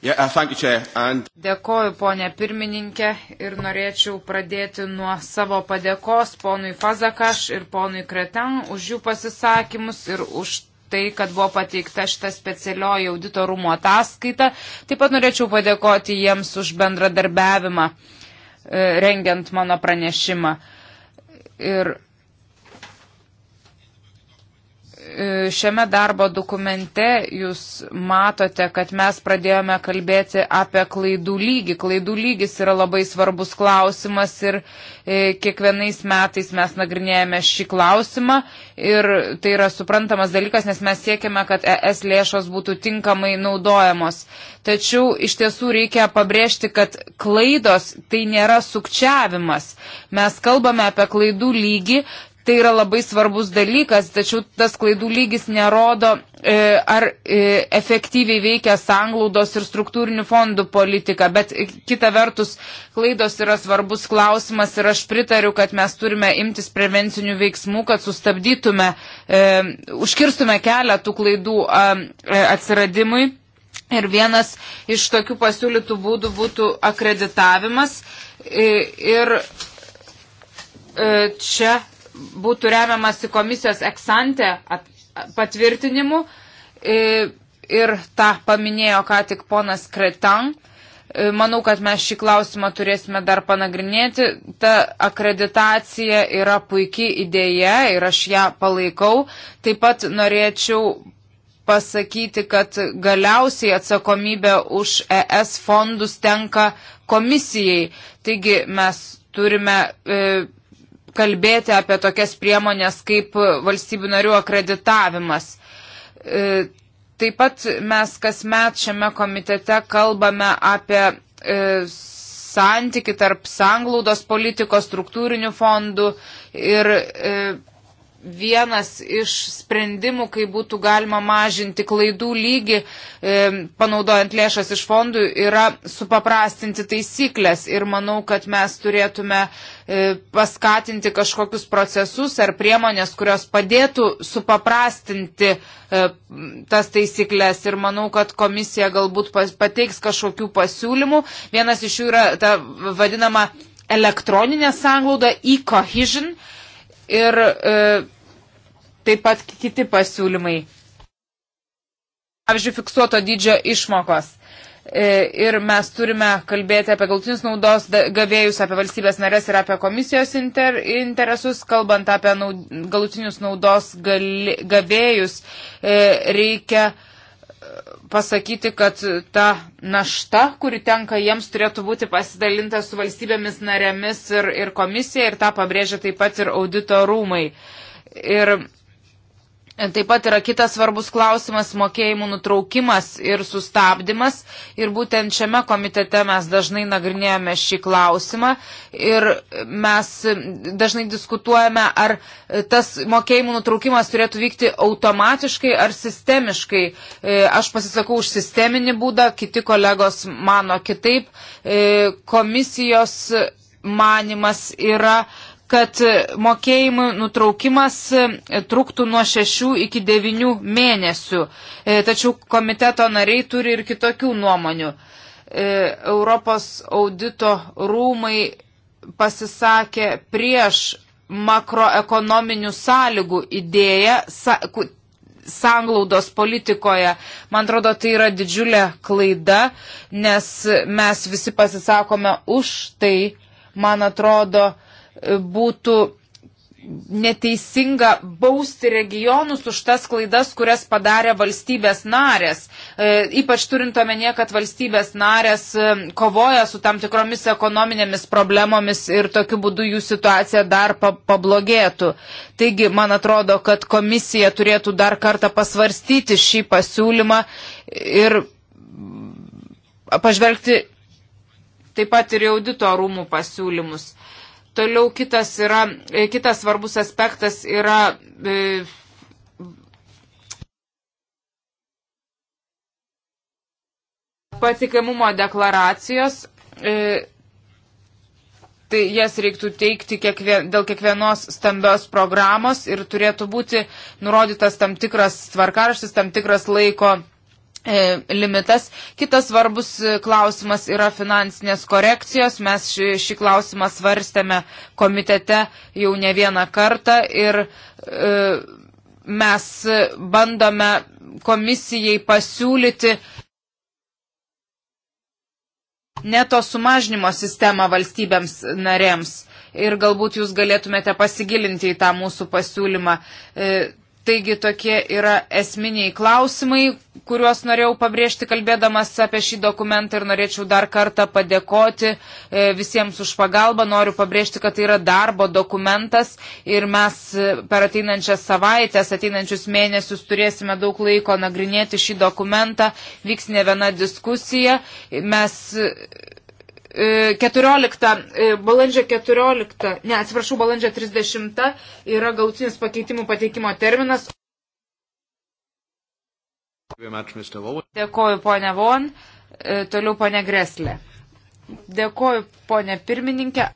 Yeah, uh, you, And... Dėkoju, ponė pirmininkė, ir norėčiau pradėti nuo savo padėkos ponui Fazakaš ir ponui Kreten už jų pasisakymus ir už tai, kad buvo pateikta šita specialioji auditorumo ataskaita. Taip pat norėčiau padėkoti jiems už bendradarbiavimą rengiant mano pranešimą. Ir šiame darbo dokumente jūs matote, kad mes pradėjome kalbėti apie klaidų lygį. Klaidų lygis yra labai svarbus klausimas ir e, kiekvienais metais mes nagrinėjame šį klausimą ir tai yra suprantamas dalykas, nes mes siekiame, kad ES lėšos būtų tinkamai naudojamos. Tačiau iš tiesų reikia pabrėžti, kad klaidos tai nėra sukčiavimas. Mes kalbame apie klaidų lygį, tai yra labai svarbus dalykas, tačiau tas klaidų lygis nerodo, e, ar e, efektyviai veikia sanglaudos ir struktūrinių fondų politika. Bet e, kita vertus, klaidos yra svarbus klausimas ir aš pritariu, kad mes turime imtis prevencinių veiksmų, kad sustabdytume, užkirstume kelią tų klaidų atsiradimui. Ir vienas iš tokių pasiūlytų būdų būtų akreditavimas. Ir čia būtų remiamasi komisijos eksante patvirtinimu e, ir tą paminėjo ką tik ponas Kretan. E, manau, kad mes šį klausimą turėsime dar panagrinėti. Ta akreditacija yra puikiai idėja ir aš ją palaikau. Taip pat norėčiau pasakyti, kad galiausiai atsakomybė už ES fondus tenka komisijai. Taigi mes turime e, kalbėti apie tokias priemonės kaip valstybių narių akreditavimas. E, taip pat mes kasmet šiame komitete kalbame apie e, santyki tarp sanglaudos politikos, struktūrinių fondų ir e, vienas iš sprendimų, kai būtų galima mažinti klaidų lygį, e, panaudojant lėšas iš fondų, yra supaprastinti taisyklės. Ir manau, kad mes turėtume e, paskatinti kažkokius procesus ar priemonės, kurios padėtų supaprastinti e, tas taisyklės. Ir manau, kad komisija galbūt pateiks kažkokių pasiūlymų. Vienas iš jų yra ta vadinama elektroninė sanglauda e-cohesion. Ir e, taip pat kiti pasiūlymai. Pavyzdžiui, fiksuoto dydžio išmokos. E, ir mes turime kalbėti apie galtinius naudos gavėjus, apie valstybės narės ir apie komisijos inter, interesus. Kalbant apie naud, galutinius naudos gali, gavėjus, e, reikia e, pasakyti, kad ta našta, kuri tenka jiems, turėtų būti pasidalinta su valstybėmis narėmis ir, ir komisija ir tą pabrėžia taip pat ir audito rūmai. Ir E, taip pat yra kitas svarbus klausimas - mokėjimų nutraukimas ir sustabdymas. Ir būtent šiame komitete mes dažnai nagrinėjame šį klausimą ir mes dažnai diskutuojame, ar tas mokėjimų nutraukimas turėtų vykti automatiškai ar sistemiškai. E, aš pasisakau už sisteminį būdą, kiti kolegos mano kitaip. E, komisijos manimas yra kad mokėjimų nutraukimas e, truktų nuo 6 iki 9 mėnesių. E, tačiau komiteto nariai turi ir kitokių nuomonių. E, Europos audito rūmai pasisakė prieš makroekonominių sąlygų idėją sanglaudos politikoje. Man atrodo, tai yra didžiulė klaida, nes mes visi pasisakome už tai, man atrodo, būtų neteisinga bausti regionus už tas klaidas, kurias padarė valstybės narės. E, ypač turint omenyje, kad valstybės narės e, kovoja su tam tikromis ekonominėmis problemomis ir tokiu būdu jų situacija dar pa pablogėtų. Taigi, man atrodo, kad komisija turėtų dar kartą pasvarstyti šį pasiūlymą ir pažvelgti taip pat ir audito rūmų pasiūlymus. Toliau kitas, yra, e, kitas svarbus aspektas yra. E, patikimumo deklaracijos. E, tai jas reiktų teikti kiekvien, dėl kiekvienos stambios programos ir turėtų būti nurodytas tam tikras tvarkaraštis, tam tikras laiko E, limitas. Kitas svarbus e, klausimas yra finansinės korekcijos. Mes šį, šį klausimą svarstėme komitete jau ne vieną kartą ir e, mes bandome komisijai pasiūlyti neto sumažinimo sistemą valstybėms narėms. Ir galbūt jūs galėtumėte pasigilinti į tą mūsų pasiūlymą. E, Taigi tokie yra esminiai klausimai, kuriuos norėjau pabrėžti kalbėdamas apie šį dokumentą ir norėčiau dar kartą padėkoti e, visiems už pagalbą. Noriu pabrėžti, kad tai yra darbo dokumentas ir mes e, per ateinančias savaitės, ateinančius mėnesius turėsime daug laiko nagrinėti šį dokumentą. Vyks ne viena diskusija. Mes 14, e, balandžio 14, ne, atsiprašau, balandžio 30 yra galutinis pakeitimų pateikimo terminas. Dėkoju, ponė Von, e, toliau ponė Greslė. Dėkoju, ponė pirmininkė.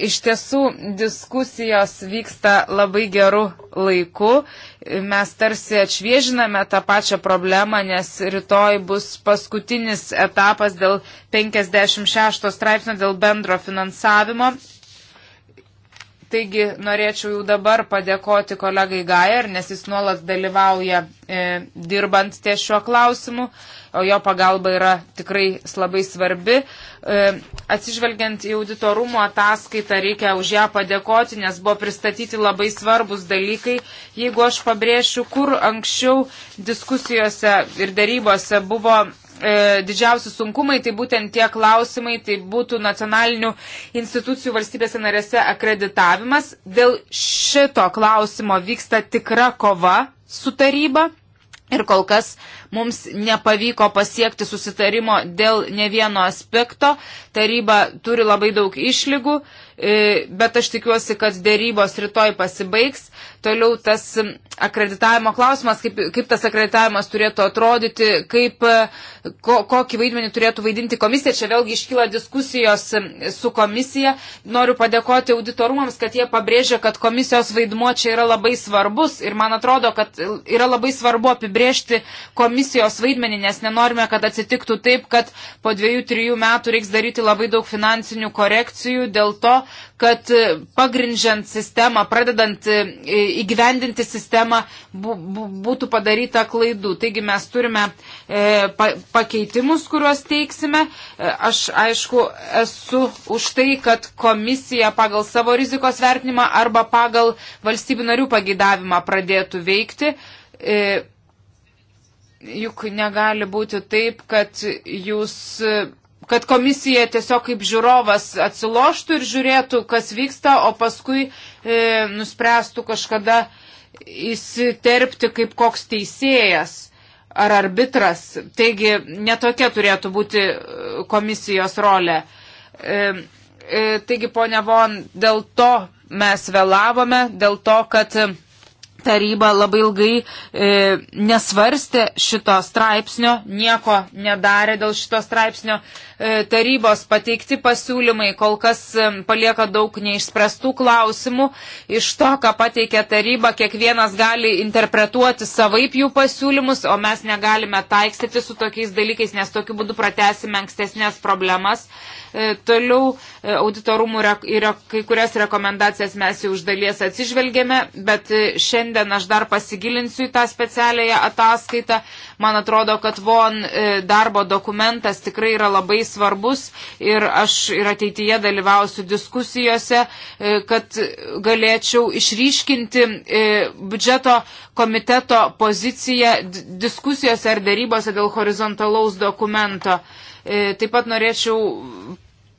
Iš tiesų diskusijos vyksta labai geru laiku. Mes tarsi atšviežiname tą pačią problemą, nes rytoj bus paskutinis etapas dėl 56 straipsnio dėl bendro finansavimo. Taigi norėčiau jau dabar padėkoti kolegai Gajer, nes jis nuolat dalyvauja e, dirbant ties šiuo klausimu, o jo pagalba yra tikrai labai svarbi. E, atsižvelgiant į auditorumo ataskaitą, reikia už ją padėkoti, nes buvo pristatyti labai svarbus dalykai. Jeigu aš pabrėšiu, kur anksčiau diskusijose ir darybose buvo E, didžiausi sunkumai, tai būtent tie klausimai, tai būtų nacionalinių institucijų valstybėse narėse akreditavimas. Dėl šito klausimo vyksta tikra kova su taryba. Ir kol kas mums nepavyko pasiekti susitarimo dėl ne vieno aspekto. Taryba turi labai daug išlygų, e, bet aš tikiuosi, kad dėrybos rytoj pasibaigs. Toliau tas akreditavimo klausimas, kaip, kaip tas akreditavimas turėtų atrodyti, kaip, e, ko, kokį vaidmenį turėtų vaidinti komisija. Čia vėlgi iškyla diskusijos su komisija. Noriu padėkoti auditorumams, kad jie pabrėžia, kad komisijos vaidmuo čia yra labai svarbus ir man atrodo, kad yra labai svarbu apibrėžti komisijos vaidmenį, nes nenorime, kad atsitiktų taip, kad po dviejų, trijų metų reiks daryti labai daug finansinių korekcijų dėl to, kad e, pagrindžiant sistemą, pradedant e, įgyvendinti sistemą būtų padaryta klaidų. Taigi mes turime e, pakeitimus, kuriuos teiksime. E, aš aišku esu už tai, kad komisija pagal savo rizikos vertinimą arba pagal valstybių narių pagydavimą pradėtų veikti e, juk negali būti taip, kad jūs kad komisija tiesiog kaip žiūrovas atsiloštų ir žiūrėtų, kas vyksta, o paskui e, nuspręstų kažkada įsiterpti kaip koks teisėjas ar arbitras. Taigi netokia turėtų būti e, komisijos rolė. E, e, taigi, ponia Von, dėl to mes vėlavome, dėl to, kad taryba labai ilgai e, nesvarstė šito straipsnio, nieko nedarė dėl šito straipsnio. E, E, tarybos pateikti pasiūlymai kol kas e, palieka daug neišspręstų klausimų. Iš to, ką pateikė taryba, kiekvienas gali interpretuoti savaip jų pasiūlymus, o mes negalime taikstyti su tokiais dalykais, nes tokiu būdu pratesime ankstesnės problemas. E, toliau auditorumų ir kai kurias rekomendacijas mes jau už dalies atsižvelgėme, bet šiandien aš dar pasigilinsiu į tą specialiąją ataskaitą. Man atrodo, kad von darbo dokumentas tikrai yra labai svarbus ir aš ir ateityje dalyvausiu diskusijose, e, kad galėčiau išryškinti e, biudžeto komiteto poziciją diskusijose ar darybose dėl horizontalaus dokumento. E, taip pat norėčiau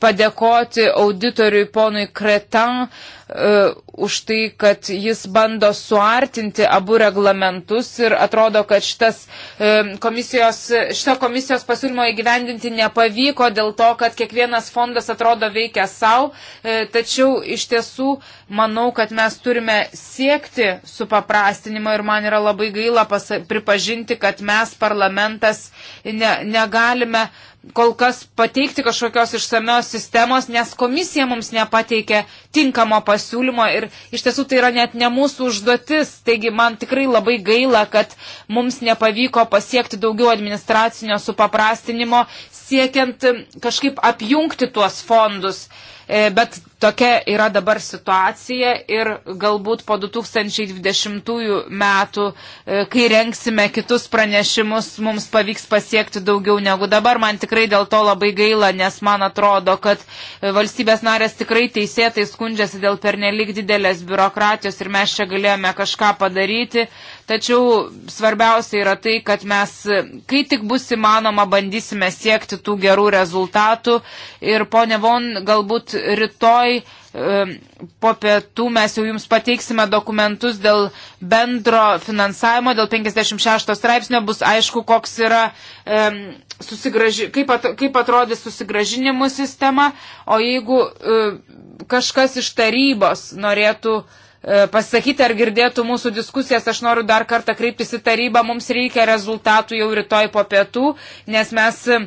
padėkoti auditoriui ponui Kretan uh, e, už tai, kad jis bando suartinti abu reglamentus ir atrodo, kad šitas, uh, komisijos, šito komisijos pasiūlymo įgyvendinti nepavyko dėl to, kad kiekvienas fondas atrodo veikia savo, uh, e, tačiau iš tiesų manau, kad mes turime siekti su paprastinimo ir man yra labai gaila pripažinti, kad mes parlamentas ne, negalime uh, kol kas pateikti kažkokios išsamios sistemos, nes komisija mums nepateikė tinkamo pasiūlymo ir iš tiesų tai yra net ne mūsų užduotis. Taigi man tikrai labai gaila, kad mums nepavyko pasiekti daugiau administracinio supaprastinimo, siekiant kažkaip apjungti tuos fondus. Uh, E, bet tokia yra dabar situacija ir galbūt po 2020 metų, e, kai renksime kitus pranešimus, mums pavyks pasiekti daugiau negu dabar. Man tikrai dėl to labai gaila, nes man atrodo, kad e, valstybės narės tikrai teisėtai skundžiasi dėl pernelik didelės biurokratijos ir mes čia galėjome kažką padaryti. Tačiau svarbiausia yra tai, kad mes, kai tik bus įmanoma, bandysime siekti tų gerų rezultatų. Ir ponė Von, galbūt rytoj po pietų mes jau jums pateiksime dokumentus dėl bendro finansavimo, dėl 56 straipsnio bus aišku, koks yra, um, susigraži, kaip, at, kaip atrodys susigražinimų sistema, o jeigu um, kažkas iš tarybos norėtų uh, E, pasakyti, ar girdėtų mūsų diskusijas, aš noriu dar kartą kreiptis į tarybą, mums reikia rezultatų jau rytoj po pietų, nes mes e,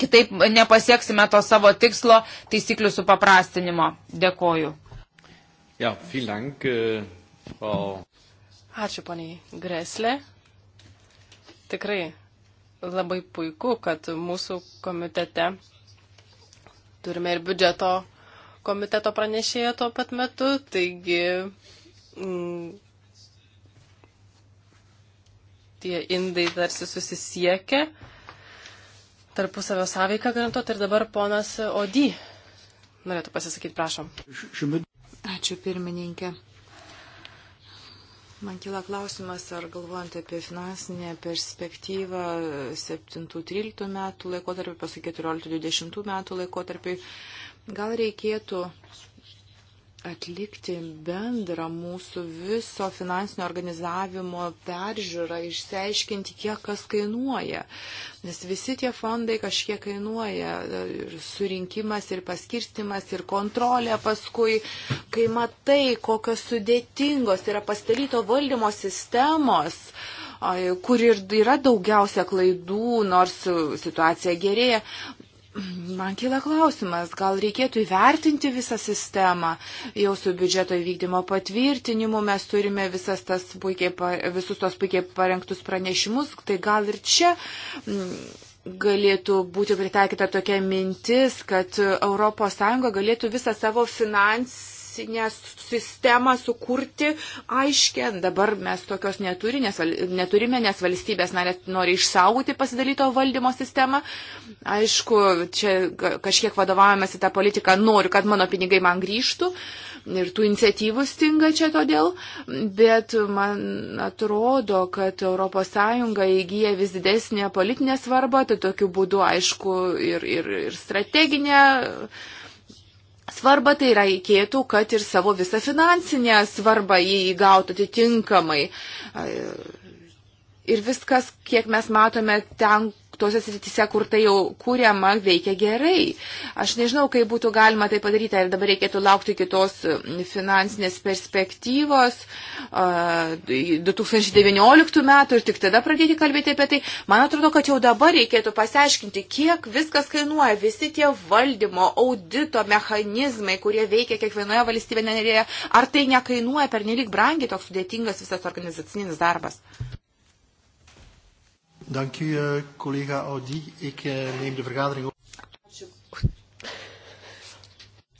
kitaip nepasieksime to savo tikslo taisyklių supaprastinimo. Dėkoju. Ja, dank, äh, Frau... Ačiū, poniai Greslė. Tikrai labai puiku, kad mūsų komitete turime ir biudžeto komiteto pranešėja tuo pat metu, taigi m, mm, tie indai tarsi susisiekia, tarpusavio sąveiką garantuoti ir dabar ponas Odi norėtų pasisakyti, prašom. Ačiū pirmininkė. Man kila klausimas, ar galvojant apie finansinę perspektyvą 7-13 metų laikotarpį, paskui 14-20 metų laikotarpį, Gal reikėtų atlikti bendrą mūsų viso finansinio organizavimo peržiūrą, išsiaiškinti, kiek kas kainuoja. Nes visi tie fondai kažkiek kainuoja. Ir surinkimas, ir paskirstimas, ir kontrolė paskui. Kai matai, kokios sudėtingos yra pastaryto valdymo sistemos, kur ir yra daugiausia klaidų, nors situacija gerėja, Man kyla klausimas, gal reikėtų įvertinti visą sistemą. Jau su biudžeto įvykdymo patvirtinimu mes turime visas tas puikiai, visus tos puikiai parengtus pranešimus, tai gal ir čia mm, galėtų būti pritaikyta tokia mintis, kad ES galėtų visą savo finansinį teisinę sistemą sukurti aiškę. Dabar mes tokios neturi, nes, neturime, nes valstybės narės nori išsaugoti pasidalyto valdymo sistemą. Aišku, čia kažkiek vadovavomės į tą politiką, noriu, kad mano pinigai man grįžtų. Ir tų iniciatyvų stinga čia todėl, bet man atrodo, kad ES įgyja vis didesnę politinę svarbą, tai tokiu būdu, aišku, ir, ir, ir strateginę svarbą, tai reikėtų, kad ir savo visą finansinę svarbą jį įgautų atitinkamai. Ir viskas, kiek mes matome ten, tose sritise, kur tai jau kūriama, veikia gerai. Aš nežinau, kaip būtų galima tai padaryti, ar dabar reikėtų laukti kitos finansinės perspektyvos 2019 metų ir tik tada pradėti kalbėti apie tai. Man atrodo, kad jau dabar reikėtų pasiaiškinti, kiek viskas kainuoja, visi tie valdymo, audito mechanizmai, kurie veikia kiekvienoje valstybėje narėje, ar tai nekainuoja per nelik brangiai toks sudėtingas visas organizacinis darbas. Dank u, eh, collega Audi. Ik eh, neem de vergadering op. Ačiū.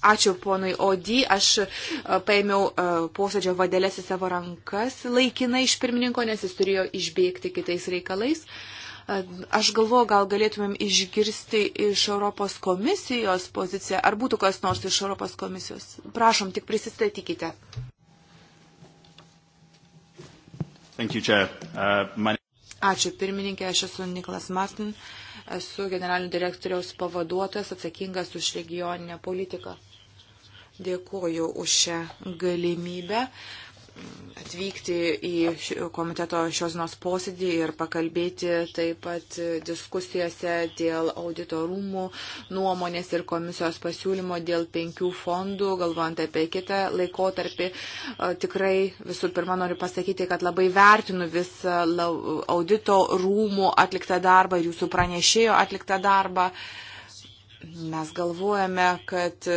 Ačiū ponui Odi, aš eh, paėmiau posėdžio vadėlės į savo rankas laikinai iš pirmininko, nes jis turėjo išbėgti kitais reikalais. Aš galvoju, gal galėtumėm išgirsti iš Europos komisijos poziciją, ar būtų kas nors iš Europos komisijos. Prašom, tik prisistatykite. Thank you, Chair. Uh, my... Ačiū pirmininkė, aš esu Niklas Mastin, esu generalinio direktoriaus pavaduotojas atsakingas už regioninę politiką. Dėkuoju už šią galimybę atvykti į komiteto šios dienos posėdį ir pakalbėti taip pat diskusijose dėl auditorumų nuomonės ir komisijos pasiūlymo dėl penkių fondų, galvojant apie kitą laikotarpį. Tikrai visų pirma noriu pasakyti, kad labai vertinu visą audito rūmų atliktą darbą ir jūsų pranešėjo atliktą darbą. Mes galvojame, kad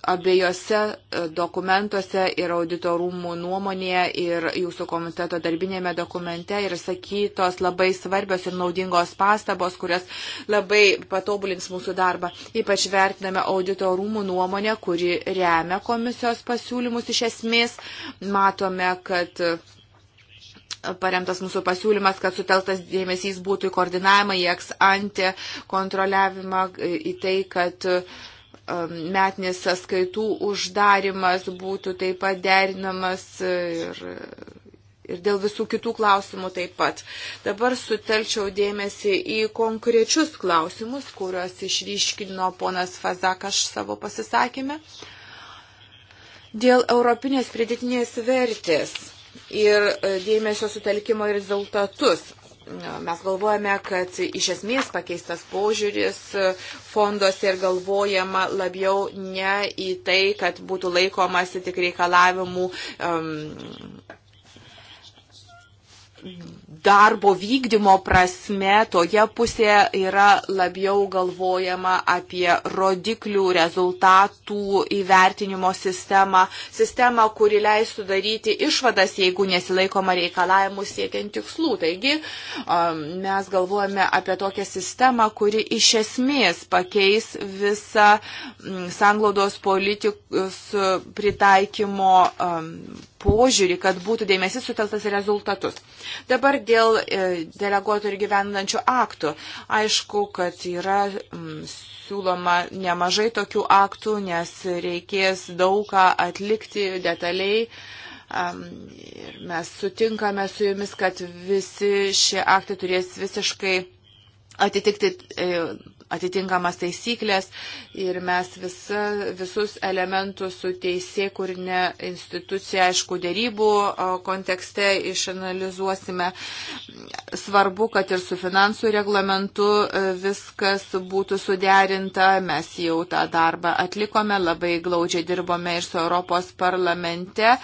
abiejose e, dokumentuose ir auditorumų nuomonėje ir jūsų komiteto darbinėme dokumente yra sakytos labai svarbios ir naudingos pastabos, kurios labai patobulins mūsų darbą. Ypač vertiname auditorumų nuomonę, kuri remia komisijos pasiūlymus iš esmės. Matome, kad e, paremtas mūsų pasiūlymas, kad suteltas dėmesys būtų į koordinavimą, į ex ante kontroliavimą, e, į tai, kad uh, Um, metinės sąskaitų uždarimas būtų taip pat derinamas ir, ir dėl visų kitų klausimų taip pat. Dabar sutelčiau dėmesį į konkrečius klausimus, kuriuos išryškino ponas Fazakas savo pasisakymę. Dėl europinės pridėtinės vertės ir e, dėmesio sutelkimo rezultatus. Mes galvojame, kad iš esmės pakeistas požiūris fonduose ir galvojama labiau ne į tai, kad būtų laikomasi tik reikalavimų um, darbo vykdymo prasme toje pusėje yra labiau galvojama apie rodiklių rezultatų įvertinimo sistemą, sistemą, kuri leistų daryti išvadas, jeigu nesilaikoma reikalavimų siekiant tikslų. Taigi mes galvojame apie tokią sistemą, kuri iš esmės pakeis visą sanglaudos politikos pritaikymo požiūrį, kad būtų dėmesys suteltas į rezultatus. Dabar dėl e, deleguotų ir gyvenančių aktų. Aišku, kad yra mm, siūloma nemažai tokių aktų, nes reikės daugą atlikti detaliai. Ir mes sutinkame su jumis, kad visi šie aktai turės visiškai atitikti e, atitinkamas taisyklės ir mes visa, visus elementus su teisė, kur ne institucija, aišku, dėrybų kontekste išanalizuosime. Svarbu, kad ir su finansų reglamentu e, viskas būtų suderinta. Mes jau tą darbą atlikome, labai glaudžiai dirbome ir su Europos parlamente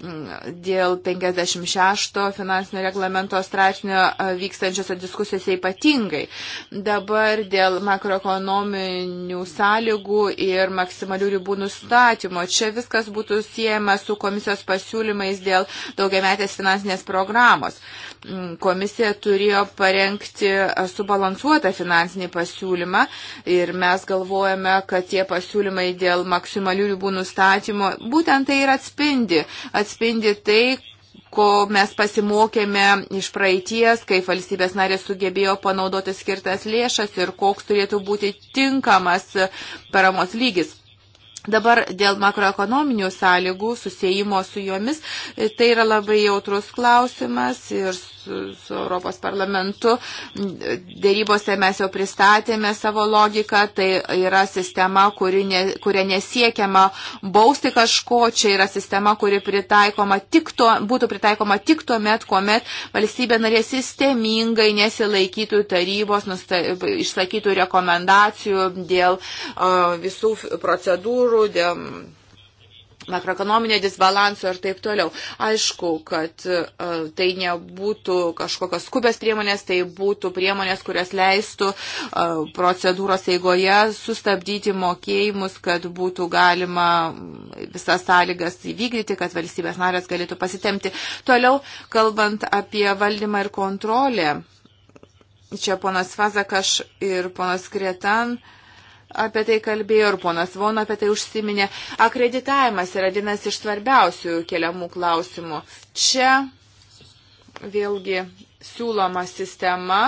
dėl 56 finansinio reglamento straipsnio vykstančiose diskusijose ypatingai. Dabar dėl makroekonominių sąlygų ir maksimalių ribų nustatymo. Čia viskas būtų siejama su komisijos pasiūlymais dėl daugiametės finansinės programos. Mm, komisija turėjo parengti subalansuotą finansinį pasiūlymą ir mes galvojame, kad tie pasiūlymai dėl maksimalių ribų nustatymo būtent tai ir atspindi. atspindi atspindi tai, ko mes pasimokėme iš praeities, kaip valstybės narės sugebėjo panaudoti skirtas lėšas ir koks turėtų būti tinkamas paramos lygis. Dabar dėl makroekonominių sąlygų susijimo su jomis, tai yra labai jautrus klausimas ir su, su Europos parlamentu. Dėrybose mes jau pristatėme savo logiką, tai yra sistema, kuri ne, kuria nesiekiama bausti kažko, čia yra sistema, kuri pritaikoma tik tuo, būtų pritaikoma tik tuo met, kuomet valstybė narė sistemingai nesilaikytų tarybos, nusta, išsakytų rekomendacijų dėl uh, visų procedūrų, dėl makroekonominio disbalanso ir taip toliau. Aišku, kad e, tai nebūtų kažkokios skubės priemonės, tai būtų priemonės, kurios leistų e, procedūros eigoje sustabdyti mokėjimus, kad būtų galima visas sąlygas įvykdyti, kad valstybės narės galėtų pasitemti. Toliau, kalbant apie valdymą ir kontrolę, čia ponas Fazakas ir ponas Kretan apie tai kalbėjo ir ponas Vono apie tai užsiminė. Akreditavimas yra vienas iš svarbiausių keliamų klausimų. Čia vėlgi siūloma sistema,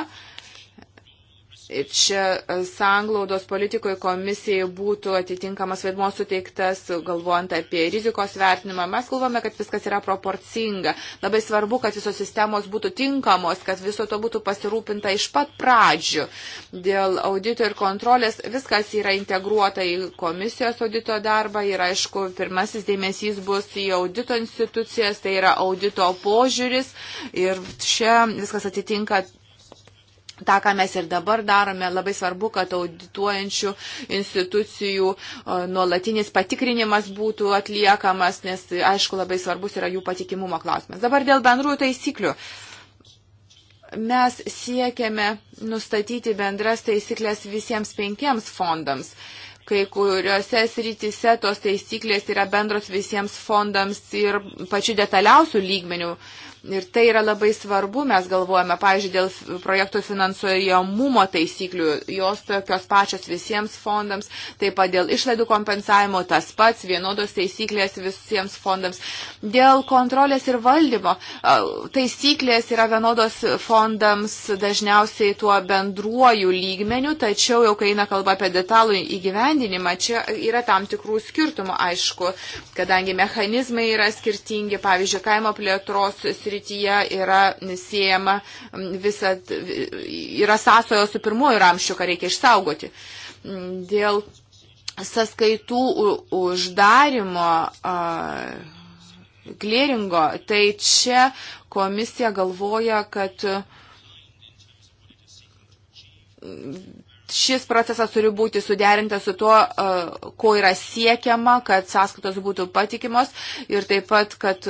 čia e, sanglaudos politikoje komisijai būtų atitinkamas vaidmo suteiktas, galvojant apie rizikos vertinimą. Mes galvome, kad viskas yra proporcinga. Labai svarbu, kad visos sistemos būtų tinkamos, kad viso to būtų pasirūpinta iš pat pradžių. Dėl audito ir kontrolės viskas yra integruota į komisijos audito darbą ir, aišku, pirmasis dėmesys bus į audito institucijas, tai yra audito požiūris ir čia viskas atitinka tą, ką mes ir dabar darome, labai svarbu, kad audituojančių institucijų nuolatinis patikrinimas būtų atliekamas, nes aišku labai svarbus yra jų patikimumo klausimas. Dabar dėl bendrųjų taisyklių. Mes siekiame nustatyti bendras taisyklės visiems penkiems fondams kai kuriuose srityse tos taisyklės yra bendros visiems fondams ir pačiu detaliausių lygmenių. Ir tai yra labai svarbu, mes galvojame, pavyzdžiui, dėl projektų finansuojamumo taisyklių, jos tokios pačios visiems fondams, taip pat dėl išlaidų kompensavimo tas pats, vienodos taisyklės visiems fondams. Dėl kontrolės ir valdymo taisyklės yra vienodos fondams dažniausiai tuo bendruoju lygmeniu, tačiau jau kai eina kalba apie detalų įgyvendinimą, čia yra tam tikrų skirtumų, aišku, kadangi mechanizmai yra skirtingi, pavyzdžiui, kaimo plėtros srityje yra siejama visą, yra sąsojo su pirmuoju ramščiu, ką reikia išsaugoti. Dėl sąskaitų uždarimo klėringo, tai čia komisija galvoja, kad šis procesas turi būti suderintas su tuo, e, ko yra siekiama, kad sąskaitos būtų patikimos ir taip pat, kad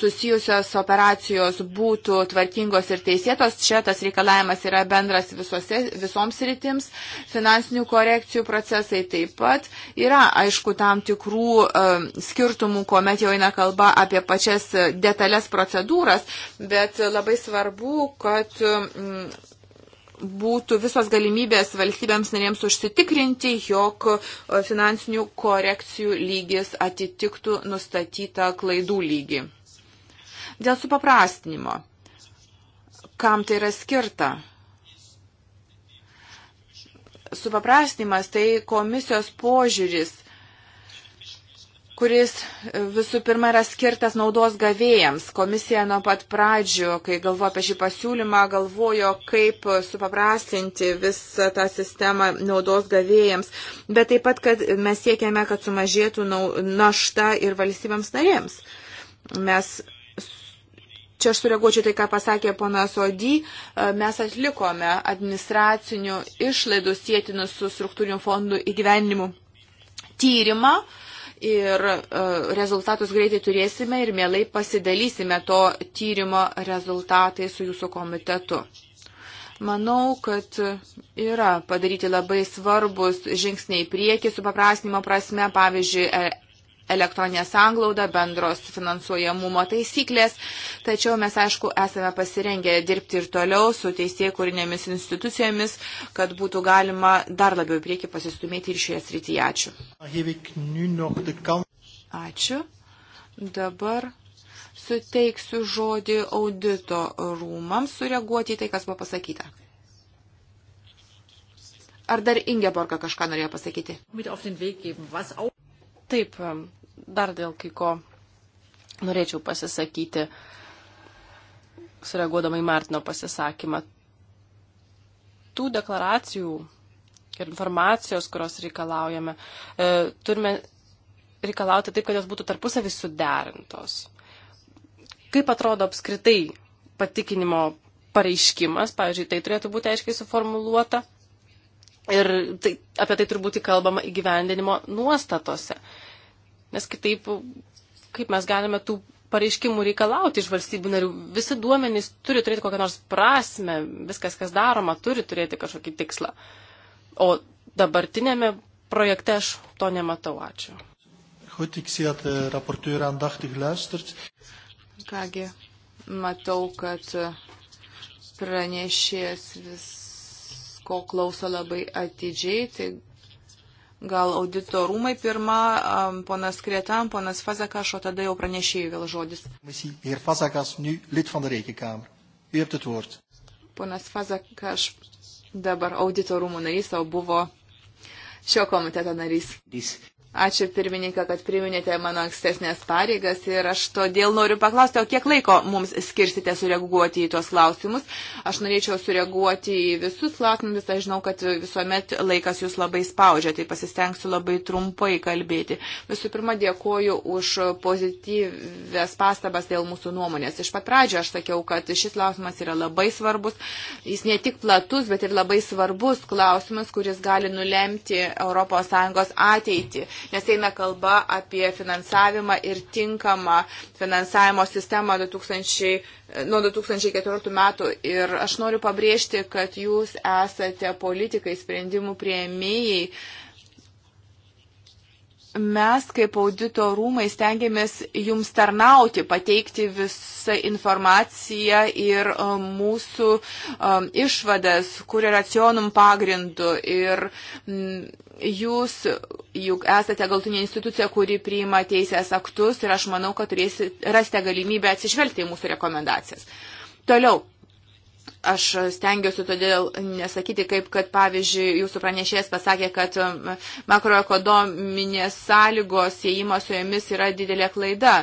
susijusios operacijos būtų tvarkingos ir teisėtos. Čia tas reikalavimas yra bendras visose, visoms rytims. Finansinių korekcijų procesai taip pat yra, aišku, tam tikrų e, skirtumų, kuomet jau eina kalba apie pačias detalės procedūras, bet labai svarbu, kad būtų visos galimybės valstybėms narėms užsitikrinti, jog e, finansinių korekcijų lygis atitiktų nustatytą klaidų lygį. Dėl supaprastinimo. Kam tai yra skirta? Supaprastinimas tai komisijos požiūris kuris e, visų pirma yra skirtas naudos gavėjams. Komisija nuo pat pradžių, kai galvojo apie šį pasiūlymą, galvojo, kaip supaprastinti visą tą sistemą naudos gavėjams, bet taip pat, kad mes siekiame, kad sumažėtų našta ir valstybėms narėms. Mes čia aš sureaguočiau tai, ką pasakė ponas Odį, e, mes atlikome administracinių išlaidų sėtinų su struktūrinių fondų įgyvenimu tyrimą, uh, ir e, rezultatus greitai turėsime ir mielai pasidalysime to tyrimo rezultatai su jūsų komitetu. Manau, kad yra padaryti labai svarbus žingsniai prieki su paprastinimo prasme, pavyzdžiui, elektroninė sanglauda, bendros finansuojamumo taisyklės, tačiau mes aišku esame pasirengę dirbti ir toliau su teisėkūrinėmis institucijomis, kad būtų galima dar labiau prieki pasistumėti ir šioje srityje. Ačiū. Ačiū. Dabar suteiksiu žodį audito rūmams sureaguoti į tai, kas buvo pasakyta. Ar dar Ingeborga kažką norėjo pasakyti? Taip, dar dėl kai ko norėčiau pasisakyti, sureaguodama į Martino pasisakymą. Tų deklaracijų ir informacijos, kurios reikalaujame, e, turime reikalauti taip, kad jos būtų tarpusavį suderintos. Kaip atrodo apskritai patikinimo pareiškimas, pavyzdžiui, tai turėtų būti aiškiai suformuluota ir tai, apie tai turbūt įkalbama įgyvendinimo nuostatose. Nes kitaip, kaip mes galime tų pareiškimų reikalauti iš valstybių narių. Visi duomenys turi turėti kokią nors prasme, viskas, kas daroma, turi turėti kažkokį tikslą. O dabartinėme projekte aš to nematau. Ačiū. Goed, ik zie dat de rapporteur aandachtig luistert. Kągi, matau, kad pranešės visko klauso labai atidžiai, tai Gal audito rūmai pirma, ponas Kretam, ponas Fazakas, o tada jau pranešėjai vėl žodis. Heer Fazakas, nu lid van de Rekenkamer. U hebt het woord. Ponas Fazakas, dabar audito rūmų narys, o buvo šio komiteto narys. This. Ačiū pirmininką, kad priminėte mano ankstesnės pareigas ir aš todėl noriu paklausti, o kiek laiko mums skirsite sureaguoti į tuos klausimus. Aš norėčiau sureaguoti į visus klausimus, aš žinau, kad visuomet laikas jūs labai spaudžia, tai pasistengsiu labai trumpai kalbėti. Visų pirma, dėkoju už pozityvės pastabas dėl mūsų nuomonės. Iš pat pradžio aš sakiau, kad šis klausimas yra labai svarbus. Jis ne tik platus, bet ir labai svarbus klausimas, kuris gali nulemti ES ateitį nes eina kalba apie finansavimą ir tinkamą finansavimo sistemą 2000, nuo 2014 metų. Ir aš noriu pabrėžti, kad jūs esate politikai, sprendimų prieimėjai mes kaip audito rūmai stengiamės jums tarnauti, pateikti visą informaciją ir e, mūsų um, išvadas, kur yra racionum pagrindu. Ir m, mm, jūs juk esate galtinė institucija, kuri priima teisės aktus ir aš manau, kad turėsite, rasite galimybę atsižvelgti į mūsų rekomendacijas. Toliau aš stengiuosi todėl nesakyti, kaip, kad pavyzdžiui, jūsų pranešėjas pasakė, kad um, makroekonominės sąlygos įėjimas su jomis yra didelė klaida.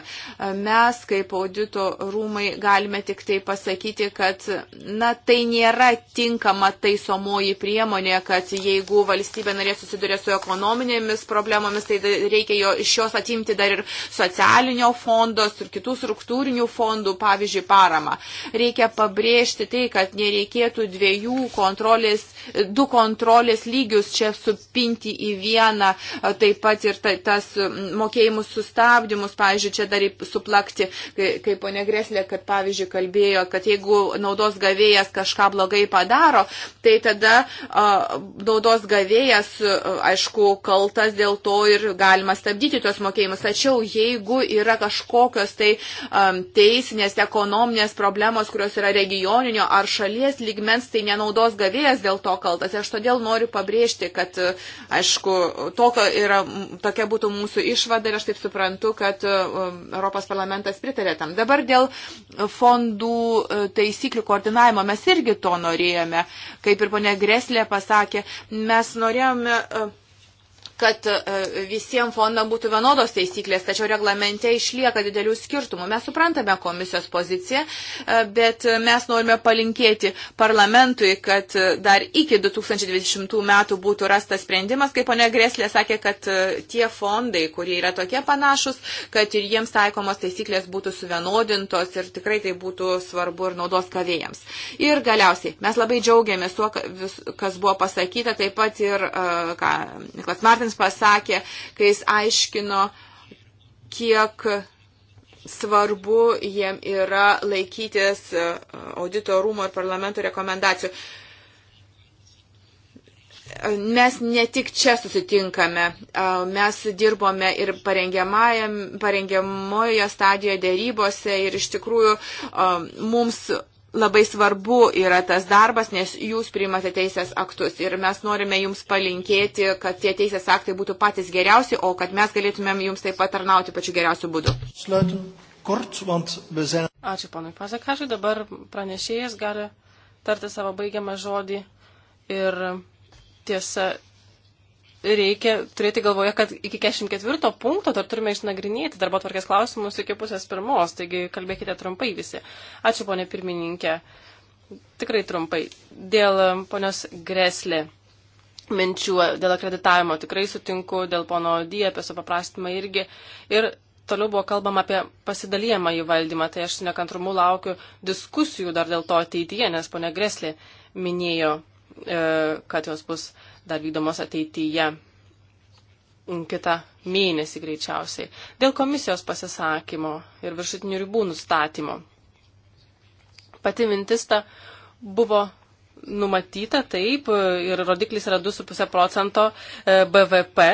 Mes, kaip audito rūmai, galime tik tai pasakyti, kad na, tai nėra tinkama taisomoji priemonė, kad jeigu valstybė narė susiduria su ekonominėmis problemomis, tai reikia jo, iš jos atimti dar ir socialinio fondo ir kitų struktūrinių fondų, pavyzdžiui, paramą. Reikia pabrėžti tai, kad kad nereikėtų dviejų kontrolės, du kontrolės lygius čia supinti į vieną, taip pat ir ta, tas mokėjimus sustabdymus, pavyzdžiui, čia dar suplakti, kaip ponė Greslė, kad pavyzdžiui kalbėjo, kad jeigu naudos gavėjas kažką blogai padaro, tai tada a, naudos gavėjas, aišku, kaltas dėl to ir galima stabdyti tuos mokėjimus. Tačiau jeigu yra kažkokios tai a, teisinės, ekonominės problemos, kurios yra regioninio ar šalies lygmens tai nenaudos gavėjas dėl to kaltas. Aš todėl noriu pabrėžti, kad, e, aišku, tokio yra, tokia būtų mūsų išvada ir aš taip suprantu, kad e, Europos parlamentas pritarė tam. Dabar dėl fondų e, taisyklių koordinavimo mes irgi to norėjome. Kaip ir ponė Greslė pasakė, mes norėjome kad e, visiems fondam būtų vienodos taisyklės, tačiau reglamente išlieka didelių skirtumų. Mes suprantame komisijos poziciją, e, bet mes norime palinkėti parlamentui, kad e, dar iki 2020 metų būtų rastas sprendimas, kaip ponia Greslė sakė, kad tie fondai, kurie yra tokie panašus, kad ir jiems taikomos taisyklės būtų suvienodintos ir tikrai tai būtų svarbu ir naudos kavėjams. Ir galiausiai, mes labai džiaugiamės tuo, kas buvo pasakyta, taip pat ir, ką Niklas Martin Stevens pasakė, kai jis aiškino, kiek svarbu jiem yra laikytis e, audito rūmo ir parlamento rekomendacijų. Mes ne tik čia susitinkame, e, mes dirbome ir parengiamojoje stadijoje dėrybose ir iš tikrųjų e, mums labai svarbu yra tas darbas, nes jūs priimate teisės aktus ir mes norime jums palinkėti, kad tie teisės aktai būtų patys geriausi, o kad mes galėtumėm jums taip patarnauti pačiu geriausiu būdu. Ačiū ponui Pasakašui, dabar pranešėjas gali tarti savo baigiamą žodį ir tiesa reikia turėti galvoje, kad iki 44 punkto dar turime išnagrinėti darbo tvarkės klausimus iki pusės pirmos, taigi kalbėkite trumpai visi. Ačiū, ponė pirmininkė. Tikrai trumpai. Dėl e, ponios Greslė minčių, e, dėl akreditavimo tikrai sutinku, dėl pono D apie supaprastymą irgi. Ir toliau buvo kalbama apie pasidalijimą į valdymą, tai aš su nekantrumu laukiu diskusijų dar dėl to ateityje, nes ponia Greslė minėjo, e, kad jos bus dar vykdomos ateityje kitą mėnesį greičiausiai. Dėl komisijos pasisakymo ir viršutinių ribų nustatymo. Pati mintis ta buvo numatyta taip ir rodiklis yra 2,5 procento e, BVP,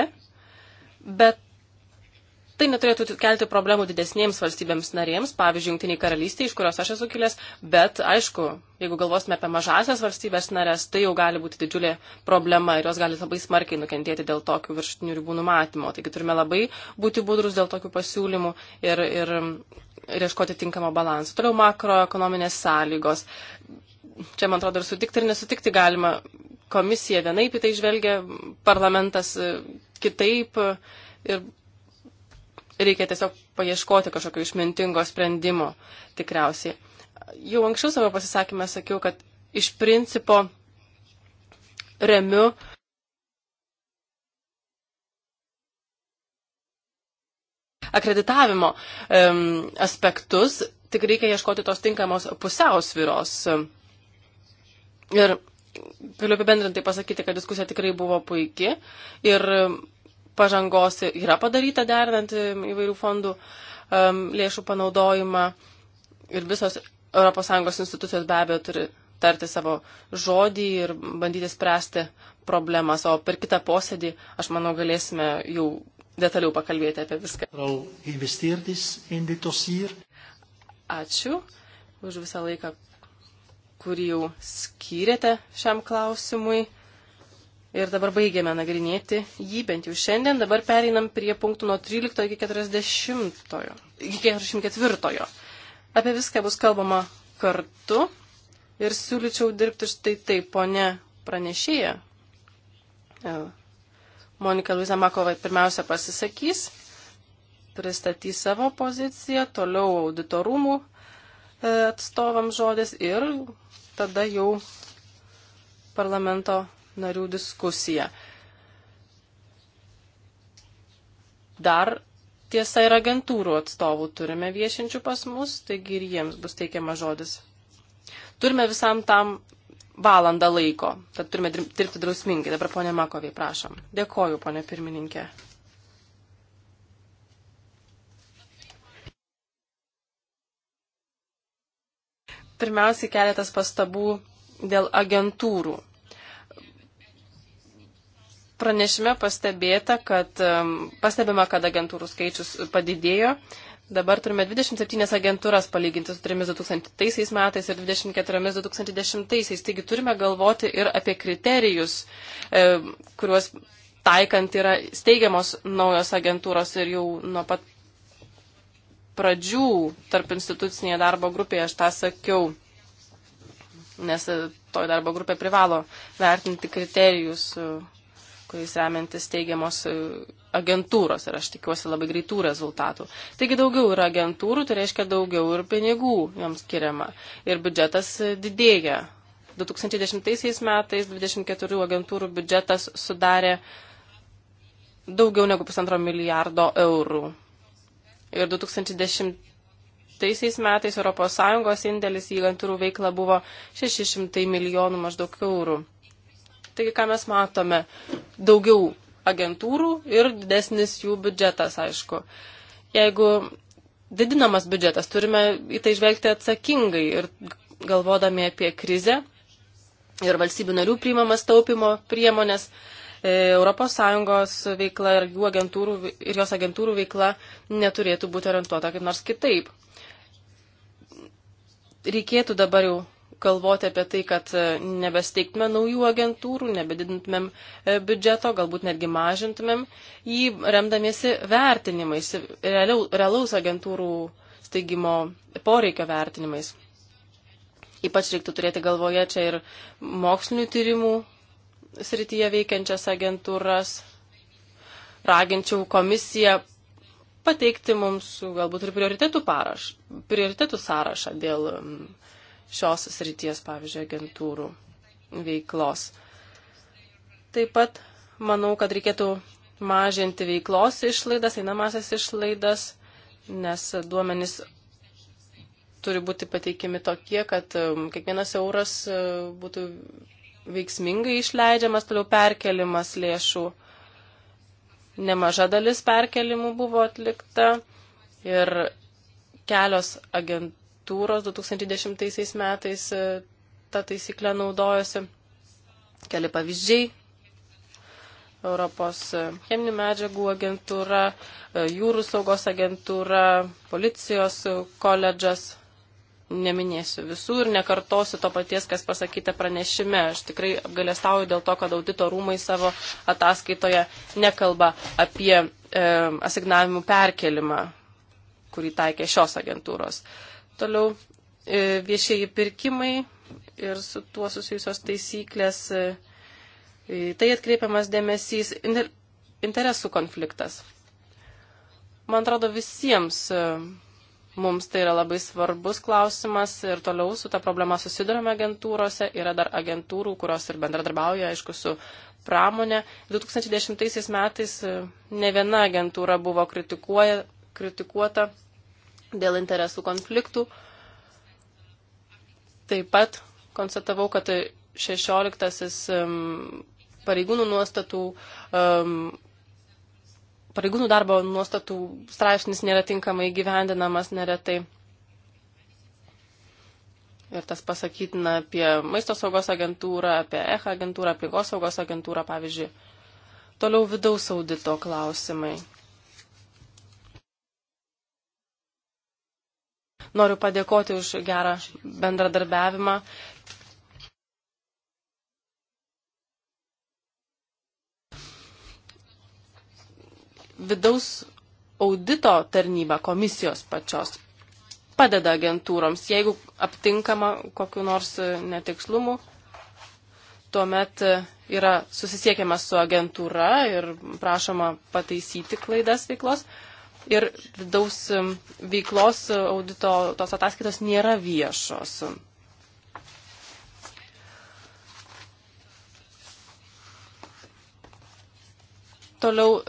bet Tai neturėtų kelti problemų didesnėms valstybėms narėms, pavyzdžiui, Junktiniai karalystė, iš kurios aš esu kilęs, bet aišku, jeigu galvosime apie mažasias valstybės narės, tai jau gali būti didžiulė problema ir jos gali labai smarkiai nukentėti dėl tokių viršutinių ribų numatymo. Taigi turime labai būti budrus dėl tokių pasiūlymų ir, ir, ir ieškoti tinkamo balanso. Toliau makroekonominės sąlygos. Čia, man atrodo, ir sutikti ir nesutikti galima. Komisija vienaip į tai žvelgia, parlamentas kitaip. Ir reikia tiesiog paieškoti kažkokio išmintingo sprendimo tikriausiai. Jau anksčiau savo pasisakymę sakiau, kad iš principo remiu akreditavimo um, aspektus, tik reikia ieškoti tos tinkamos pusiausviros. Ir galiu apibendrintai pasakyti, kad diskusija tikrai buvo puikia ir pažangos yra padaryta derinant um, įvairių fondų um, lėšų panaudojimą ir visos ES institucijos be abejo turi tarti savo žodį ir bandyti spręsti problemas, o per kitą posėdį, aš manau, galėsime jau detaliau pakalbėti apie viską. Ačiū už visą laiką, kurį jau skyrėte šiam klausimui ir dabar baigėme nagrinėti jį, bent jau šiandien. Dabar pereinam prie punktų nuo 13 iki 40, iki 44. Apie viską bus kalbama kartu ir siūlyčiau dirbti štai taip, ponė pranešėja. E, Monika Luisa Makova pirmiausia pasisakys, pristatys savo poziciją, toliau auditorumų e, atstovams žodis ir tada jau parlamento narių diskusiją. Dar tiesa ir agentūrų atstovų turime viešinčių pas mus, taigi ir jiems bus teikiama žodis. Turime visam tam valandą laiko, tad turime dirbti drausmingai. Dabar ponė Makovė, prašom. Dėkoju, ponė pirmininkė. Pirmiausiai keletas pastabų dėl agentūrų Pranešime pastebėta, kad pastebima, kad agentūrų skaičius padidėjo. Dabar turime 27 agentūras palyginti su 3 2000 metais ir 24 2010. Taigi turime galvoti ir apie kriterijus, kuriuos taikant yra steigiamos naujos agentūros ir jau nuo pat pradžių tarp institucinėje darbo grupėje aš tą sakiau, nes e, toji darbo grupė privalo vertinti kriterijus, e, kuriais remiantis teigiamos e, agentūros ir aš tikiuosi labai greitų rezultatų. Taigi daugiau yra agentūrų, tai reiškia daugiau ir pinigų joms skiriama. Ir biudžetas e, didėja. 2010 metais 24 agentūrų biudžetas sudarė daugiau negu pusantro milijardo eurų. Ir 2010 metais ES indėlis į agentūrų veiklą buvo 600 milijonų maždaug eurų. Taigi, ką mes matome? Daugiau agentūrų ir didesnis jų biudžetas, aišku. Jeigu didinamas biudžetas, turime į tai žvelgti atsakingai ir galvodami apie krizę ir valstybių narių priimamas taupimo priemonės. ES veikla ir, jų agentūrų, ir jos agentūrų veikla neturėtų būti orientuota kaip nors kitaip. Reikėtų dabar jau galvoti apie tai, kad e, nebesteigtume naujų agentūrų, nebedidintumėm e, biudžeto, galbūt netgi mažintumėm jį remdamiesi vertinimais, realaus agentūrų steigimo poreikio vertinimais. Ypač reiktų turėti galvoje čia ir mokslinių tyrimų srityje veikiančias agentūras. Raginčiau komisiją pateikti mums galbūt ir prioritetų, paraš, prioritetų sąrašą dėl šios srities, pavyzdžiui, agentūrų veiklos. Taip pat manau, kad reikėtų mažinti veiklos išlaidas, einamasias išlaidas, nes duomenys turi būti pateikimi tokie, kad um, kiekvienas euras uh, būtų veiksmingai išleidžiamas, toliau perkelimas lėšų. Nemaža dalis perkelimų buvo atlikta ir kelios agentūros agentūros 2010 metais e, tą taisyklę naudojosi. Keli pavyzdžiai. Europos e, cheminių medžiagų agentūra, e, jūrų saugos agentūra, policijos koledžas. Neminėsiu visų ir nekartosiu to paties, kas pasakyta pranešime. Aš tikrai apgalėstauju dėl to, kad audito rūmai savo ataskaitoje nekalba apie e, asignavimų perkelimą, kurį taikė šios agentūros. E, Toliau e, viešieji pirkimai ir su tuo susijusios taisyklės. E, tai atkreipiamas dėmesys interesų konfliktas. Man atrodo, visiems e, mums tai yra labai svarbus klausimas ir toliau su tą problema susidurime agentūrose. Yra dar agentūrų, kurios ir bendradarbiauja, aišku, su pramonė. 2010 metais ne viena agentūra buvo kritikuoja, kritikuota dėl interesų konfliktų. Taip pat konstatavau, kad 16 pareigūnų nuostatų, pareigūnų darbo nuostatų straipsnis nėra tinkamai gyvendinamas neretai. Ir tas pasakytina apie maisto saugos agentūrą, apie EHA agentūrą, aplinkos saugos agentūrą, pavyzdžiui. Toliau vidaus audito klausimai. Noriu padėkoti už gerą bendradarbiavimą. Vidaus audito tarnyba komisijos pačios padeda agentūroms, jeigu aptinkama kokiu nors netikslumu, tuomet yra susisiekiama su agentūra ir prašoma pataisyti klaidas veiklos. Uh, ir vidaus veiklos audito tos ataskaitos nėra viešos. Toliau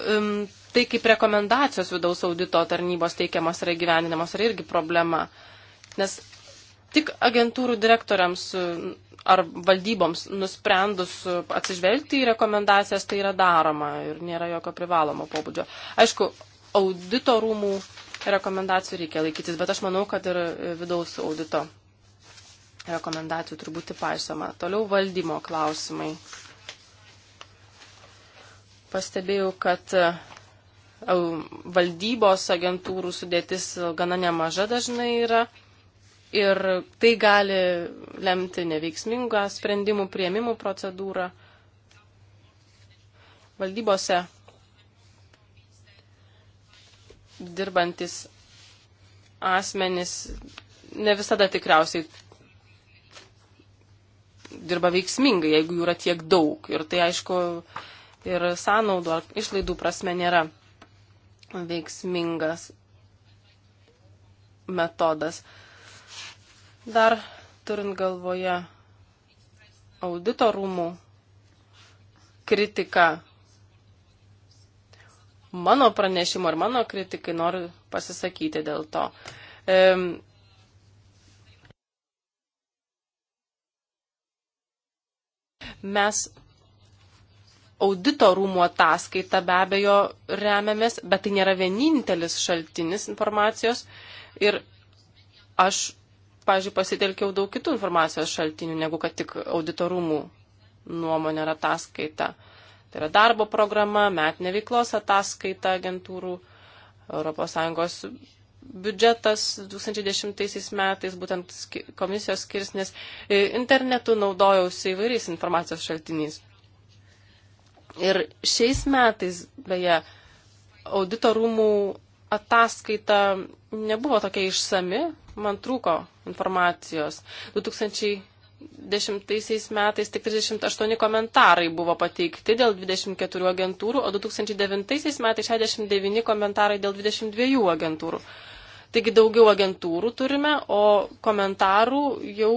tai, kaip rekomendacijos vidaus audito tarnybos teikiamas yra gyveninamos, yra irgi problema. Nes tik agentūrų direktoriams ar valdyboms nusprendus atsižvelgti į rekomendacijas, tai yra daroma ir nėra jokio privalomo pobūdžio. Aišku, audito rūmų rekomendacijų reikia laikytis, bet aš manau, kad ir e, vidaus audito rekomendacijų turbūt įpaisoma. Toliau valdymo klausimai. Pastebėjau, kad e, valdybos agentūrų sudėtis gana nemaža dažnai yra ir tai gali lemti neveiksmingą sprendimų prieimimų procedūrą. Valdybose dirbantis asmenys ne visada tikriausiai dirba veiksmingai, jeigu jų yra tiek daug. Ir tai aišku ir sąnaudų ar išlaidų prasme nėra veiksmingas metodas. Dar turint galvoje auditorumų kritiką mano pranešimo ir mano kritikai noriu pasisakyti dėl to. Um, mes audito rūmų ataskaitą be abejo remiamės, bet tai nėra vienintelis šaltinis informacijos. Ir aš, pažiūrėjau, pasitelkiau daug kitų informacijos šaltinių, negu kad tik audito rūmų nuomonė ar ataskaita. Uh, Tai yra darbo programa, metinė veiklos ataskaita agentūrų, ES biudžetas 2010 metais būtent komisijos skirs, nes e, internetu naudojausi įvairiais informacijos šaltiniais. Ir šiais metais, beje, audito rūmų ataskaita nebuvo tokia išsami, man trūko informacijos. 2000 2010 metais tik 38 komentarai buvo pateikti dėl 24 agentūrų, o 2009 metais 69 komentarai dėl 22 agentūrų. Taigi daugiau agentūrų turime, o komentarų jau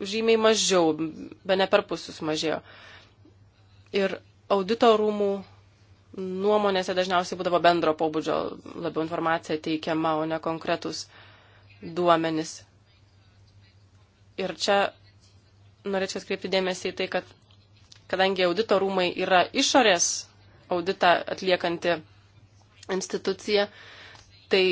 žymiai mažiau, be ne per pusius mažėjo. Ir audito rūmų nuomonėse dažniausiai būdavo bendro pobūdžio labiau informacija teikiama, o ne konkretus duomenis Ir čia norėčiau atkreipti dėmesį į tai, kad kadangi audito rūmai yra išorės auditą atliekanti institucija, tai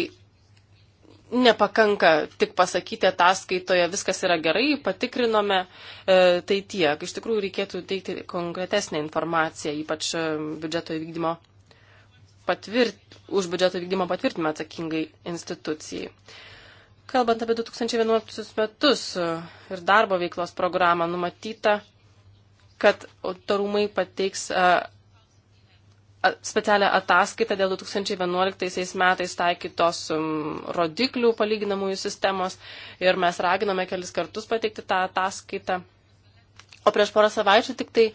nepakanka tik pasakyti ataskaitoje, viskas yra gerai, patikrinome, e, tai tiek. Iš tikrųjų reikėtų teikti konkretesnę informaciją, ypač e, biudžeto įvykdymo patvirt, už biudžeto vykdymo patvirtinimą atsakingai institucijai. Kalbant apie 2011 metus e, ir darbo veiklos programą, numatyta, kad autorumai pateiks e, specialią ataskaitą dėl 2011 metais taikytos rodiklių palyginamųjų sistemos ir mes raginame kelis kartus pateikti tą ataskaitą. O prieš porą savaičių tik tai e,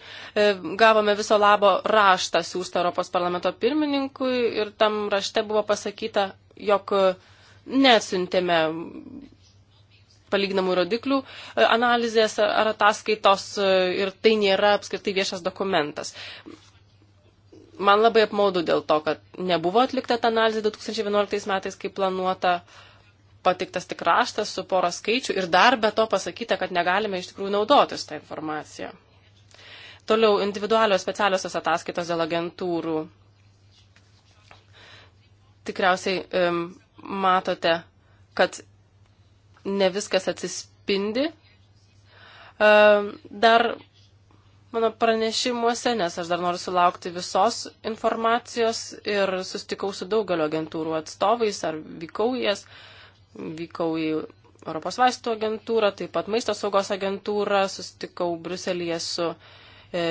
gavome viso labo raštą siūstą Europos parlamento pirmininkui ir tam rašte buvo pasakyta, jog e, nesintėme palyginamų rodiklių e, analizės ar ataskaitos e, ir tai nėra apskritai viešas dokumentas. Man labai apmaudu dėl to, kad nebuvo atlikta ta analizė 2011 metais, kaip planuota, patiktas tik raštas su pora skaičių ir dar be to pasakyta, kad negalime iš tikrųjų naudotis tą informaciją. Toliau individualios specialiosios ataskaitos dėl agentūrų. Tikriausiai um, matote, kad ne viskas atsispindi. E, dar mano pranešimuose, nes aš dar noriu sulaukti visos informacijos ir sustikau su daugelio agentūrų atstovais ar vykau į jas, vykau į Europos vaistų agentūrą, taip pat maisto saugos agentūrą, sustikau Bruselėje su e,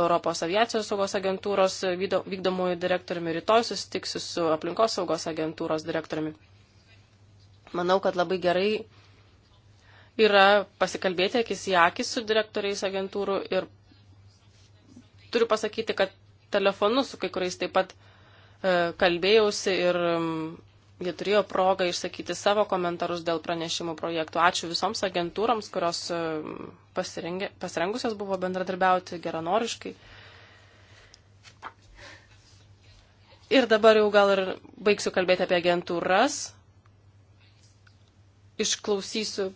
Europos aviacijos saugos agentūros vykdomųjų direktoriumi, rytoj susitiksiu su aplinkos saugos agentūros direktoriumi. Manau, kad labai gerai yra pasikalbėti akis į akis su direktoriais agentūrų ir turiu pasakyti, kad telefonu su kai kuriais taip pat e, kalbėjausi ir Jie turėjo progą išsakyti savo komentarus dėl pranešimų projektų. Ačiū visoms agentūrams, kurios e, pasirengusios buvo bendradarbiauti geranoriškai. Ir dabar jau gal ir baigsiu kalbėti apie agentūras. Išklausysiu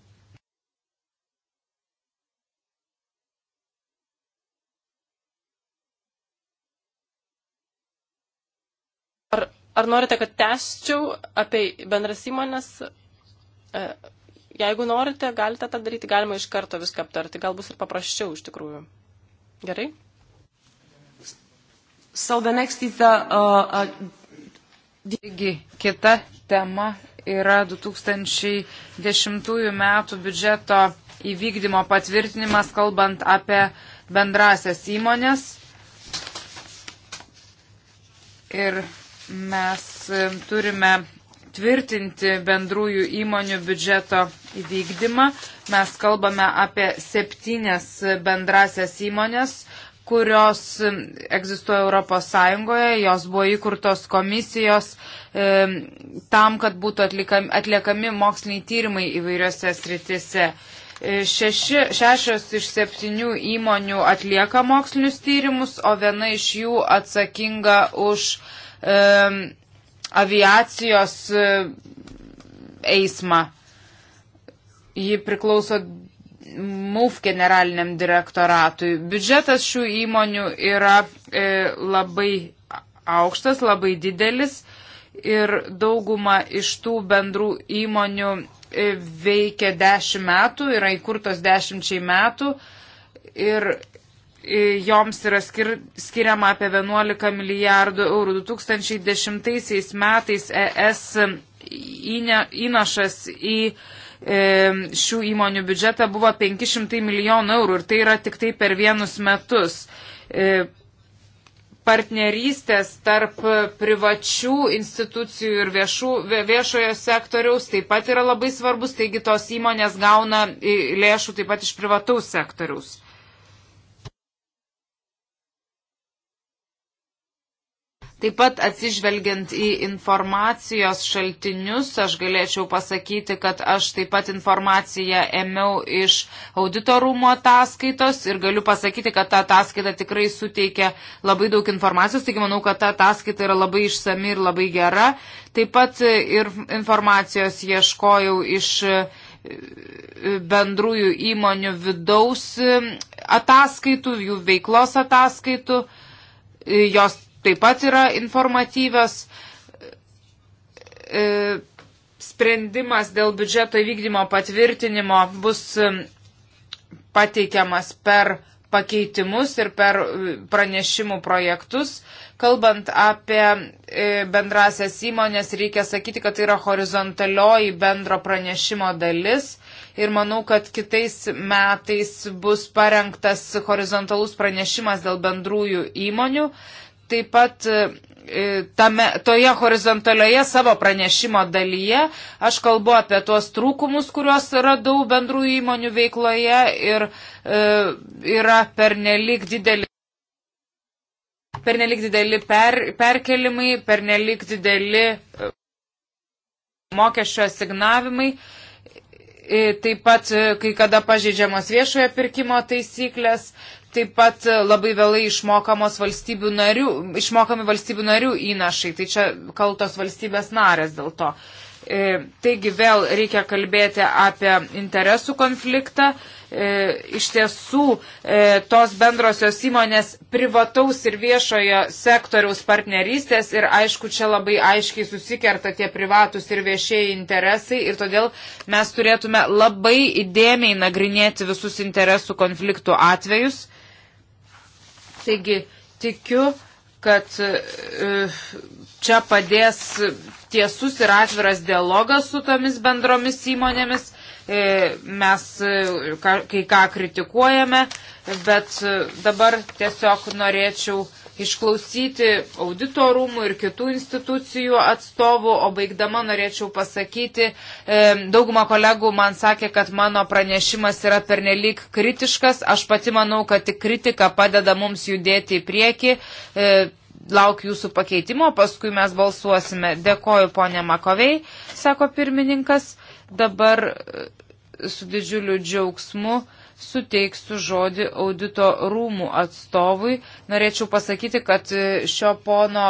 Ar norite, kad tęsčiau apie bendras įmonės? E, jeigu norite, galite tą daryti, galima iš karto viską aptarti. Gal bus ir paprasčiau iš tikrųjų. Gerai? So the next is the, uh, uh... Taigi, kita tema yra 2010 metų biudžeto įvykdymo patvirtinimas, kalbant apie bendrasias įmonės. Ir mes e, turime tvirtinti bendrųjų įmonių biudžeto įvykdymą. Mes kalbame apie septynias bendrasias įmonės, kurios e, egzistuoja Europos Sąjungoje, jos buvo įkurtos komisijos e, tam, kad būtų atlikami, atliekami moksliniai tyrimai įvairiose sritise. E, šeši, šešios iš septynių įmonių atlieka mokslinius tyrimus, o viena iš jų atsakinga už e, Um, aviacijos uh, eismą. Ji priklauso MUF generaliniam direktoratui. Biudžetas šių įmonių yra e, labai aukštas, labai didelis ir dauguma iš tų bendrų įmonių e, veikia 10 metų, yra įkurtos 10 metų ir joms yra skir, skiriama apie 11 milijardų eurų. 2010 metais ES įnašas į e, šių įmonių biudžetą buvo 500 milijonų eurų ir tai yra tik tai per vienus metus. E, partnerystės tarp privačių institucijų ir viešų, viešojo sektoriaus taip pat yra labai svarbus, taigi tos įmonės gauna lėšų taip pat iš privataus sektoriaus. Taip pat atsižvelgiant į informacijos šaltinius, aš galėčiau pasakyti, kad aš taip pat informaciją ėmiau iš auditorumo ataskaitos ir galiu pasakyti, kad ta ataskaita tikrai suteikia labai daug informacijos, taigi manau, kad ta ataskaita yra labai išsami ir labai gera. Taip pat ir informacijos ieškojau iš e, e, bendrųjų įmonių vidaus e, ataskaitų, jų veiklos ataskaitų. Jos taip pat yra informatyvios. E, sprendimas dėl biudžeto įvykdymo patvirtinimo bus e, pateikiamas per pakeitimus ir per e, pranešimų projektus. Kalbant apie bendrasias įmonės, reikia sakyti, kad tai yra horizontalioji bendro pranešimo dalis. Ir manau, kad kitais metais bus parengtas horizontalus pranešimas dėl bendrųjų įmonių taip pat e, e, tame, toje horizontalioje savo pranešimo dalyje aš kalbu apie tuos trūkumus, kuriuos radau bendrų įmonių veikloje ir e, yra pernelik dideli. Pernelik dideli per, perkelimai, pernelik dideli e, mokesčio asignavimai, taip pat kai kada pažeidžiamos viešojo pirkimo taisyklės, taip pat e, labai vėlai išmokamos valstybių narių, išmokami valstybių narių įnašai, tai čia kaltos valstybės narės dėl to. E, taigi vėl reikia kalbėti apie interesų konfliktą. E, iš tiesų, tos bendrosios įmonės privataus ir viešojo sektoriaus partnerystės ir aišku, čia labai aiškiai susikerta tie privatus ir viešieji interesai ir todėl mes turėtume labai įdėmiai nagrinėti visus interesų konfliktų atvejus. Taigi tikiu, kad e, čia padės tiesus ir atviras dialogas su tomis bendromis įmonėmis. E, mes e, kai ką kritikuojame, bet dabar tiesiog norėčiau išklausyti auditorumų ir kitų institucijų atstovų, o baigdama norėčiau pasakyti, e, dauguma kolegų man sakė, kad mano pranešimas yra pernelyg kritiškas, aš pati manau, kad tik kritika padeda mums judėti į priekį. E, Laukiu jūsų pakeitimo, paskui mes balsuosime. Dėkoju, ponė Makovei, sako pirmininkas. Dabar e, su didžiuliu džiaugsmu suteiksiu žodį audito rūmų atstovui. Norėčiau pasakyti, kad e, šio pono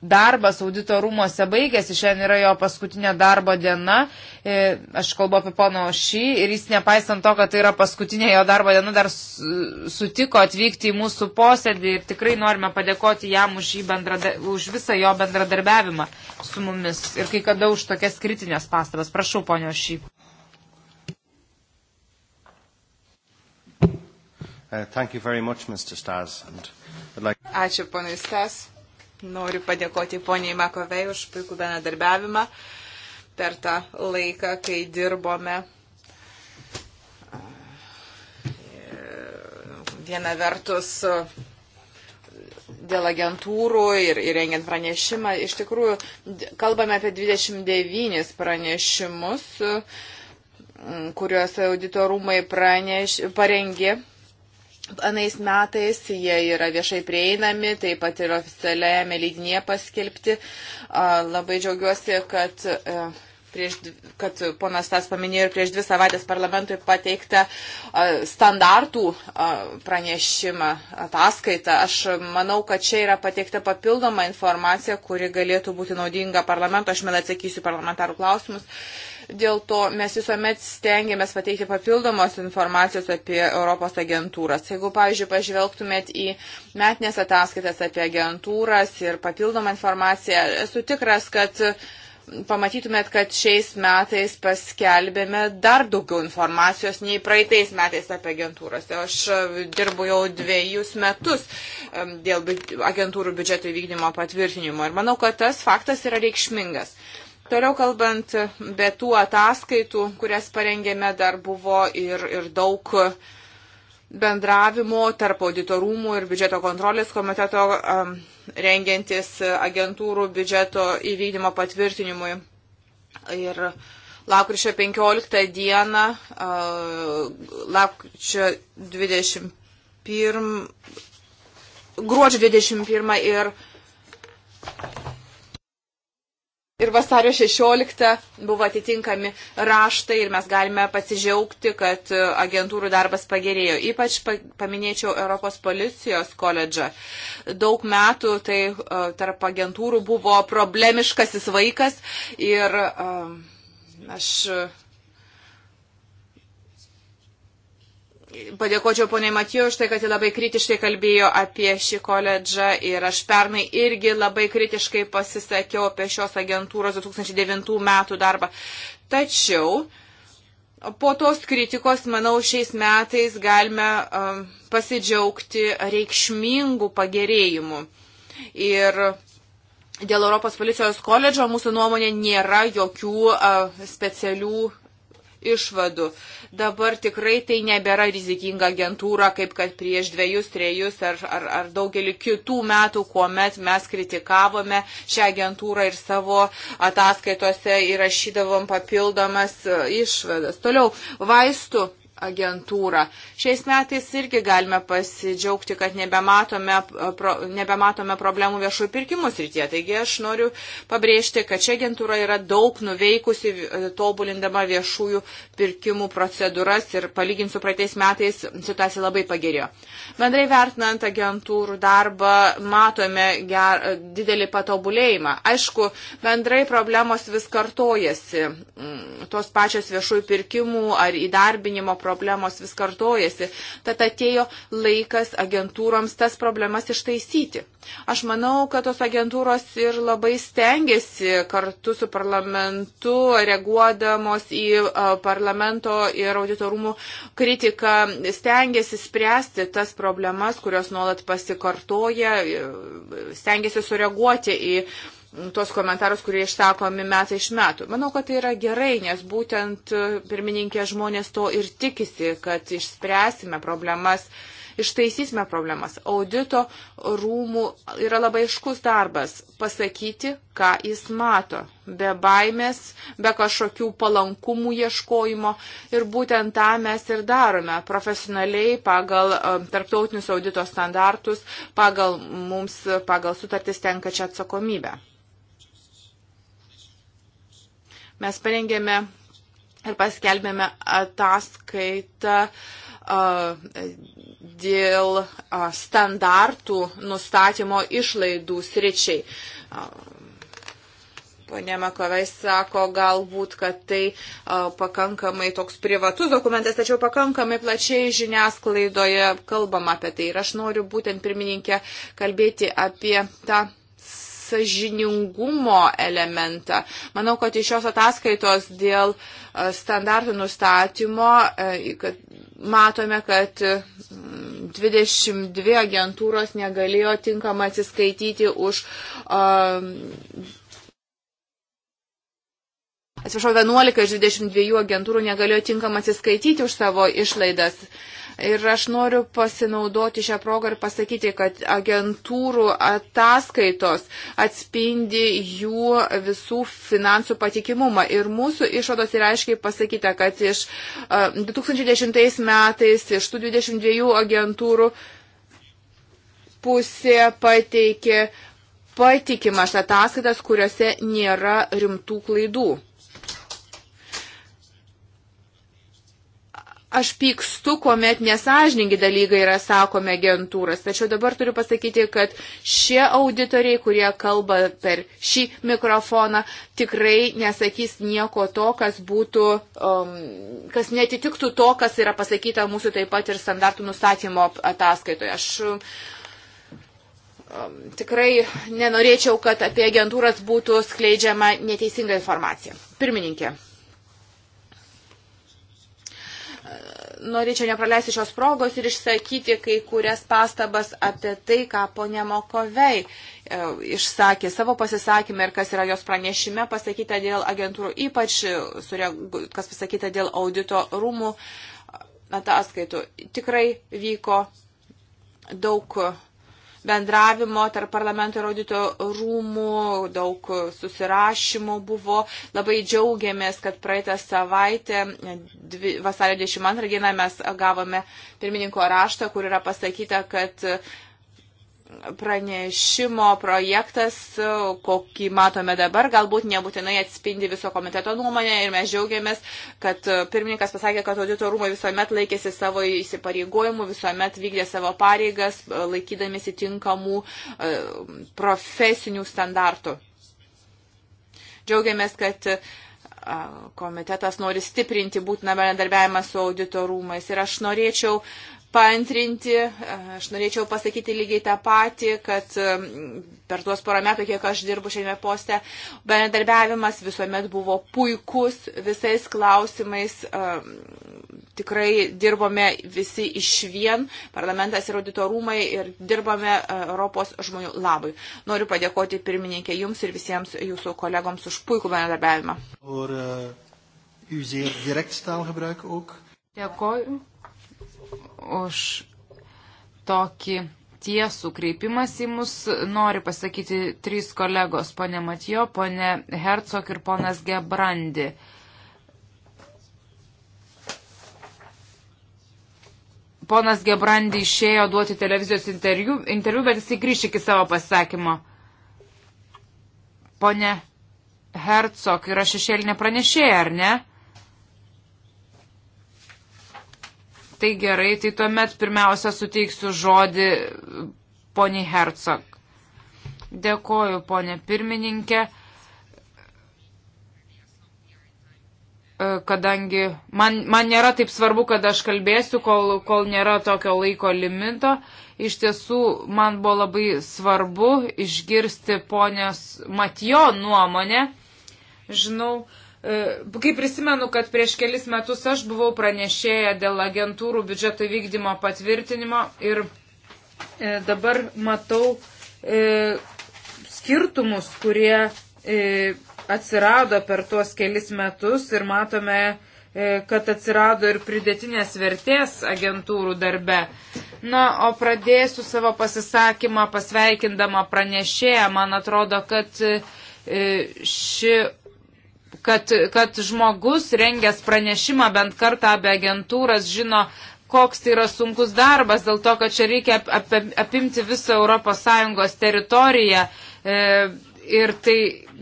darbas audito rūmose baigėsi, šiandien yra jo paskutinė darbo diena, e, aš kalbu apie pono šį ir jis nepaisant to, kad tai yra paskutinė jo darbo diena, dar sutiko atvykti į mūsų posėdį ir tikrai norime padėkoti jam už, bendradar... už visą jo bendradarbiavimą su mumis ir kai kada už tokias kritinės pastabas. Prašau, ponio šį. Uh, much, Stas, like... Ačiū, ponai Stas. Noriu padėkoti poniai Makovei už puikų bendradarbiavimą per tą laiką, kai dirbome uh, viena vertus uh, dėl agentūrų ir, ir rengiant pranešimą. Iš tikrųjų, kalbame apie 29 pranešimus, mm, kuriuos auditorumai praneš, parengė Anais metais jie yra viešai prieinami, taip pat ir oficialiajame leidinėje paskelbti. Labai džiaugiuosi, kad e, prieš, kad ponas Tas paminėjo ir prieš dvi savaitės parlamentui pateiktą standartų pranešimą, ataskaitą. Aš manau, kad čia yra pateikta papildoma informacija, kuri galėtų būti naudinga parlamento. Aš mėl atsakysiu parlamentarų klausimus. Dėl to mes visuomet stengiamės pateikti papildomos informacijos apie Europos agentūras. Jeigu, pavyzdžiui, pažvelgtumėt į metinės ataskaitas apie agentūras ir papildomą informaciją, esu tikras, kad pamatytumėt, kad šiais metais paskelbėme dar daugiau informacijos nei praeitais metais apie agentūras. Aš e, dirbu jau dviejus metus dėl agentūrų biudžeto įvykdymo patvirtinimo ir manau, kad tas faktas yra reikšmingas. Toliau kalbant, be tų ataskaitų, kurias parengėme, dar buvo ir, ir daug bendravimo tarp auditorumų ir biudžeto kontrolės komiteto um, rengiantis agentūrų biudžeto įvykdymo patvirtinimui. Ir lapkričio 15 dieną, uh, lapkričio 21, gruodžio 21 ir Ir vasario 16 buvo atitinkami raštai ir mes galime pasidžiaugti, kad e, agentūrų darbas pagerėjo. Ypač paminėčiau Europos policijos koledžą. Daug metų tai e, tarp agentūrų buvo problemiškasis vaikas ir e, aš Padėkočiau poniai Matijo už tai, kad ji labai kritiškai kalbėjo apie šį koledžą ir aš pernai irgi labai kritiškai pasisakiau apie šios agentūros 2009 metų darbą. Tačiau po tos kritikos, manau, šiais metais galime um, pasidžiaugti reikšmingų pagerėjimų. Ir dėl Europos policijos koledžo mūsų nuomonė nėra jokių uh, specialių išvadų. Dabar tikrai tai nebėra rizikinga agentūra, kaip kad prieš dviejus, trejus ar, ar, ar daugelį kitų metų, kuomet mes kritikavome šią agentūrą ir savo ataskaitose įrašydavom papildomas e, išvadas. Toliau, vaistų agentūrą. Šiais metais irgi galime pasidžiaugti, kad nebematome, pro, nebematome problemų viešųjų pirkimų srityje. Taigi aš noriu pabrėžti, kad ši agentūra yra daug nuveikusi, e, tobulindama viešųjų pirkimų procedūras ir palygint su praeitais metais situacija labai pagerėjo. Bendrai vertinant agentūrų darbą, matome ger, didelį patobulėjimą. Aišku, bendrai problemos vis kartojasi. Mm, tos pačios viešųjų pirkimų ar įdarbinimo problemos problemos vis kartojasi. Tad atėjo laikas agentūroms tas problemas ištaisyti. Aš manau, kad tos agentūros ir labai stengiasi kartu su parlamentu, reaguodamos į parlamento ir auditorumų kritiką, stengiasi spręsti tas problemas, kurios nuolat pasikartoja, stengiasi sureaguoti į tuos komentarus, kurie išsakomi metai iš metų. Manau, kad tai yra gerai, nes būtent e, pirmininkė žmonės to ir tikisi, kad išspręsime problemas, ištaisysime problemas. Audito rūmų yra labai iškus darbas pasakyti, ką jis mato, be baimės, be kažkokių palankumų ieškojimo. Ir būtent tą mes ir darome profesionaliai pagal e, tarptautinius audito standartus, pagal mums, pagal sutartis tenkačią atsakomybę. Mes parengėme ir paskelbėme ataskaitą dėl standartų nustatymo išlaidų sričiai. Pone Makovai sako galbūt, kad tai a, pakankamai toks privatus dokumentas, tačiau pakankamai plačiai žiniasklaidoje kalbama apie tai. Ir aš noriu būtent pirmininkė kalbėti apie tą sažiningumo elementą. Manau, kad iš šios ataskaitos dėl e, standartų nustatymo, e, kad matome, kad 22 mm, agentūros negalėjo tinkamai atsiskaityti už. Um, Atsiprašau, 11 iš 22 agentūrų negalėjo tinkamai atsiskaityti už savo išlaidas. Uh, Ir aš noriu pasinaudoti šią progą ir pasakyti, kad agentūrų ataskaitos atspindi jų visų finansų patikimumą. Ir mūsų išvados yra aiškiai pasakyta, kad iš 2010 metais iš tų 22 agentūrų pusė pateikė patikimas ataskaitas, kuriuose nėra rimtų klaidų. Aš pykstu, kuomet nesažiningi dalykai yra sakomi agentūras, tačiau dabar turiu pasakyti, kad šie auditoriai, kurie kalba per šį mikrofoną, tikrai nesakys nieko to, kas būtų, um, kas netitiktų to, kas yra pasakyta mūsų taip pat ir standartų nustatymo ataskaitoje. Aš um, tikrai nenorėčiau, kad apie agentūras būtų skleidžiama neteisinga informacija. Pirmininkė. norėčiau nepraleisti šios progos ir išsakyti kai kurias pastabas apie tai, ką ponė Mokovei e, išsakė savo pasisakymę ir kas yra jos pranešime pasakyta dėl agentūrų, ypač kas pasakyta dėl audito rūmų e, ataskaitų. Tikrai vyko daug bendravimo tarp parlamento ir audito rūmų, daug susirašymų buvo. Labai džiaugiamės, kad praeitą savaitę, vasario 22 dieną, mes gavome pirmininko raštą, kur yra pasakyta, kad pranešimo projektas, kokį matome dabar, galbūt nebūtinai atspindi viso komiteto nuomonę ir mes džiaugiamės, kad pirmininkas pasakė, kad audito rūmai visuomet laikėsi savo įsipareigojimų, visuomet vykdė savo pareigas, laikydamėsi tinkamų e, profesinių standartų. Džiaugiamės, kad e, komitetas nori stiprinti būtiną bendradarbiavimą su audito rūmais ir aš norėčiau uh, paantrinti, aš norėčiau pasakyti lygiai tą patį, kad um, per tuos porą metų, kiek aš dirbu šiame poste, bendradarbiavimas visuomet buvo puikus, visais klausimais um, tikrai dirbome visi iš vien, parlamentas ir auditorumai ir dirbame uh, Europos žmonių labui. Noriu padėkoti pirmininkė Jums ir visiems Jūsų kolegoms už puikų bendradarbiavimą. Or, uh, u zeer direct taalgebruik ook. Dėkoju už tokį tiesų kreipimas į mus. Nori pasakyti trys kolegos, ponė Matijo, ponė Hercog ir ponas Gebrandi. Ponas Gebrandi išėjo duoti televizijos interviu, interviu bet jisai grįš iki savo pasakymo. Pone Hercog yra šešėlinė pranešėja, ar ne? Tai gerai, tai tuomet pirmiausia suteiksiu žodį poniai Hercog. Dėkoju, ponė pirmininkė. E, kadangi man, man nėra taip svarbu, kad aš kalbėsiu, kol, kol nėra tokio laiko limito. Iš tiesų, man buvo labai svarbu išgirsti ponios Matijo nuomonę. Žinau, E, Kaip prisimenu, kad prieš kelis metus aš buvau pranešėję dėl agentūrų biudžeto vykdymo patvirtinimo ir e, dabar matau e, skirtumus, kurie atsirado per tuos kelis metus ir matome, kad atsirado ir pridėtinės vertės agentūrų darbe. Na, o pradėsiu savo pasisakymą pasveikindama pranešėją. Man atrodo, kad ši kad, kad žmogus rengęs pranešimą bent kartą apie agentūras žino, koks tai yra sunkus darbas, dėl to, kad čia reikia ap, ap, apimti visą ES teritoriją e, ir tai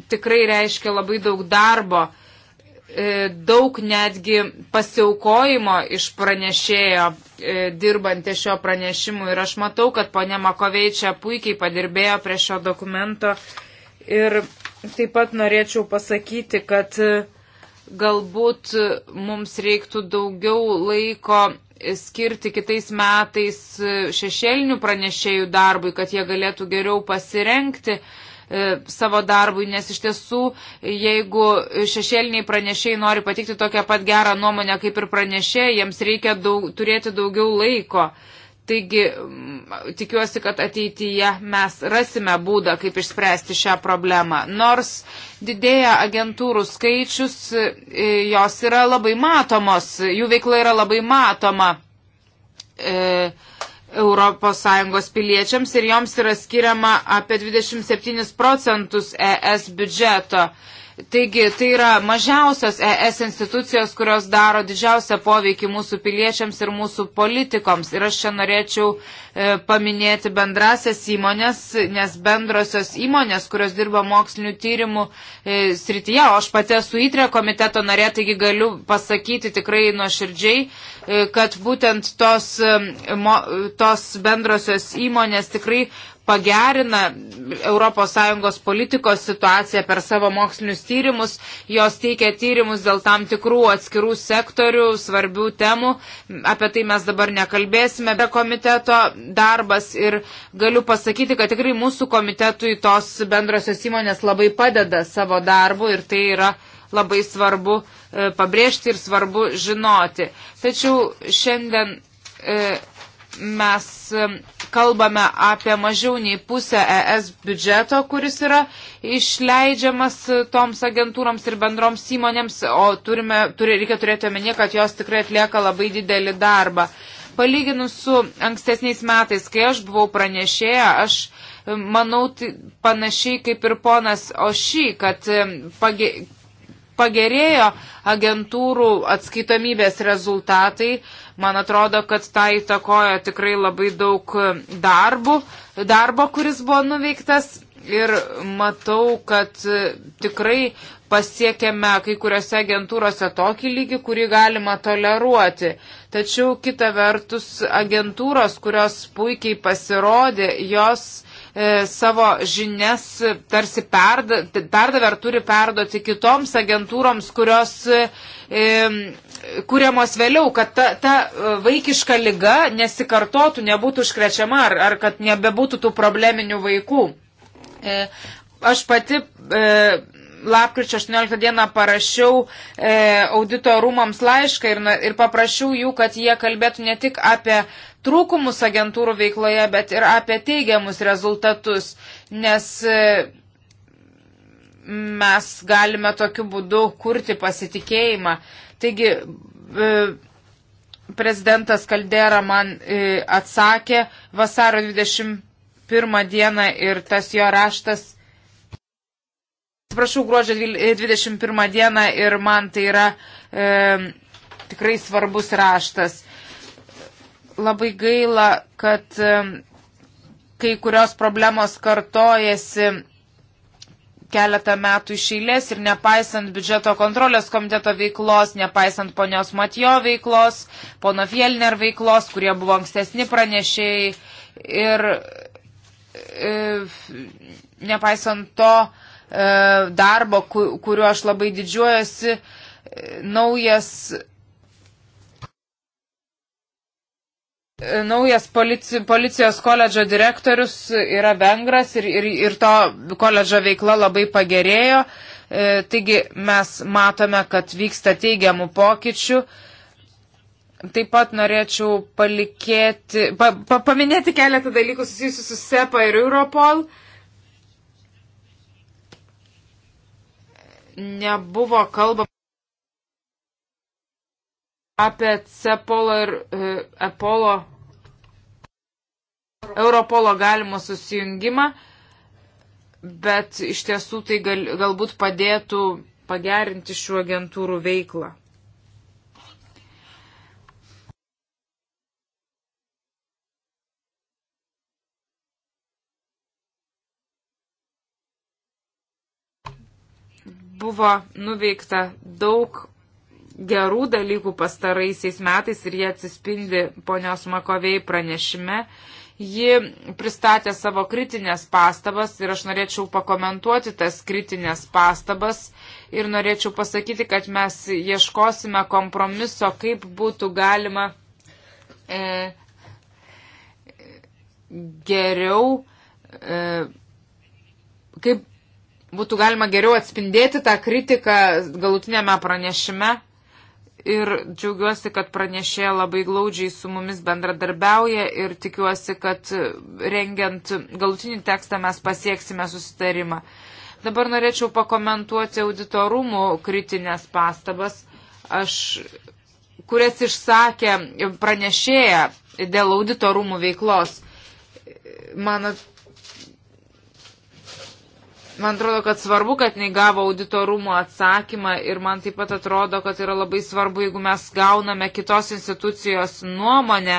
tikrai reiškia labai daug darbo, e, daug netgi pasiaukojimo iš pranešėjo e, dirbantė šio pranešimu ir aš matau, kad ponė Makovei čia puikiai padirbėjo prie šio dokumento ir Taip pat norėčiau pasakyti, kad e, galbūt e, mums reiktų daugiau laiko skirti kitais metais e, šešėlinių pranešėjų darbui, kad jie galėtų geriau pasirenkti savo darbui, nes iš tiesų, jeigu šešėliniai pranešėjai nori patikti tokią pat gerą nuomonę kaip ir pranešėjai, jiems reikia daug, turėti daugiau laiko. Uh, Taigi tikiuosi, kad ateityje mes rasime būdą, kaip išspręsti šią problemą. Nors didėja agentūrų skaičius, e, jos yra labai matomos, jų veikla yra labai matoma e, ES piliečiams ir joms yra skiriama apie 27 procentus ES biudžeto. E, Taigi tai yra mažiausios ES institucijos, kurios daro didžiausią poveikį mūsų piliečiams ir mūsų politikoms. Ir aš čia norėčiau e, paminėti bendrasias įmonės, nes bendrosios įmonės, kurios dirba mokslinių tyrimų e, srityje, o aš pati esu įtrė e komiteto narė, taigi galiu pasakyti tikrai nuoširdžiai, e, kad būtent tos, e, mo, tos bendrosios įmonės tikrai pagerina ES politikos situaciją per savo mokslinius tyrimus, jos teikia tyrimus dėl tam tikrų atskirų sektorių, svarbių temų, apie tai mes dabar nekalbėsime, be komiteto darbas ir galiu pasakyti, kad tikrai mūsų komitetui tos bendrosios įmonės labai padeda savo darbu ir tai yra labai svarbu e, pabrėžti ir svarbu žinoti. Tačiau šiandien e, mes kalbame apie mažiau nei pusę ES biudžeto, kuris yra išleidžiamas toms agentūroms ir bendroms įmonėms, o turime, turi, reikia turėti omenyje, kad jos tikrai atlieka labai didelį darbą. Palyginus su ankstesniais metais, kai aš buvau pranešėja, aš e, manau tai panašiai kaip ir ponas Ošy, kad e, page, pagerėjo agentūrų atskaitomybės rezultatai. Man atrodo, kad tai įtakojo tikrai labai daug darbų, darbo, kuris buvo nuveiktas. Ir matau, kad tikrai pasiekėme kai kuriuose agentūrose tokį lygį, kurį galima toleruoti. Tačiau kita vertus, agentūros, kurios puikiai pasirodė, jos E, savo žinias tarsi perdavė ar turi perduoti kitoms agentūroms, kurios e, e, kūriamos vėliau, kad ta, ta vaikiška lyga nesikartotų, nebūtų užkrečiama ar, ar kad nebebūtų tų probleminių vaikų. Aš pati e, lapkričio 18 dieną parašiau e, audito rūmams laišką ir, ir paprašiau jų, kad jie kalbėtų ne tik apie trūkumus agentūrų veikloje, bet ir apie teigiamus rezultatus, nes e, mes galime tokiu būdu kurti pasitikėjimą. Taigi, e, prezidentas Kaldera man e, atsakė vasario 21 dieną ir tas jo raštas atsiprašau, gruodžio 21 e, dieną ir man tai yra e, tikrai svarbus raštas. Labai gaila, kad e, kai kurios problemos kartojasi keletą metų iš eilės ir nepaisant biudžeto kontrolės komiteto veiklos, nepaisant ponios Matijo veiklos, pono Fielner veiklos, kurie buvo ankstesni pranešėjai ir e, nepaisant to, E, darbo, kuriuo aš labai didžiuojasi, e, naujas, e, naujas polici, policijos koledžo direktorius yra vengras ir, ir, ir to koledžo veikla labai pagerėjo. Taigi mes matome, kad vyksta teigiamų pokyčių. Taip pat norėčiau palikėti, pa, pa, paminėti keletą dalykų susijusių su SEPA ir Europol. Uh, nebuvo kalbama apie Cepolo ir e, Epolo, Europolo galimą susijungimą, bet iš tiesų tai gal, galbūt padėtų pagerinti šių agentūrų veiklą. buvo nuveikta daug gerų dalykų pastaraisiais metais ir jie atsispindi ponios Makovei pranešime. Ji pristatė savo kritinės pastabas ir aš norėčiau pakomentuoti tas kritinės pastabas ir norėčiau pasakyti, kad mes ieškosime kompromiso, kaip būtų galima e, geriau, e, kaip būtų galima geriau atspindėti tą kritiką galutinėme pranešime. Ir džiaugiuosi, kad pranešėja labai glaudžiai su mumis bendradarbiauja ir tikiuosi, kad rengiant galutinį tekstą mes pasieksime susitarimą. Dabar norėčiau pakomentuoti auditorumų kritinės pastabas, aš, kurias išsakė pranešėja dėl auditorumų veiklos. Man atrodo, Man atrodo, kad svarbu, kad jinai gavo auditorumo atsakymą ir man taip pat atrodo, kad yra labai svarbu, jeigu mes gauname kitos institucijos nuomonę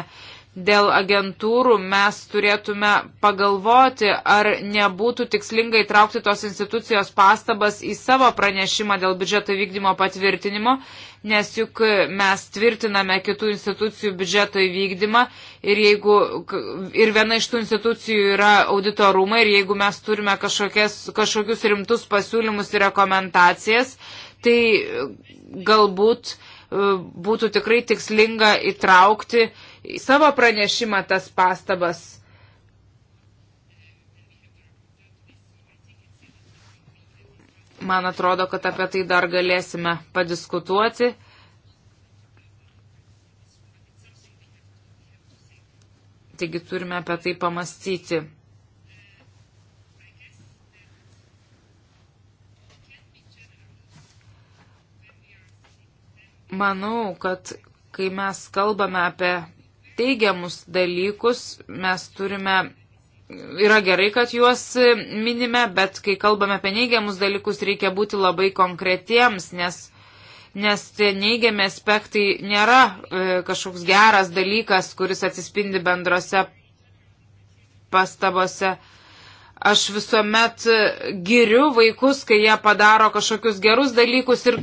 dėl agentūrų, mes turėtume pagalvoti, ar nebūtų tikslinga įtraukti tos institucijos pastabas į savo pranešimą dėl biudžeto vykdymo patvirtinimo nes juk mes tvirtiname kitų institucijų biudžeto įvykdymą ir, jeigu, ir viena iš tų institucijų yra auditorumai ir jeigu mes turime kažkokias, kažkokius rimtus pasiūlymus ir rekomendacijas, tai e, galbūt e, būtų tikrai tikslinga įtraukti į savo pranešimą tas pastabas Man atrodo, kad apie tai dar galėsime padiskutuoti. Taigi turime apie tai pamastyti. Manau, kad kai mes kalbame apie teigiamus dalykus, mes turime yra gerai, kad juos minime, bet kai kalbame apie neigiamus dalykus, reikia būti labai konkretiems, nes, nes tie neigiami aspektai nėra e, kažkoks geras dalykas, kuris atsispindi bendrose pastabose. E, Aš visuomet giriu vaikus, kai jie padaro kažkokius gerus dalykus ir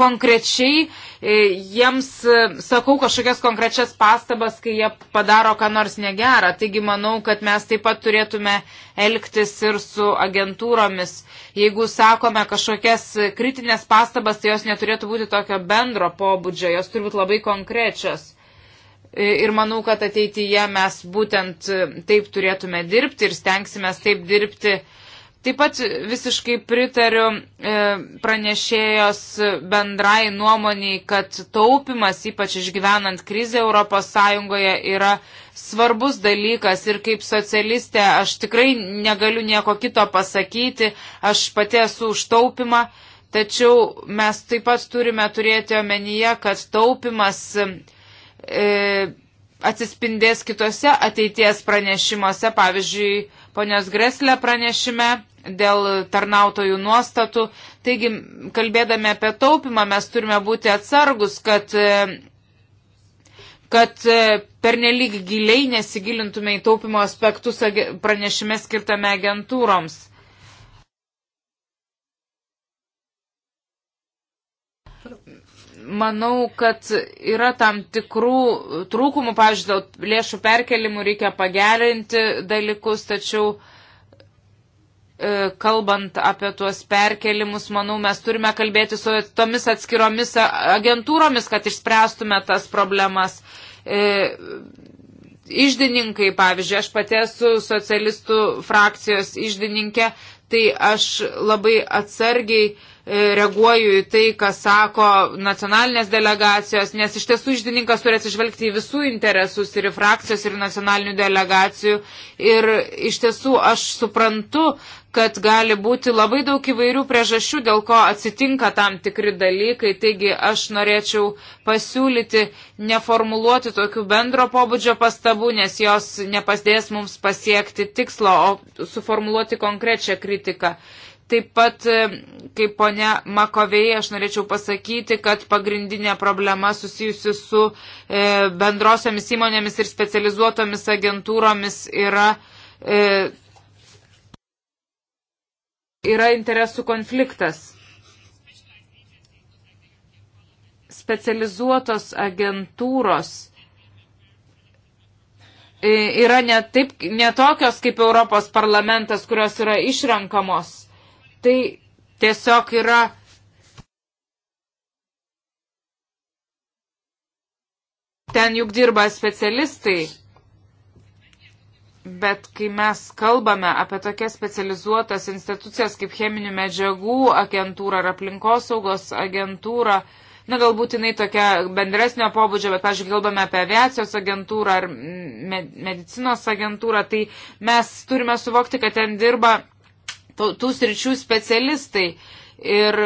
konkrečiai e, jiems e, sakau kažkokias konkrečias pastabas, kai jie padaro ką nors negerą. Taigi manau, kad mes taip pat turėtume elgtis ir su agentūromis. Jeigu sakome kažkokias kritinės pastabas, tai jos neturėtų būti tokio bendro pobūdžio, jos turi būti labai konkrečios. Ir manau, kad ateityje mes būtent e, taip turėtume dirbti ir stengsime taip dirbti. Taip pat visiškai pritariu e, pranešėjos bendrai nuomoniai, kad taupimas, ypač išgyvenant krizę ES, yra svarbus dalykas ir kaip socialistė aš tikrai negaliu nieko kito pasakyti, aš pati esu už taupimą. Tačiau mes taip pat turime turėti omenyje, kad taupimas e, atsispindės kitose ateities pranešimuose, pavyzdžiui, ponios Greslė pranešime dėl tarnautojų nuostatų. Taigi, kalbėdami apie taupimą, mes turime būti atsargus, kad, e, kad e, pernelyg giliai nesigilintume į taupimo aspektus pranešime skirtame agentūroms. manau, kad yra tam tikrų trūkumų, pavyzdžiui, dėl lėšų perkelimų reikia pagerinti dalykus, tačiau e, kalbant apie tuos perkelimus, manau, mes turime kalbėti su tomis atskiromis agentūromis, kad išspręstume tas problemas. E, išdininkai, pavyzdžiui, aš pati esu socialistų frakcijos išdininkė, tai aš labai atsargiai E, reaguoju į tai, ką sako nacionalinės delegacijos, nes iš tiesų išdininkas turi atsižvelgti į visų interesus ir į frakcijos ir nacionalinių delegacijų. Ir iš tiesų aš suprantu, kad gali būti labai daug įvairių priežasčių, dėl ko atsitinka tam tikri dalykai. Taigi aš norėčiau pasiūlyti neformuluoti tokių bendro pobūdžio pastabų, nes jos nepasdės mums pasiekti tikslo, o suformuluoti konkrečią kritiką. Taip pat, e, kaip ponia Makovėja, aš norėčiau pasakyti, kad pagrindinė problema susijusi su e, bendrosiamis įmonėmis ir specializuotomis agentūromis yra, e, yra interesų konfliktas. Specializuotos agentūros yra ne, taip, ne tokios kaip Europos parlamentas, kurios yra išrenkamos. Tai tiesiog yra ten juk dirba specialistai. Bet kai mes kalbame apie tokias specializuotas institucijas kaip cheminių medžiagų agentūra ar aplinkosaugos agentūra, na galbūt jinai tokia bendresnio pobūdžio, bet, pažiūrėjau, kalbame apie aviacijos agentūrą ar medicinos agentūrą, tai mes turime suvokti, kad ten dirba tų sričių specialistai ir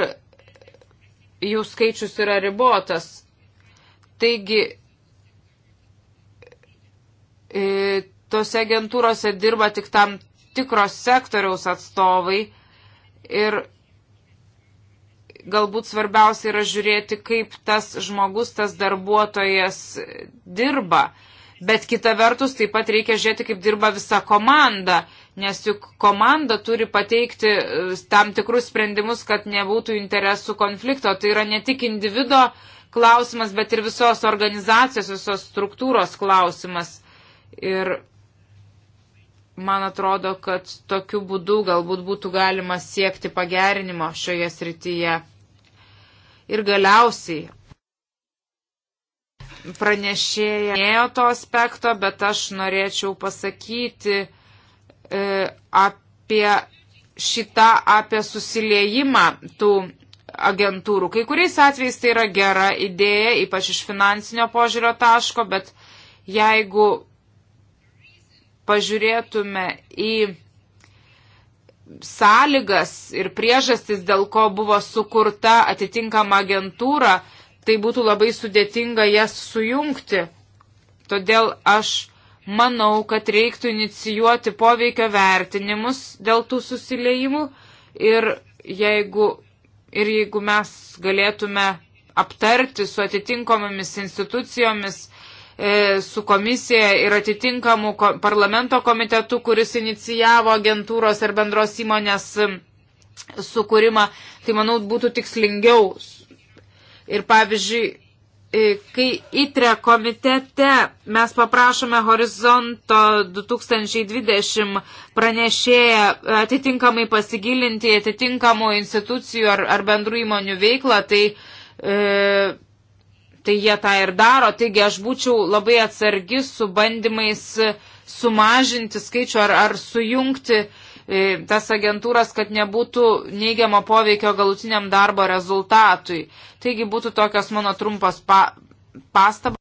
jų skaičius yra ribotas. Taigi, e, tose agentūrose dirba tik tam tikros sektoriaus atstovai ir galbūt svarbiausia yra žiūrėti, kaip tas žmogus, tas darbuotojas dirba. Bet kita vertus taip pat reikia žiūrėti, kaip dirba visa komanda nes juk komanda turi pateikti e, tam tikrus sprendimus, kad nebūtų interesų konflikto. Tai yra ne tik individo klausimas, bet ir visos organizacijos, visos struktūros klausimas. Ir man atrodo, kad tokiu būdu galbūt būtų galima siekti pagerinimo šioje srityje. Ir galiausiai pranešėja nėjo to aspekto, bet aš norėčiau pasakyti, E, apie šitą, apie susiliejimą tų agentūrų. Kai kuriais atvejais tai yra gera idėja, ypač iš finansinio požiūrio taško, bet jeigu pažiūrėtume į sąlygas ir priežastis, dėl ko buvo sukurta atitinkama agentūra, tai būtų labai sudėtinga jas sujungti. Todėl aš manau, kad reiktų inicijuoti poveikio vertinimus dėl tų susiliejimų ir jeigu, ir jeigu mes galėtume aptarti su atitinkomomis institucijomis, e, su komisija ir atitinkamu ko, parlamento komitetu, kuris inicijavo agentūros ar bendros įmonės sukūrimą, tai manau būtų tikslingiau. Ir pavyzdžiui, E, kai ITRE komitete mes paprašome horizonto 2020 pranešėją atitinkamai pasigilinti atitinkamų institucijų ar, ar bendrų įmonių veiklą, tai, e, tai jie tą ir daro. Taigi aš būčiau labai atsargi su bandymais sumažinti skaičių ar, ar sujungti e, tas agentūras, kad nebūtų neigiamo poveikio galutiniam darbo rezultatui. Taigi būtų tokios mano trumpos pa pastabos.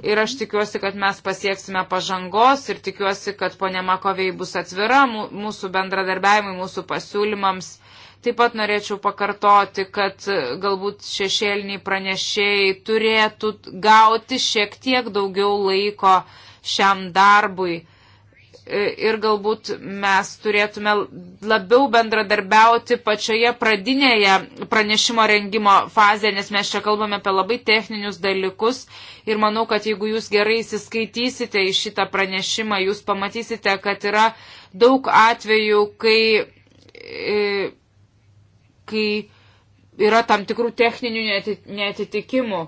Ir aš tikiuosi, kad mes pasieksime pažangos ir tikiuosi, kad ponė Makovei bus atvira mūsų bendradarbiavimui, mūsų pasiūlymams. Taip pat norėčiau pakartoti, kad galbūt šešėliniai pranešėjai turėtų gauti šiek tiek daugiau laiko šiam darbui ir galbūt mes turėtume labiau bendradarbiauti pačioje pradinėje pranešimo rengimo fazėje, nes mes čia kalbame apie labai techninius dalykus ir manau, kad jeigu jūs gerai įsiskaitysite į šitą pranešimą, jūs pamatysite, kad yra daug atvejų, kai, e, kai yra tam tikrų techninių netitikimų.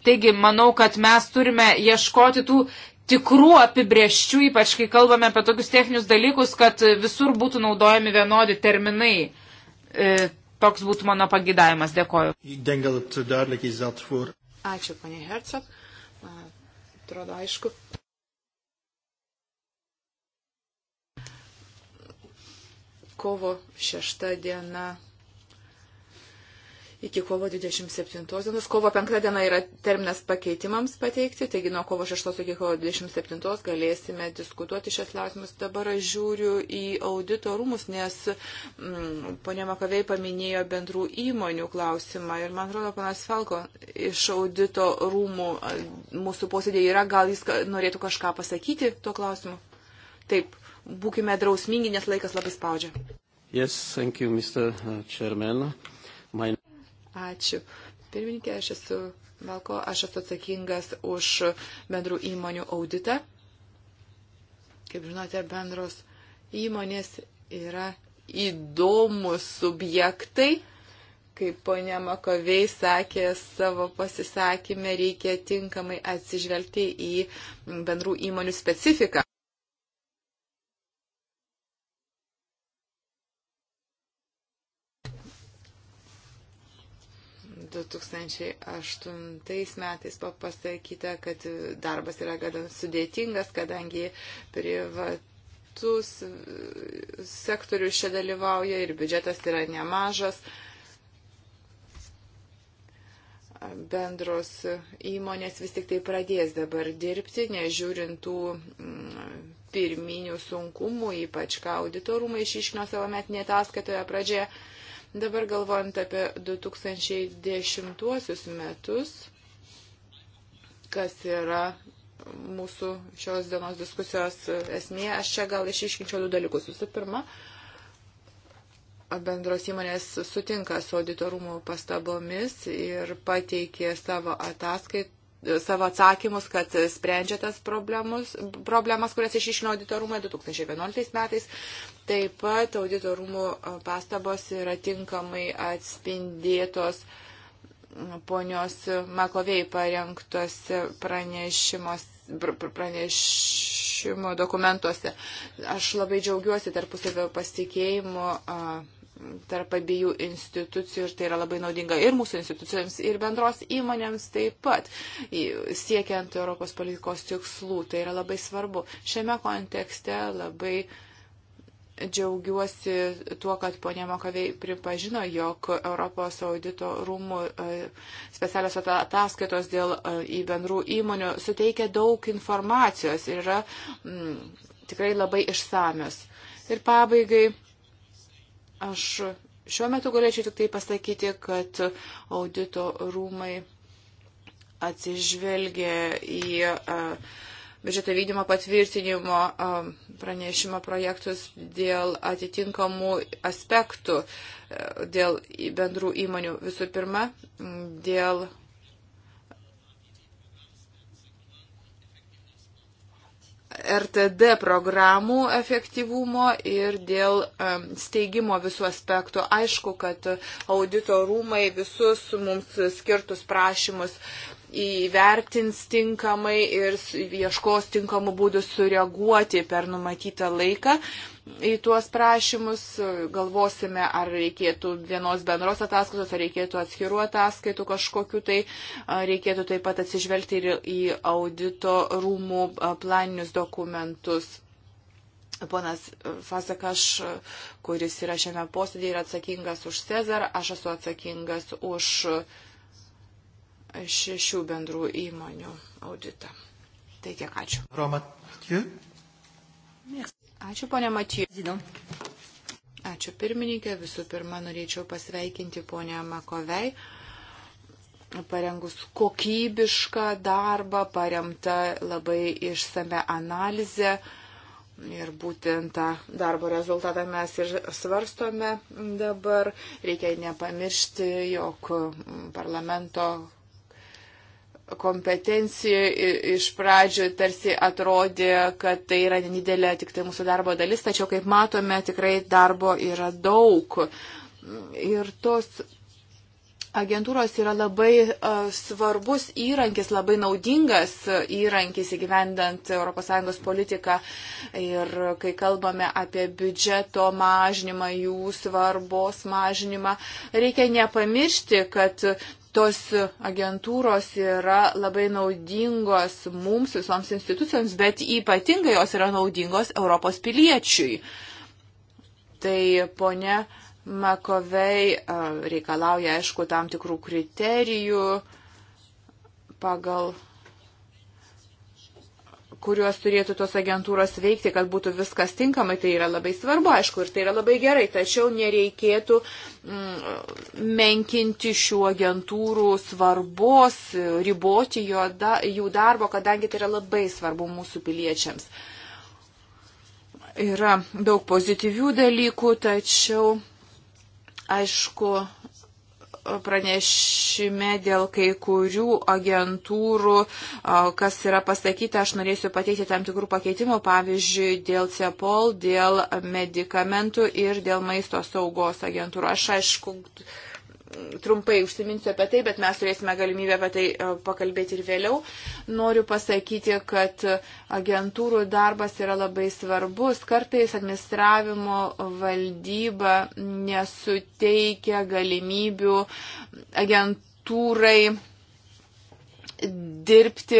Taigi, manau, kad mes turime ieškoti tų tikrų apibrieščių, ypač kai kalbame apie tokius techninius dalykus, kad visur būtų naudojami vienodi terminai. E, toks būtų mano pagidavimas. Dėkoju. Ačiū, ponė Hercog. Atrodo aišku. Kovo šešta diena iki kovo 27 dienos. Kovo 5 diena yra terminas pakeitimams pateikti, taigi nuo kovo 6 iki kovo 27 galėsime diskutuoti šias klausimus. Dabar aš žiūriu į audito rūmus, nes mm, ponė Makavei paminėjo bendrų įmonių klausimą ir man atrodo, panas Falko iš audito rūmų mūsų posėdėje yra, gal jis norėtų kažką pasakyti tuo klausimu. Taip, būkime drausmingi, nes laikas labai spaudžia. Yes, thank you, Mr. Uh, chairman. My... Ačiū. Pirmininkė, aš esu Valko, aš esu atsakingas už bendrų įmonių auditą. Kaip žinote, bendros įmonės yra įdomus subjektai. Kaip ponia Makovei sakė savo pasisakymę, reikia tinkamai atsižvelgti į bendrų įmonių specifiką. 2008 metais buvo pasakyta, kad darbas yra gana sudėtingas, kadangi privatus sektorius čia dalyvauja ir biudžetas yra nemažas bendros įmonės vis tik tai pradės dabar dirbti, nežiūrint tų mm, pirminių sunkumų, ypač ką auditorumai išiškino savo metinėje ataskaitoje pradžioje. Dabar galvojant apie 2010 metus, kas yra mūsų šios dienos diskusijos esmė, aš čia gal išiškinčiau du dalykus. Visų pirma, bendros įmonės sutinka su auditorumų pastabomis ir pateikė savo ataskaitą savo atsakymus, kad sprendžia tas problemas, problemas kurias išiškino auditorumai 2011 metais. Taip pat auditorumų pastabos yra tinkamai atspindėtos ponios Makovėjai parengtose pranešimuose pranešimo dokumentuose. Aš labai džiaugiuosi tarpusavio pasitikėjimu tarp abiejų institucijų ir tai yra labai naudinga ir mūsų institucijoms, ir bendros įmonėms taip pat, siekiant Europos politikos tikslų. Tai yra labai svarbu. Šiame kontekste labai džiaugiuosi tuo, kad ponė Mokavei pripažino, jog Europos audito rūmų e, specialios ataskaitos dėl e, į bendrų įmonių suteikia daug informacijos ir yra m, mm, tikrai labai išsamios. Ir pabaigai Aš šiuo metu galėčiau tik tai pasakyti, kad audito rūmai atsižvelgia į uh, biudžeto vykdymo patvirtinimo pranešimo projektus dėl atitinkamų aspektų, dėl bendrų įmonių. Visų pirma, dėl RTD programų efektyvumo ir dėl steigimo visų aspektų. Aišku, kad audito rūmai visus mums skirtus prašymus įvertins tinkamai ir ieškos tinkamų būdų sureaguoti per numatytą laiką į tuos prašymus, galvosime, ar reikėtų vienos bendros ataskaitos, ar reikėtų atskirų ataskaitų kažkokiu, tai reikėtų taip pat atsižvelgti ir į audito rūmų planinius dokumentus. Ponas Fasakaš, kuris yra šiame posėdėje, yra atsakingas už Cezar, aš esu atsakingas už šešių bendrų įmonių auditą. Tai tiek ačiū. Roma, ačiū. Yes. Ačiū, ponė Matijų. Ačiū pirmininkė. Visų pirma, norėčiau pasveikinti ponę Makovei parengus kokybišką darbą, paremta labai išsame analizė. Ir būtent tą darbo rezultatą mes ir svarstome dabar. Reikia nepamiršti, jog parlamento kompetencijų iš pradžių tarsi atrodė, kad tai yra nedidelė tik tai mūsų darbo dalis, tačiau kaip matome, tikrai darbo yra daug. Ir tos agentūros yra labai svarbus įrankis, labai naudingas įrankis įgyvendant ES politiką. Ir kai kalbame apie biudžeto mažinimą, jų svarbos mažinimą, reikia nepamiršti, kad tos agentūros yra labai naudingos mums, visoms institucijoms, bet ypatingai jos yra naudingos Europos piliečiui. Tai ponia Makovei reikalauja, aišku, tam tikrų kriterijų pagal kuriuos turėtų tos agentūros veikti, kad būtų viskas tinkamai, tai yra labai svarbu, aišku, ir tai yra labai gerai, tačiau nereikėtų mm, menkinti šių agentūrų svarbos, riboti da, jų darbo, kadangi tai yra labai svarbu mūsų piliečiams. Yra daug pozityvių dalykų, tačiau, aišku, pranešime dėl kai kurių agentūrų, kas yra pasakyta, aš norėsiu pateikti tam tikrų pakeitimų, pavyzdžiui, dėl CEPOL, dėl medikamentų ir dėl maisto saugos agentūrų. Aš aišku, trumpai užsiminsiu apie tai, bet mes turėsime galimybę apie tai e, pakalbėti ir vėliau. Noriu pasakyti, kad agentūrų darbas yra labai svarbus. Kartais administravimo valdyba nesuteikia galimybių agentūrai dirbti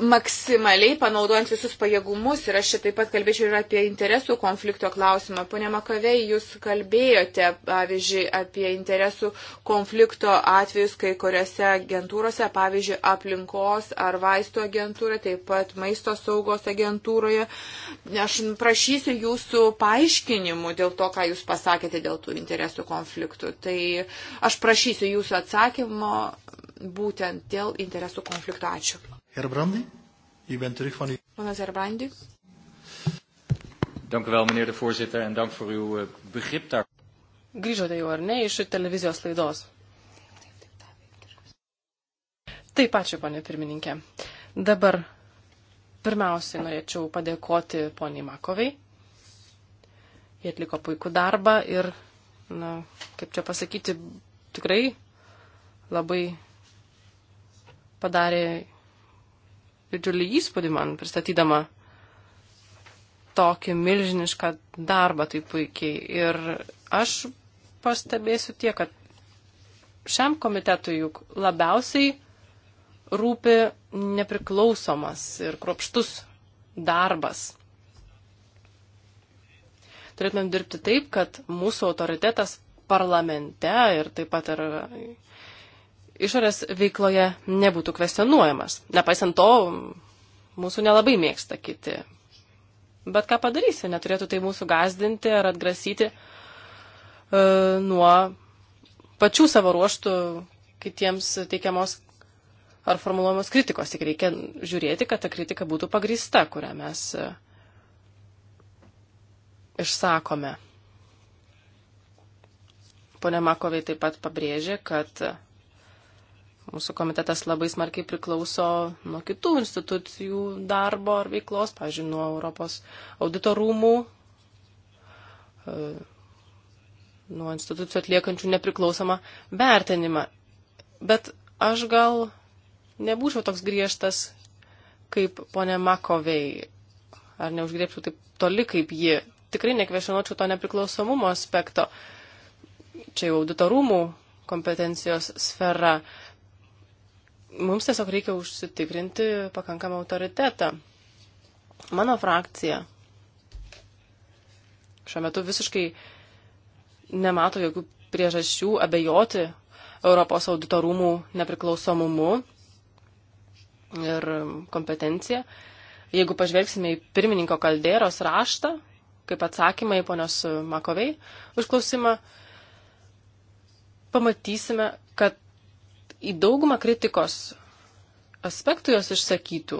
maksimaliai panaudojant visus pajėgumus. Ir aš čia taip pat kalbėčiau ir apie interesų konflikto klausimą. Pone Makavei, jūs kalbėjote, pavyzdžiui, apie interesų konflikto atvejus kai kuriuose agentūrose, pavyzdžiui, aplinkos ar vaistų agentūra, taip pat maisto saugos agentūroje. Aš prašysiu jūsų paaiškinimų dėl to, ką jūs pasakėte dėl tų interesų konfliktų. Tai aš prašysiu jūsų atsakymo būtent dėl interesų konflikto. Ačiū. Herbrandi, u bent terug van uw... Meneer Herbrandi. Dank u wel, meneer de voorzitter, en dank voor uw eh, begrip daar. Grįžote jau, ar ne, iš televizijos laidos? Taip, ačiū, ponė pirmininkė. Dabar pirmiausiai norėčiau padėkoti poniai Makovai. Jie atliko puikų darbą ir, na, kaip čia pasakyti, tikrai labai padarė didžiulį įspūdį man pristatydama tokį milžinišką darbą taip puikiai. Ir aš pastebėsiu tiek, kad šiam komitetui juk labiausiai rūpi nepriklausomas ir kropštus darbas. Turėtumėm dirbti taip, kad mūsų autoritetas parlamente ir taip pat ir išorės veikloje nebūtų kvestionuojamas. Nepaisant to, mūsų nelabai mėgsta kiti. Bet ką padarysi, neturėtų tai mūsų gazdinti ar atgrasyti e, nuo pačių savo ruoštų kitiems teikiamos ar formuluojamos kritikos. Tik reikia žiūrėti, kad ta kritika būtų pagrįsta, kurią mes e, išsakome. Pone Makovai taip pat pabrėžė, kad mūsų komitetas labai smarkiai priklauso nuo kitų institucijų darbo ar veiklos, pavyzdžiui, nuo Europos auditorumų, e, nuo institucijų atliekančių nepriklausomą vertinimą. Bet aš gal nebūčiau toks griežtas kaip ponė Makovei, ar neužgrėpčiau taip toli kaip ji. Tikrai nekvešinuočiau to nepriklausomumo aspekto. Čia jau auditorumų kompetencijos sfera. Uh, mums tiesiog reikia užsitikrinti pakankamą autoritetą. Mano frakcija šiuo metu visiškai nemato jokių priežasčių abejoti Europos audito rūmų nepriklausomumu ir kompetencija. Jeigu pažvelgsime į pirmininko kalderos raštą, kaip atsakymą į ponios Makovei užklausimą, pamatysime, kad į daugumą kritikos aspektų jos išsakytų,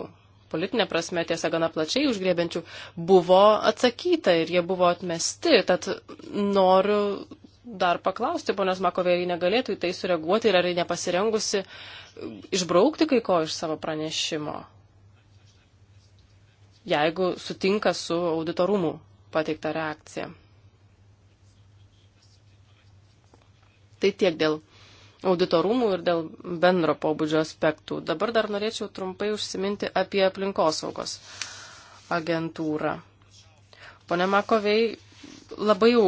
politinė prasme tiesa gana plačiai užgrėbiančių, buvo atsakyta ir jie buvo atmesti. Tad noriu dar paklausti, ponios Makovėlį negalėtų į tai sureaguoti ir ar ji nepasirengusi išbraukti kai ko iš savo pranešimo, jeigu sutinka su auditorumų pateikta reakcija. Tai tiek dėl auditorumų ir dėl bendro pobūdžio aspektų. Dabar dar norėčiau trumpai užsiminti apie aplinkosaugos agentūrą. Pone Makovei labai jau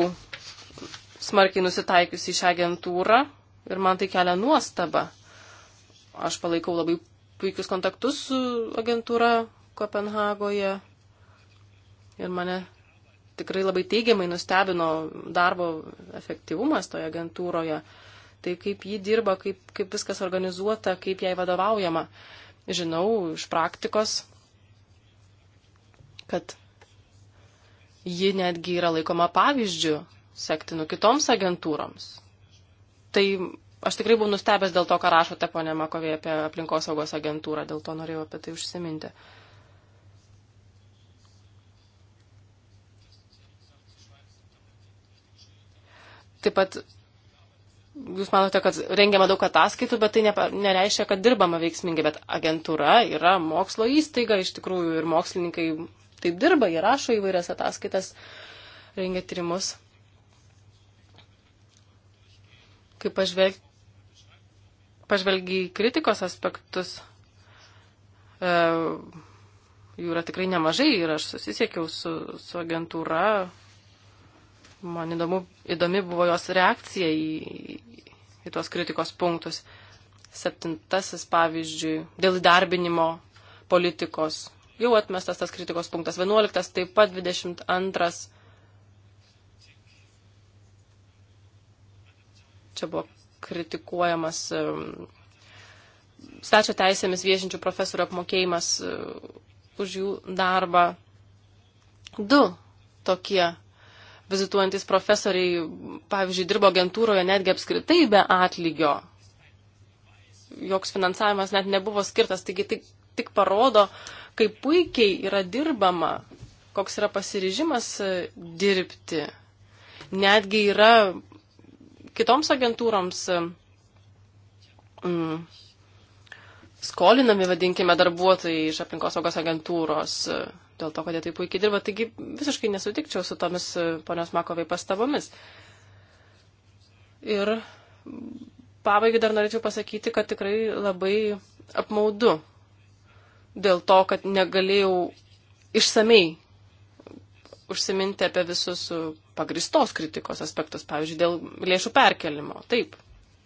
smarkiai nusitaikiusi į šią agentūrą ir man tai kelia nuostaba. Aš palaikau labai puikius kontaktus su agentūra Kopenhagoje ir mane tikrai labai teigiamai nustebino darbo efektyvumas toje agentūroje. Uh, tai kaip ji dirba, kaip, kaip viskas organizuota, kaip jai vadovaujama. Žinau iš praktikos, kad ji netgi yra laikoma pavyzdžių sektinu kitoms agentūroms. Tai aš tikrai buvau nustebęs dėl to, ką rašote, ponė Makovė, apie aplinkosaugos agentūrą, dėl to norėjau apie tai užsiminti. Taip pat Jūs manote, kad rengiama daug ataskaitų, bet tai nereiškia, kad dirbama veiksmingai, bet agentūra yra mokslo įstaiga iš tikrųjų ir mokslininkai taip dirba, jie rašo įvairias ataskaitas, rengia tyrimus. Kai pažvelg... pažvelgi į kritikos aspektus, e, jų yra tikrai nemažai ir aš susisiekiau su, su agentūra, Man įdomu, įdomi buvo jos reakcija į, į tuos kritikos punktus. Septintasis, pavyzdžiui, dėl įdarbinimo politikos. Jau atmestas tas kritikos punktas. Vienuoliktas, taip pat dvidešimt antras. Čia buvo kritikuojamas um, stačio teisėmis viešinčių profesorių apmokėjimas uh, už jų darbą. Du tokie vizituojantis profesoriai, pavyzdžiui, dirbo agentūroje netgi apskritai be atlygio. Joks finansavimas net nebuvo skirtas, taigi tik, tik parodo, kaip puikiai yra dirbama, koks yra pasirižimas e, dirbti. Netgi yra kitoms agentūroms e, mm, skolinami, vadinkime, darbuotojai iš aplinkosaugos agentūros e, dėl to, kad jie taip puikiai dirba. Taigi visiškai nesutikčiau su tomis e, ponios Makovai pastabomis. Ir pabaigai dar norėčiau pasakyti, kad tikrai labai apmaudu dėl to, kad negalėjau išsamei užsiminti apie visus pagristos kritikos aspektus, pavyzdžiui, dėl lėšų perkelimo. Taip,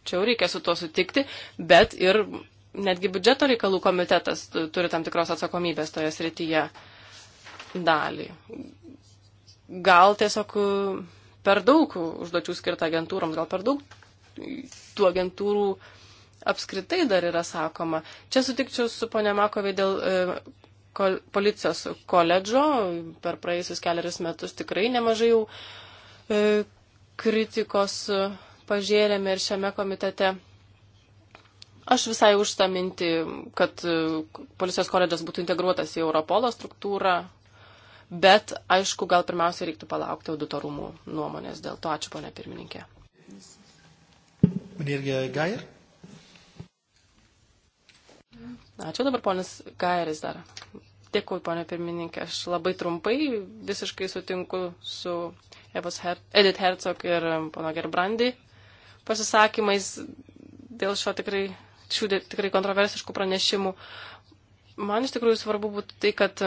čia jau reikia su tuo sutikti, bet ir netgi biudžeto reikalų komitetas turi tam tikros atsakomybės toje srityje. Uh, dalį. Gal tiesiog e, per daug užduočių skirta agentūroms, gal per daug tų agentūrų apskritai dar yra sakoma. Čia sutikčiau su ponia Makovė dėl e, kol, policijos koledžo. Per praėjusius keliarius metus tikrai nemažai jau e, kritikos pažėrėme ir šiame komitete. Aš visai už tą mintį, kad e, policijos koledžas būtų integruotas į Europolo struktūrą, bet aišku, gal pirmiausia reiktų palaukti auditorumų nuomonės. Dėl to ačiū, ponė pirmininkė. Ačiū dabar ponas Gairis dar. Dėkui, ponė pirmininkė. Aš labai trumpai visiškai sutinku su Evos Her Edith Herzog ir pono Gerbrandi pasisakymais dėl šio tikrai, šių tikrai kontroversiškų pranešimų. Man iš tikrųjų svarbu būtų tai, kad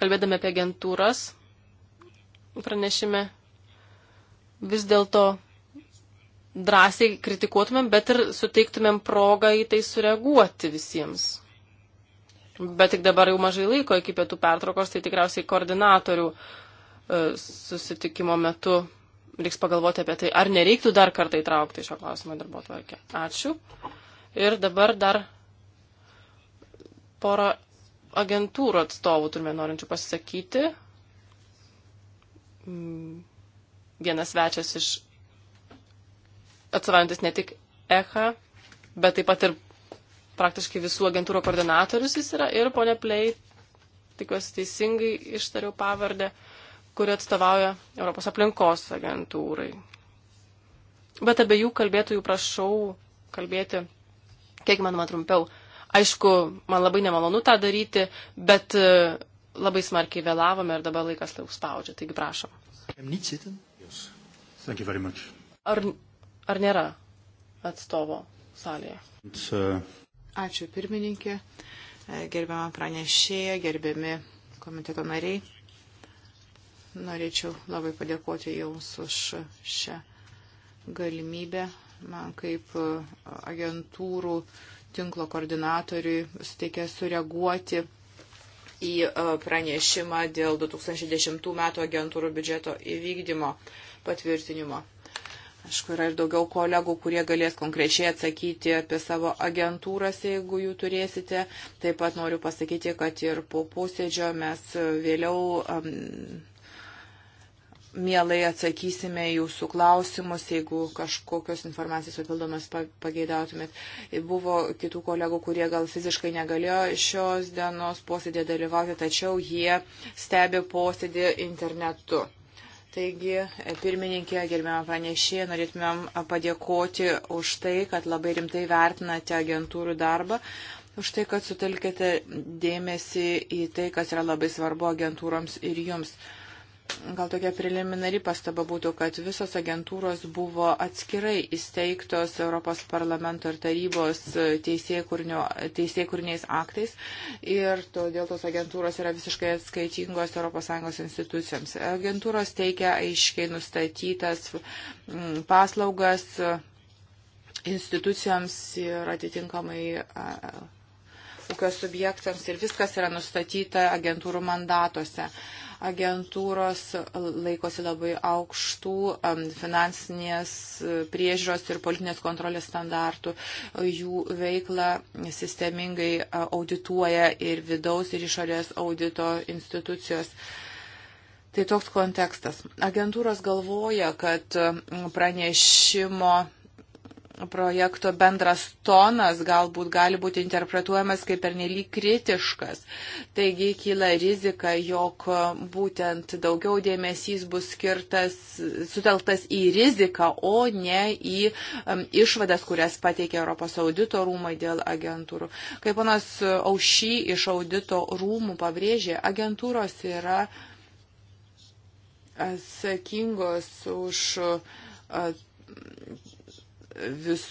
kalbėdami apie agentūras, pranešime vis dėlto drąsiai kritikuotumėm, bet ir suteiktumėm progą į tai sureaguoti visiems. Bet tik dabar jau mažai laiko iki pietų pertraukos, tai tikriausiai koordinatorių e, susitikimo metu reiks pagalvoti apie tai, ar nereiktų dar kartą įtraukti šio klausimo darbo tvarkę. Ačiū. Ir dabar dar porą agentūrų atstovų turime norinčių pasisakyti. Mm, vienas svečias iš atstovaujantis ne tik EHA, bet taip pat ir praktiškai visų agentūrų koordinatorius jis yra ir ponia Plei, tikiuosi teisingai ištariau pavardę, kuri atstovauja Europos aplinkos agentūrai. Bet abiejų kalbėtojų prašau kalbėti kiek manoma trumpiau. Aišku, man labai nemalonu tą daryti, bet e, labai smarkiai vėlavome ir dabar laikas lauk spaudžia, taigi prašom. Ar, ar nėra atstovo salėje? Uh, Ačiū pirmininkė, e, gerbiama pranešėja, gerbiami komiteto nariai. Norėčiau labai padėkoti Jums už šią galimybę man kaip e, agentūrų tinklo koordinatoriui suteikė sureaguoti į e, pranešimą dėl 2010 metų agentūrų biudžeto įvykdymo patvirtinimo. Aišku, yra ir daugiau kolegų, kurie galės konkrečiai atsakyti apie savo agentūras, jeigu jų turėsite. Taip pat noriu pasakyti, kad ir po posėdžio mes vėliau um, Mielai atsakysime jūsų klausimus, jeigu kažkokios informacijos papildomas pageidautumėt. Buvo kitų kolegų, kurie gal fiziškai negalėjo šios dienos posėdė dalyvauti, tačiau jie stebi posėdį internetu. Taigi, pirmininkė, gerbėma pranešė, norėtumėm padėkoti už tai, kad labai rimtai vertinate agentūrų darbą, už tai, kad sutelkite dėmesį į tai, kas yra labai svarbu agentūroms ir jums gal tokia preliminari pastaba būtų, kad visos agentūros buvo atskirai įsteigtos Europos parlamento ir tarybos e, teisėkurniais aktais ir todėl tos agentūros yra visiškai atskaitingos ES institucijoms. Agentūros teikia aiškiai nustatytas paslaugas e, institucijoms ir atitinkamai e, ūkio subjektams ir viskas yra nustatyta agentūrų mandatuose agentūros laikosi labai aukštų finansinės priežiūros ir politinės kontrolės standartų. Jų veiklą sistemingai audituoja ir vidaus, ir išorės audito institucijos. Tai toks kontekstas. Agentūros galvoja, kad pranešimo projekto bendras tonas galbūt gali būti interpretuojamas kaip pernelyg kritiškas. Taigi kyla rizika, jog būtent daugiau dėmesys bus skirtas, sutelktas į riziką, o ne į um, išvadas, kurias pateikė Europos audito rūmai dėl agentūrų. Kaip ponas Aušy iš audito rūmų pabrėžė, agentūros yra atsakingos už uh, vis,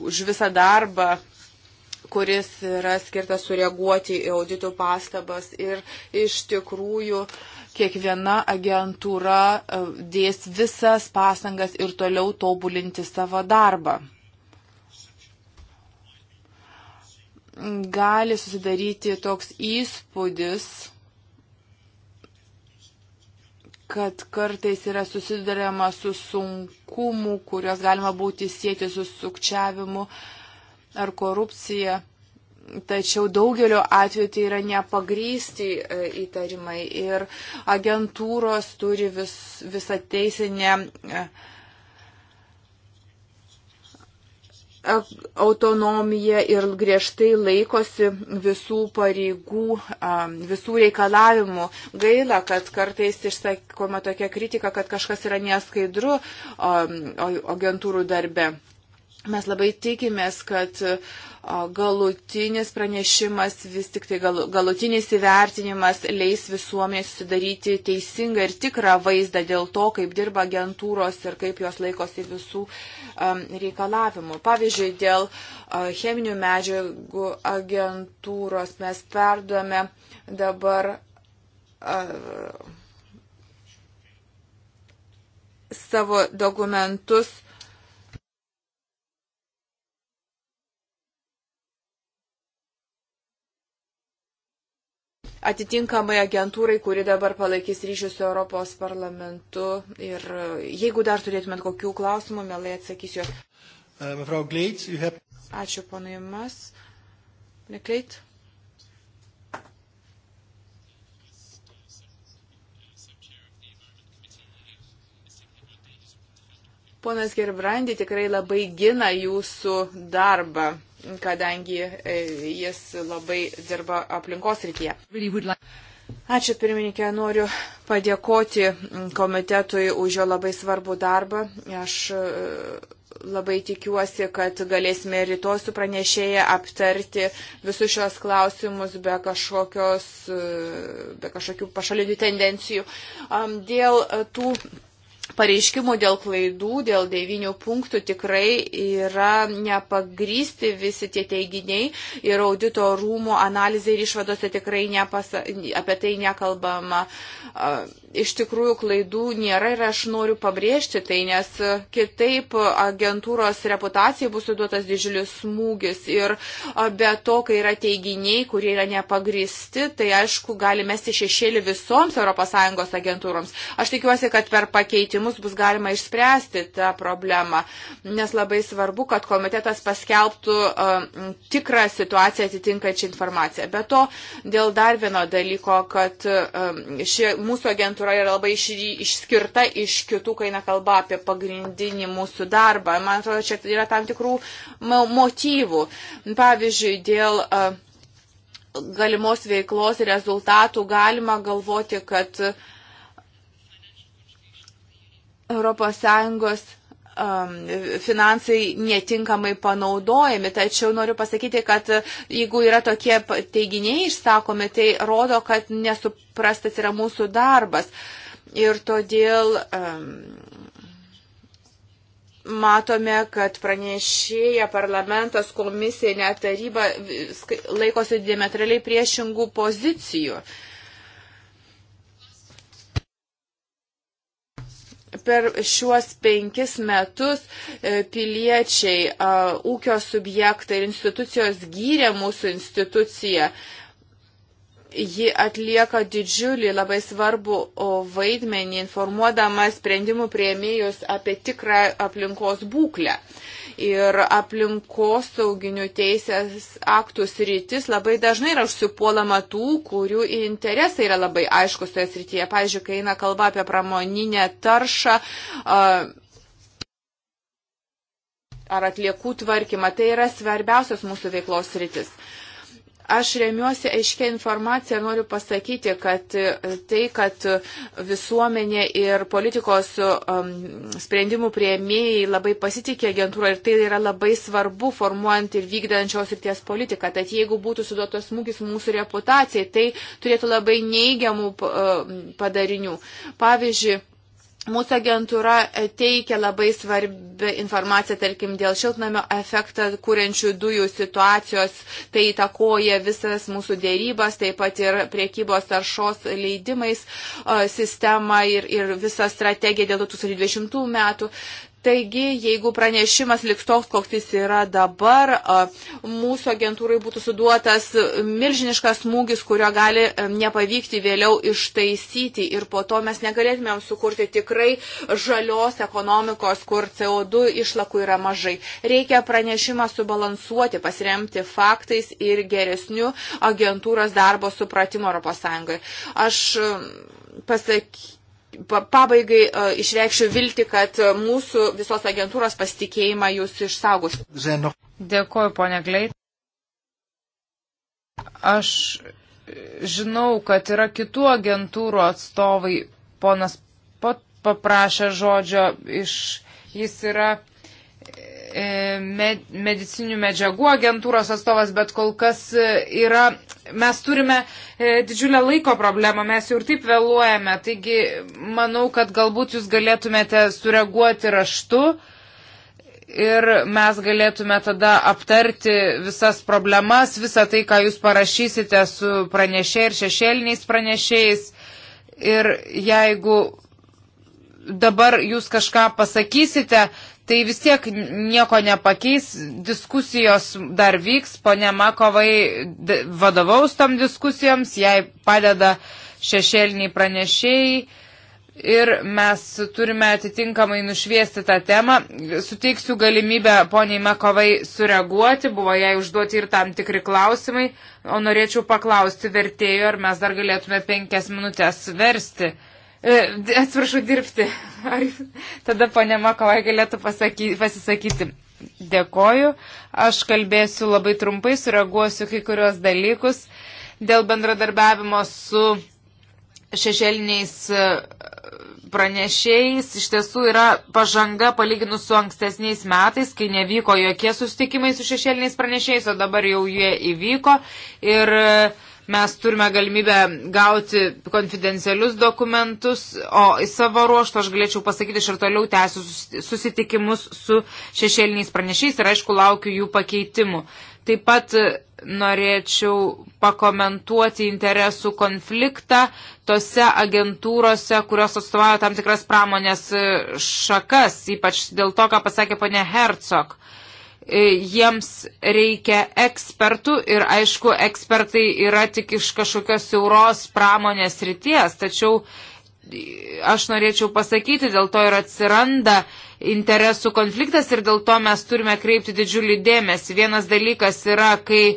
už visą darbą kuris yra skirtas sureaguoti į auditų pastabas. Ir iš tikrųjų kiekviena agentūra e, dės visas pastangas ir toliau tobulinti savo darbą. Gali susidaryti toks įspūdis, kad kartais yra susidariama su sunkumu, kurios galima būti sieti su sukčiavimu ar korupcija. Tačiau daugeliu atveju tai yra nepagrysti e, įtarimai ir agentūros turi vis, visą teisinę e, autonomiją ir griežtai laikosi visų pareigų, visų reikalavimų. Gaila, kad kartais išsakoma tokia kritika, kad kažkas yra neskaidru agentūrų darbe. Mes labai tikimės, kad uh, galutinis pranešimas, vis tik tai gal, galutinis įvertinimas leis visuomenė susidaryti teisingą ir tikrą vaizdą dėl to, kaip dirba agentūros ir kaip jos laikosi visų um, reikalavimų. Pavyzdžiui, dėl uh, cheminių medžiagų agentūros mes perduome dabar. Uh, savo dokumentus atitinkamai agentūrai, kuri dabar palaikys ryšius su Europos parlamentu. Ir e, jeigu dar turėtumėt kokių klausimų, mielai atsakysiu. Uh, Ačiū, ponai Mas. Nekleit. Ponas Gerbrandi tikrai labai gina jūsų darbą kadangi e, jis labai dirba aplinkos rytyje. Ačiū pirmininkė, noriu padėkoti komitetui už jo labai svarbų darbą. Aš e, labai tikiuosi, kad galėsime rytoj su pranešėja aptarti visus šios klausimus be, e, be kažkokių pašalinių tendencijų. Dėl tų pareiškimų dėl klaidų, dėl devinių punktų tikrai yra nepagrysti visi tie teiginiai ir audito rūmų analizai ir išvadose tikrai nepasa, apie tai nekalbama. Uh, iš tikrųjų klaidų nėra ir aš noriu pabrėžti tai, nes kitaip agentūros reputacijai bus suduotas didžiulis smūgis ir be to, kai yra teiginiai, kurie yra nepagristi, tai aišku, gali mesti šešėlį visoms ES agentūroms. Aš tikiuosi, kad per pakeitimus bus galima išspręsti tą problemą, nes labai svarbu, kad komitetas paskelbtų uh, tikrą situaciją atitinkančią informaciją. Be to, dėl dar vieno dalyko, kad uh, ši mūsų agentūra agentūra yra labai išskirta iš kitų, kai eina kalba apie pagrindinį mūsų darbą. Man atrodo, čia yra tam tikrų motyvų. Pavyzdžiui, dėl galimos veiklos rezultatų galima galvoti, kad ES Um, finansai netinkamai panaudojami. Tačiau noriu pasakyti, kad jeigu yra tokie teiginiai išsakomi, tai rodo, kad nesuprastas yra mūsų darbas. Ir todėl um, matome, kad pranešėja parlamentas, komisija, net taryba laikosi diametraliai priešingų pozicijų. Uh, per šiuos penkis metus e, piliečiai, ūkio subjektai ir institucijos gyrė mūsų instituciją. Ji atlieka didžiulį, labai svarbų vaidmenį, informuodama sprendimų prieimėjus apie tikrą aplinkos būklę. Uh, ir aplinkosauginių teisės aktų sritis labai dažnai yra užsipuolama tų, kurių interesai yra labai aiškus toje srityje. Pavyzdžiui, kai eina kalba apie pramoninę taršą. Uh, ar atliekų tvarkymą. Tai yra svarbiausias mūsų veiklos rytis. Uh, Aš remiuosi aiškia informacija, noriu pasakyti, kad e, tai, kad visuomenė ir politikos um, sprendimų prieimėjai labai pasitikė agentūrą ir tai yra labai svarbu formuojant ir vykdančios ir ties politiką. Tad jeigu būtų suduotas smūgis mūsų reputacijai, tai turėtų labai neigiamų e, padarinių. Pavyzdžiui, Mūsų agentūra teikia labai svarbią informaciją, tarkim, dėl šiltnamio efektą kūrenčių dujų situacijos. Tai įtakoja visas mūsų dėrybas, taip pat ir priekybos taršos leidimais sistemą ir, ir visą strategiją dėl 2020 metų. Taigi, jeigu pranešimas liks toks, koks jis yra dabar, mūsų agentūrai būtų suduotas milžiniškas smūgis, kurio gali nepavykti vėliau ištaisyti ir po to mes negalėtumėm sukurti tikrai žalios ekonomikos, kur CO2 išlakų yra mažai. Reikia pranešimą subalansuoti, pasiremti faktais ir geresniu agentūros darbo supratimu ES. Aš pasakysiu Pabaigai e, išreikščiau vilti, kad mūsų visos agentūros pasitikėjimą jūs išsaugus. Dėkoju, ponia Gleit. Aš žinau, kad yra kitų agentūrų atstovai. Ponas Pot paprašė žodžio iš. Jis yra E, med, medicinių medžiagų agentūros atstovas, bet kol kas e, yra, mes turime e, didžiulę laiko problemą, mes jau ir taip vėluojame, taigi manau, kad galbūt jūs galėtumėte sureaguoti raštu ir mes galėtume tada aptarti visas problemas, visą tai, ką jūs parašysite su pranešėjai ir šešėliniais pranešėjais. Ir jeigu dabar jūs kažką pasakysite, tai vis tiek nieko nepakeis, diskusijos dar vyks, ponia Makovai vadovaus tom diskusijoms, jai padeda šešėliniai pranešėjai ir mes turime atitinkamai nušviesti tą temą. Suteiksiu galimybę poniai Makovai sureaguoti, buvo jai užduoti ir tam tikri klausimai, o norėčiau paklausti vertėjų, ar mes dar galėtume penkias minutės versti. E, atsiprašau dirbti. Ar tada ponė Makovai galėtų pasaky, pasisakyti? Dėkoju. Aš kalbėsiu labai trumpai, sureaguosiu kai kurios dalykus dėl bendradarbiavimo su šešėliniais e, pranešėjais. Iš tiesų yra pažanga palyginus su ankstesniais metais, kai nevyko jokie susitikimai su šešėliniais pranešėjais, o dabar jau jie įvyko. Ir uh, mes turime galimybę gauti konfidencialius dokumentus, o į savo ruoštą aš galėčiau pasakyti, aš ir toliau tęsiu susitikimus su šešėliniais pranešiais ir aišku laukiu jų pakeitimų. Taip pat norėčiau pakomentuoti interesų konfliktą tose agentūrose, kurios atstovauja tam tikras pramonės šakas, ypač dėl to, ką pasakė ponė Hercog. E, jiems reikia ekspertų ir aišku, ekspertai yra tik iš kažkokios siauros pramonės ryties, tačiau e, aš norėčiau pasakyti, dėl to ir atsiranda interesų konfliktas ir dėl to mes turime kreipti didžiulį dėmesį. Vienas dalykas yra, kai e,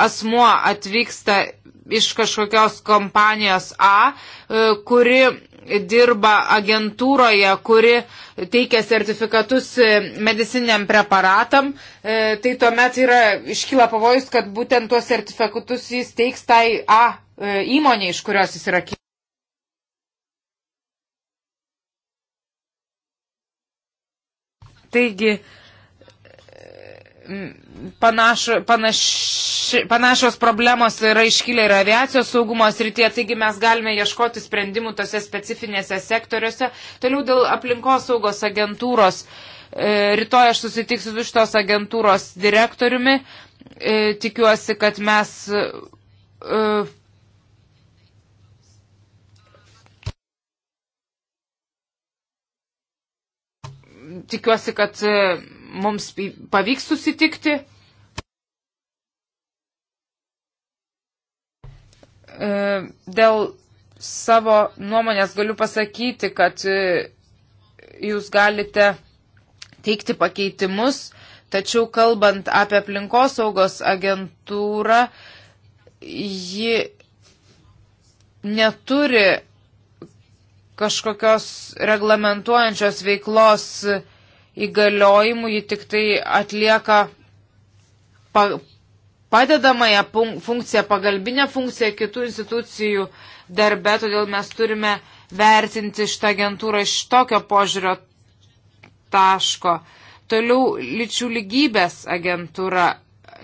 asmuo atvyksta iš kažkokios kompanijos A, kuri dirba agentūroje, kuri teikia sertifikatus e, mediciniam preparatam, e, tai tuomet yra iškyla pavojus, kad būtent tuos sertifikatus jis teiks tai A e, įmonė, iš kurios jis yra. Taigi, panašu, panaši, panašios problemos yra iškilę ir aviacijos saugumo srityje, taigi mes galime ieškoti sprendimų tose specifinėse sektoriuose. Toliau dėl aplinkos saugos agentūros. E, rytoj aš susitiksiu su šitos agentūros direktoriumi. E, tikiuosi, kad mes e, tikiuosi, kad mums pavyks susitikti. E, dėl savo nuomonės galiu pasakyti, kad e, jūs galite teikti pakeitimus, tačiau kalbant apie aplinkosaugos agentūrą, ji neturi kažkokios reglamentuojančios veiklos įgaliojimų, ji tik tai atlieka pa, padedamąją funkciją, pagalbinę funkciją kitų institucijų darbe, todėl mes turime vertinti šitą agentūrą iš tokio požiūrio taško. Toliau lyčių lygybės agentūra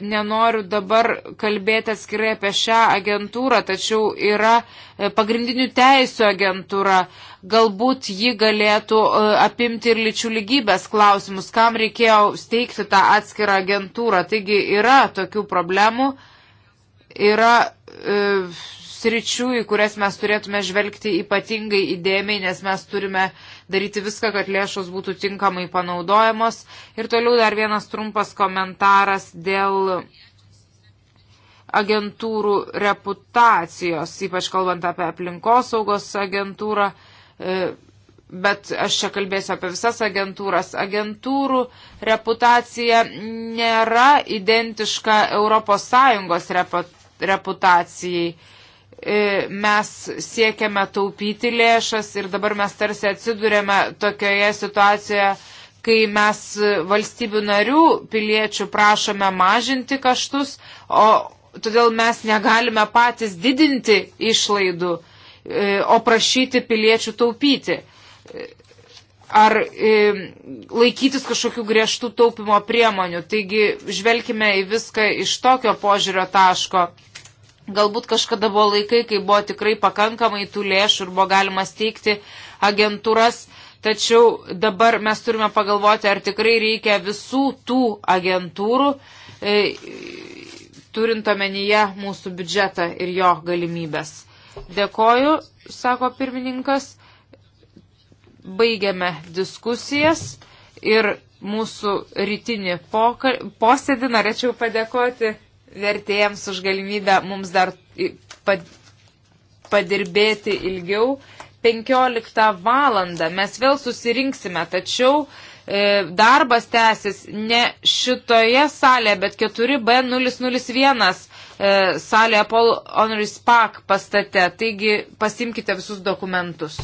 nenoriu dabar kalbėti atskirai apie šią agentūrą, tačiau yra e, pagrindinių teisų agentūra. Galbūt ji galėtų e, apimti ir lyčių lygybės klausimus, kam reikėjo steigti tą atskirą agentūrą. Taigi yra tokių problemų, yra. E, sričių, į kurias mes turėtume žvelgti ypatingai įdėmiai, nes mes turime daryti viską, kad lėšos būtų tinkamai panaudojamos. Ir toliau dar vienas trumpas komentaras dėl agentūrų reputacijos, ypač kalbant apie aplinkosaugos agentūrą, e, bet aš čia kalbėsiu apie visas agentūras. Agentūrų reputacija nėra identiška ES reputacijai. E, mes siekiame taupyti lėšas ir dabar mes tarsi atsidurėme tokioje situacijoje, kai mes valstybių narių piliečių prašome mažinti kaštus, o todėl mes negalime patys didinti išlaidų, e, o prašyti piliečių taupyti. Ar e, laikytis kažkokių griežtų taupimo priemonių. Taigi žvelgime į viską iš tokio požiūrio taško. Galbūt kažkada buvo laikai, kai buvo tikrai pakankamai tų lėšų ir buvo galima steigti agentūras, tačiau dabar mes turime pagalvoti, ar tikrai reikia visų tų agentūrų, e, turint omenyje mūsų biudžetą ir jo galimybės. Dėkoju, sako pirmininkas, baigiame diskusijas ir mūsų rytinį posėdį norėčiau padėkoti vertėjams už galimybę mums dar padirbėti ilgiau. 15 valandą mes vėl susirinksime, tačiau e, darbas tęsis ne šitoje salėje, bet 4B001 e, salėje Paul Honoris Park pastate. Taigi pasimkite visus dokumentus.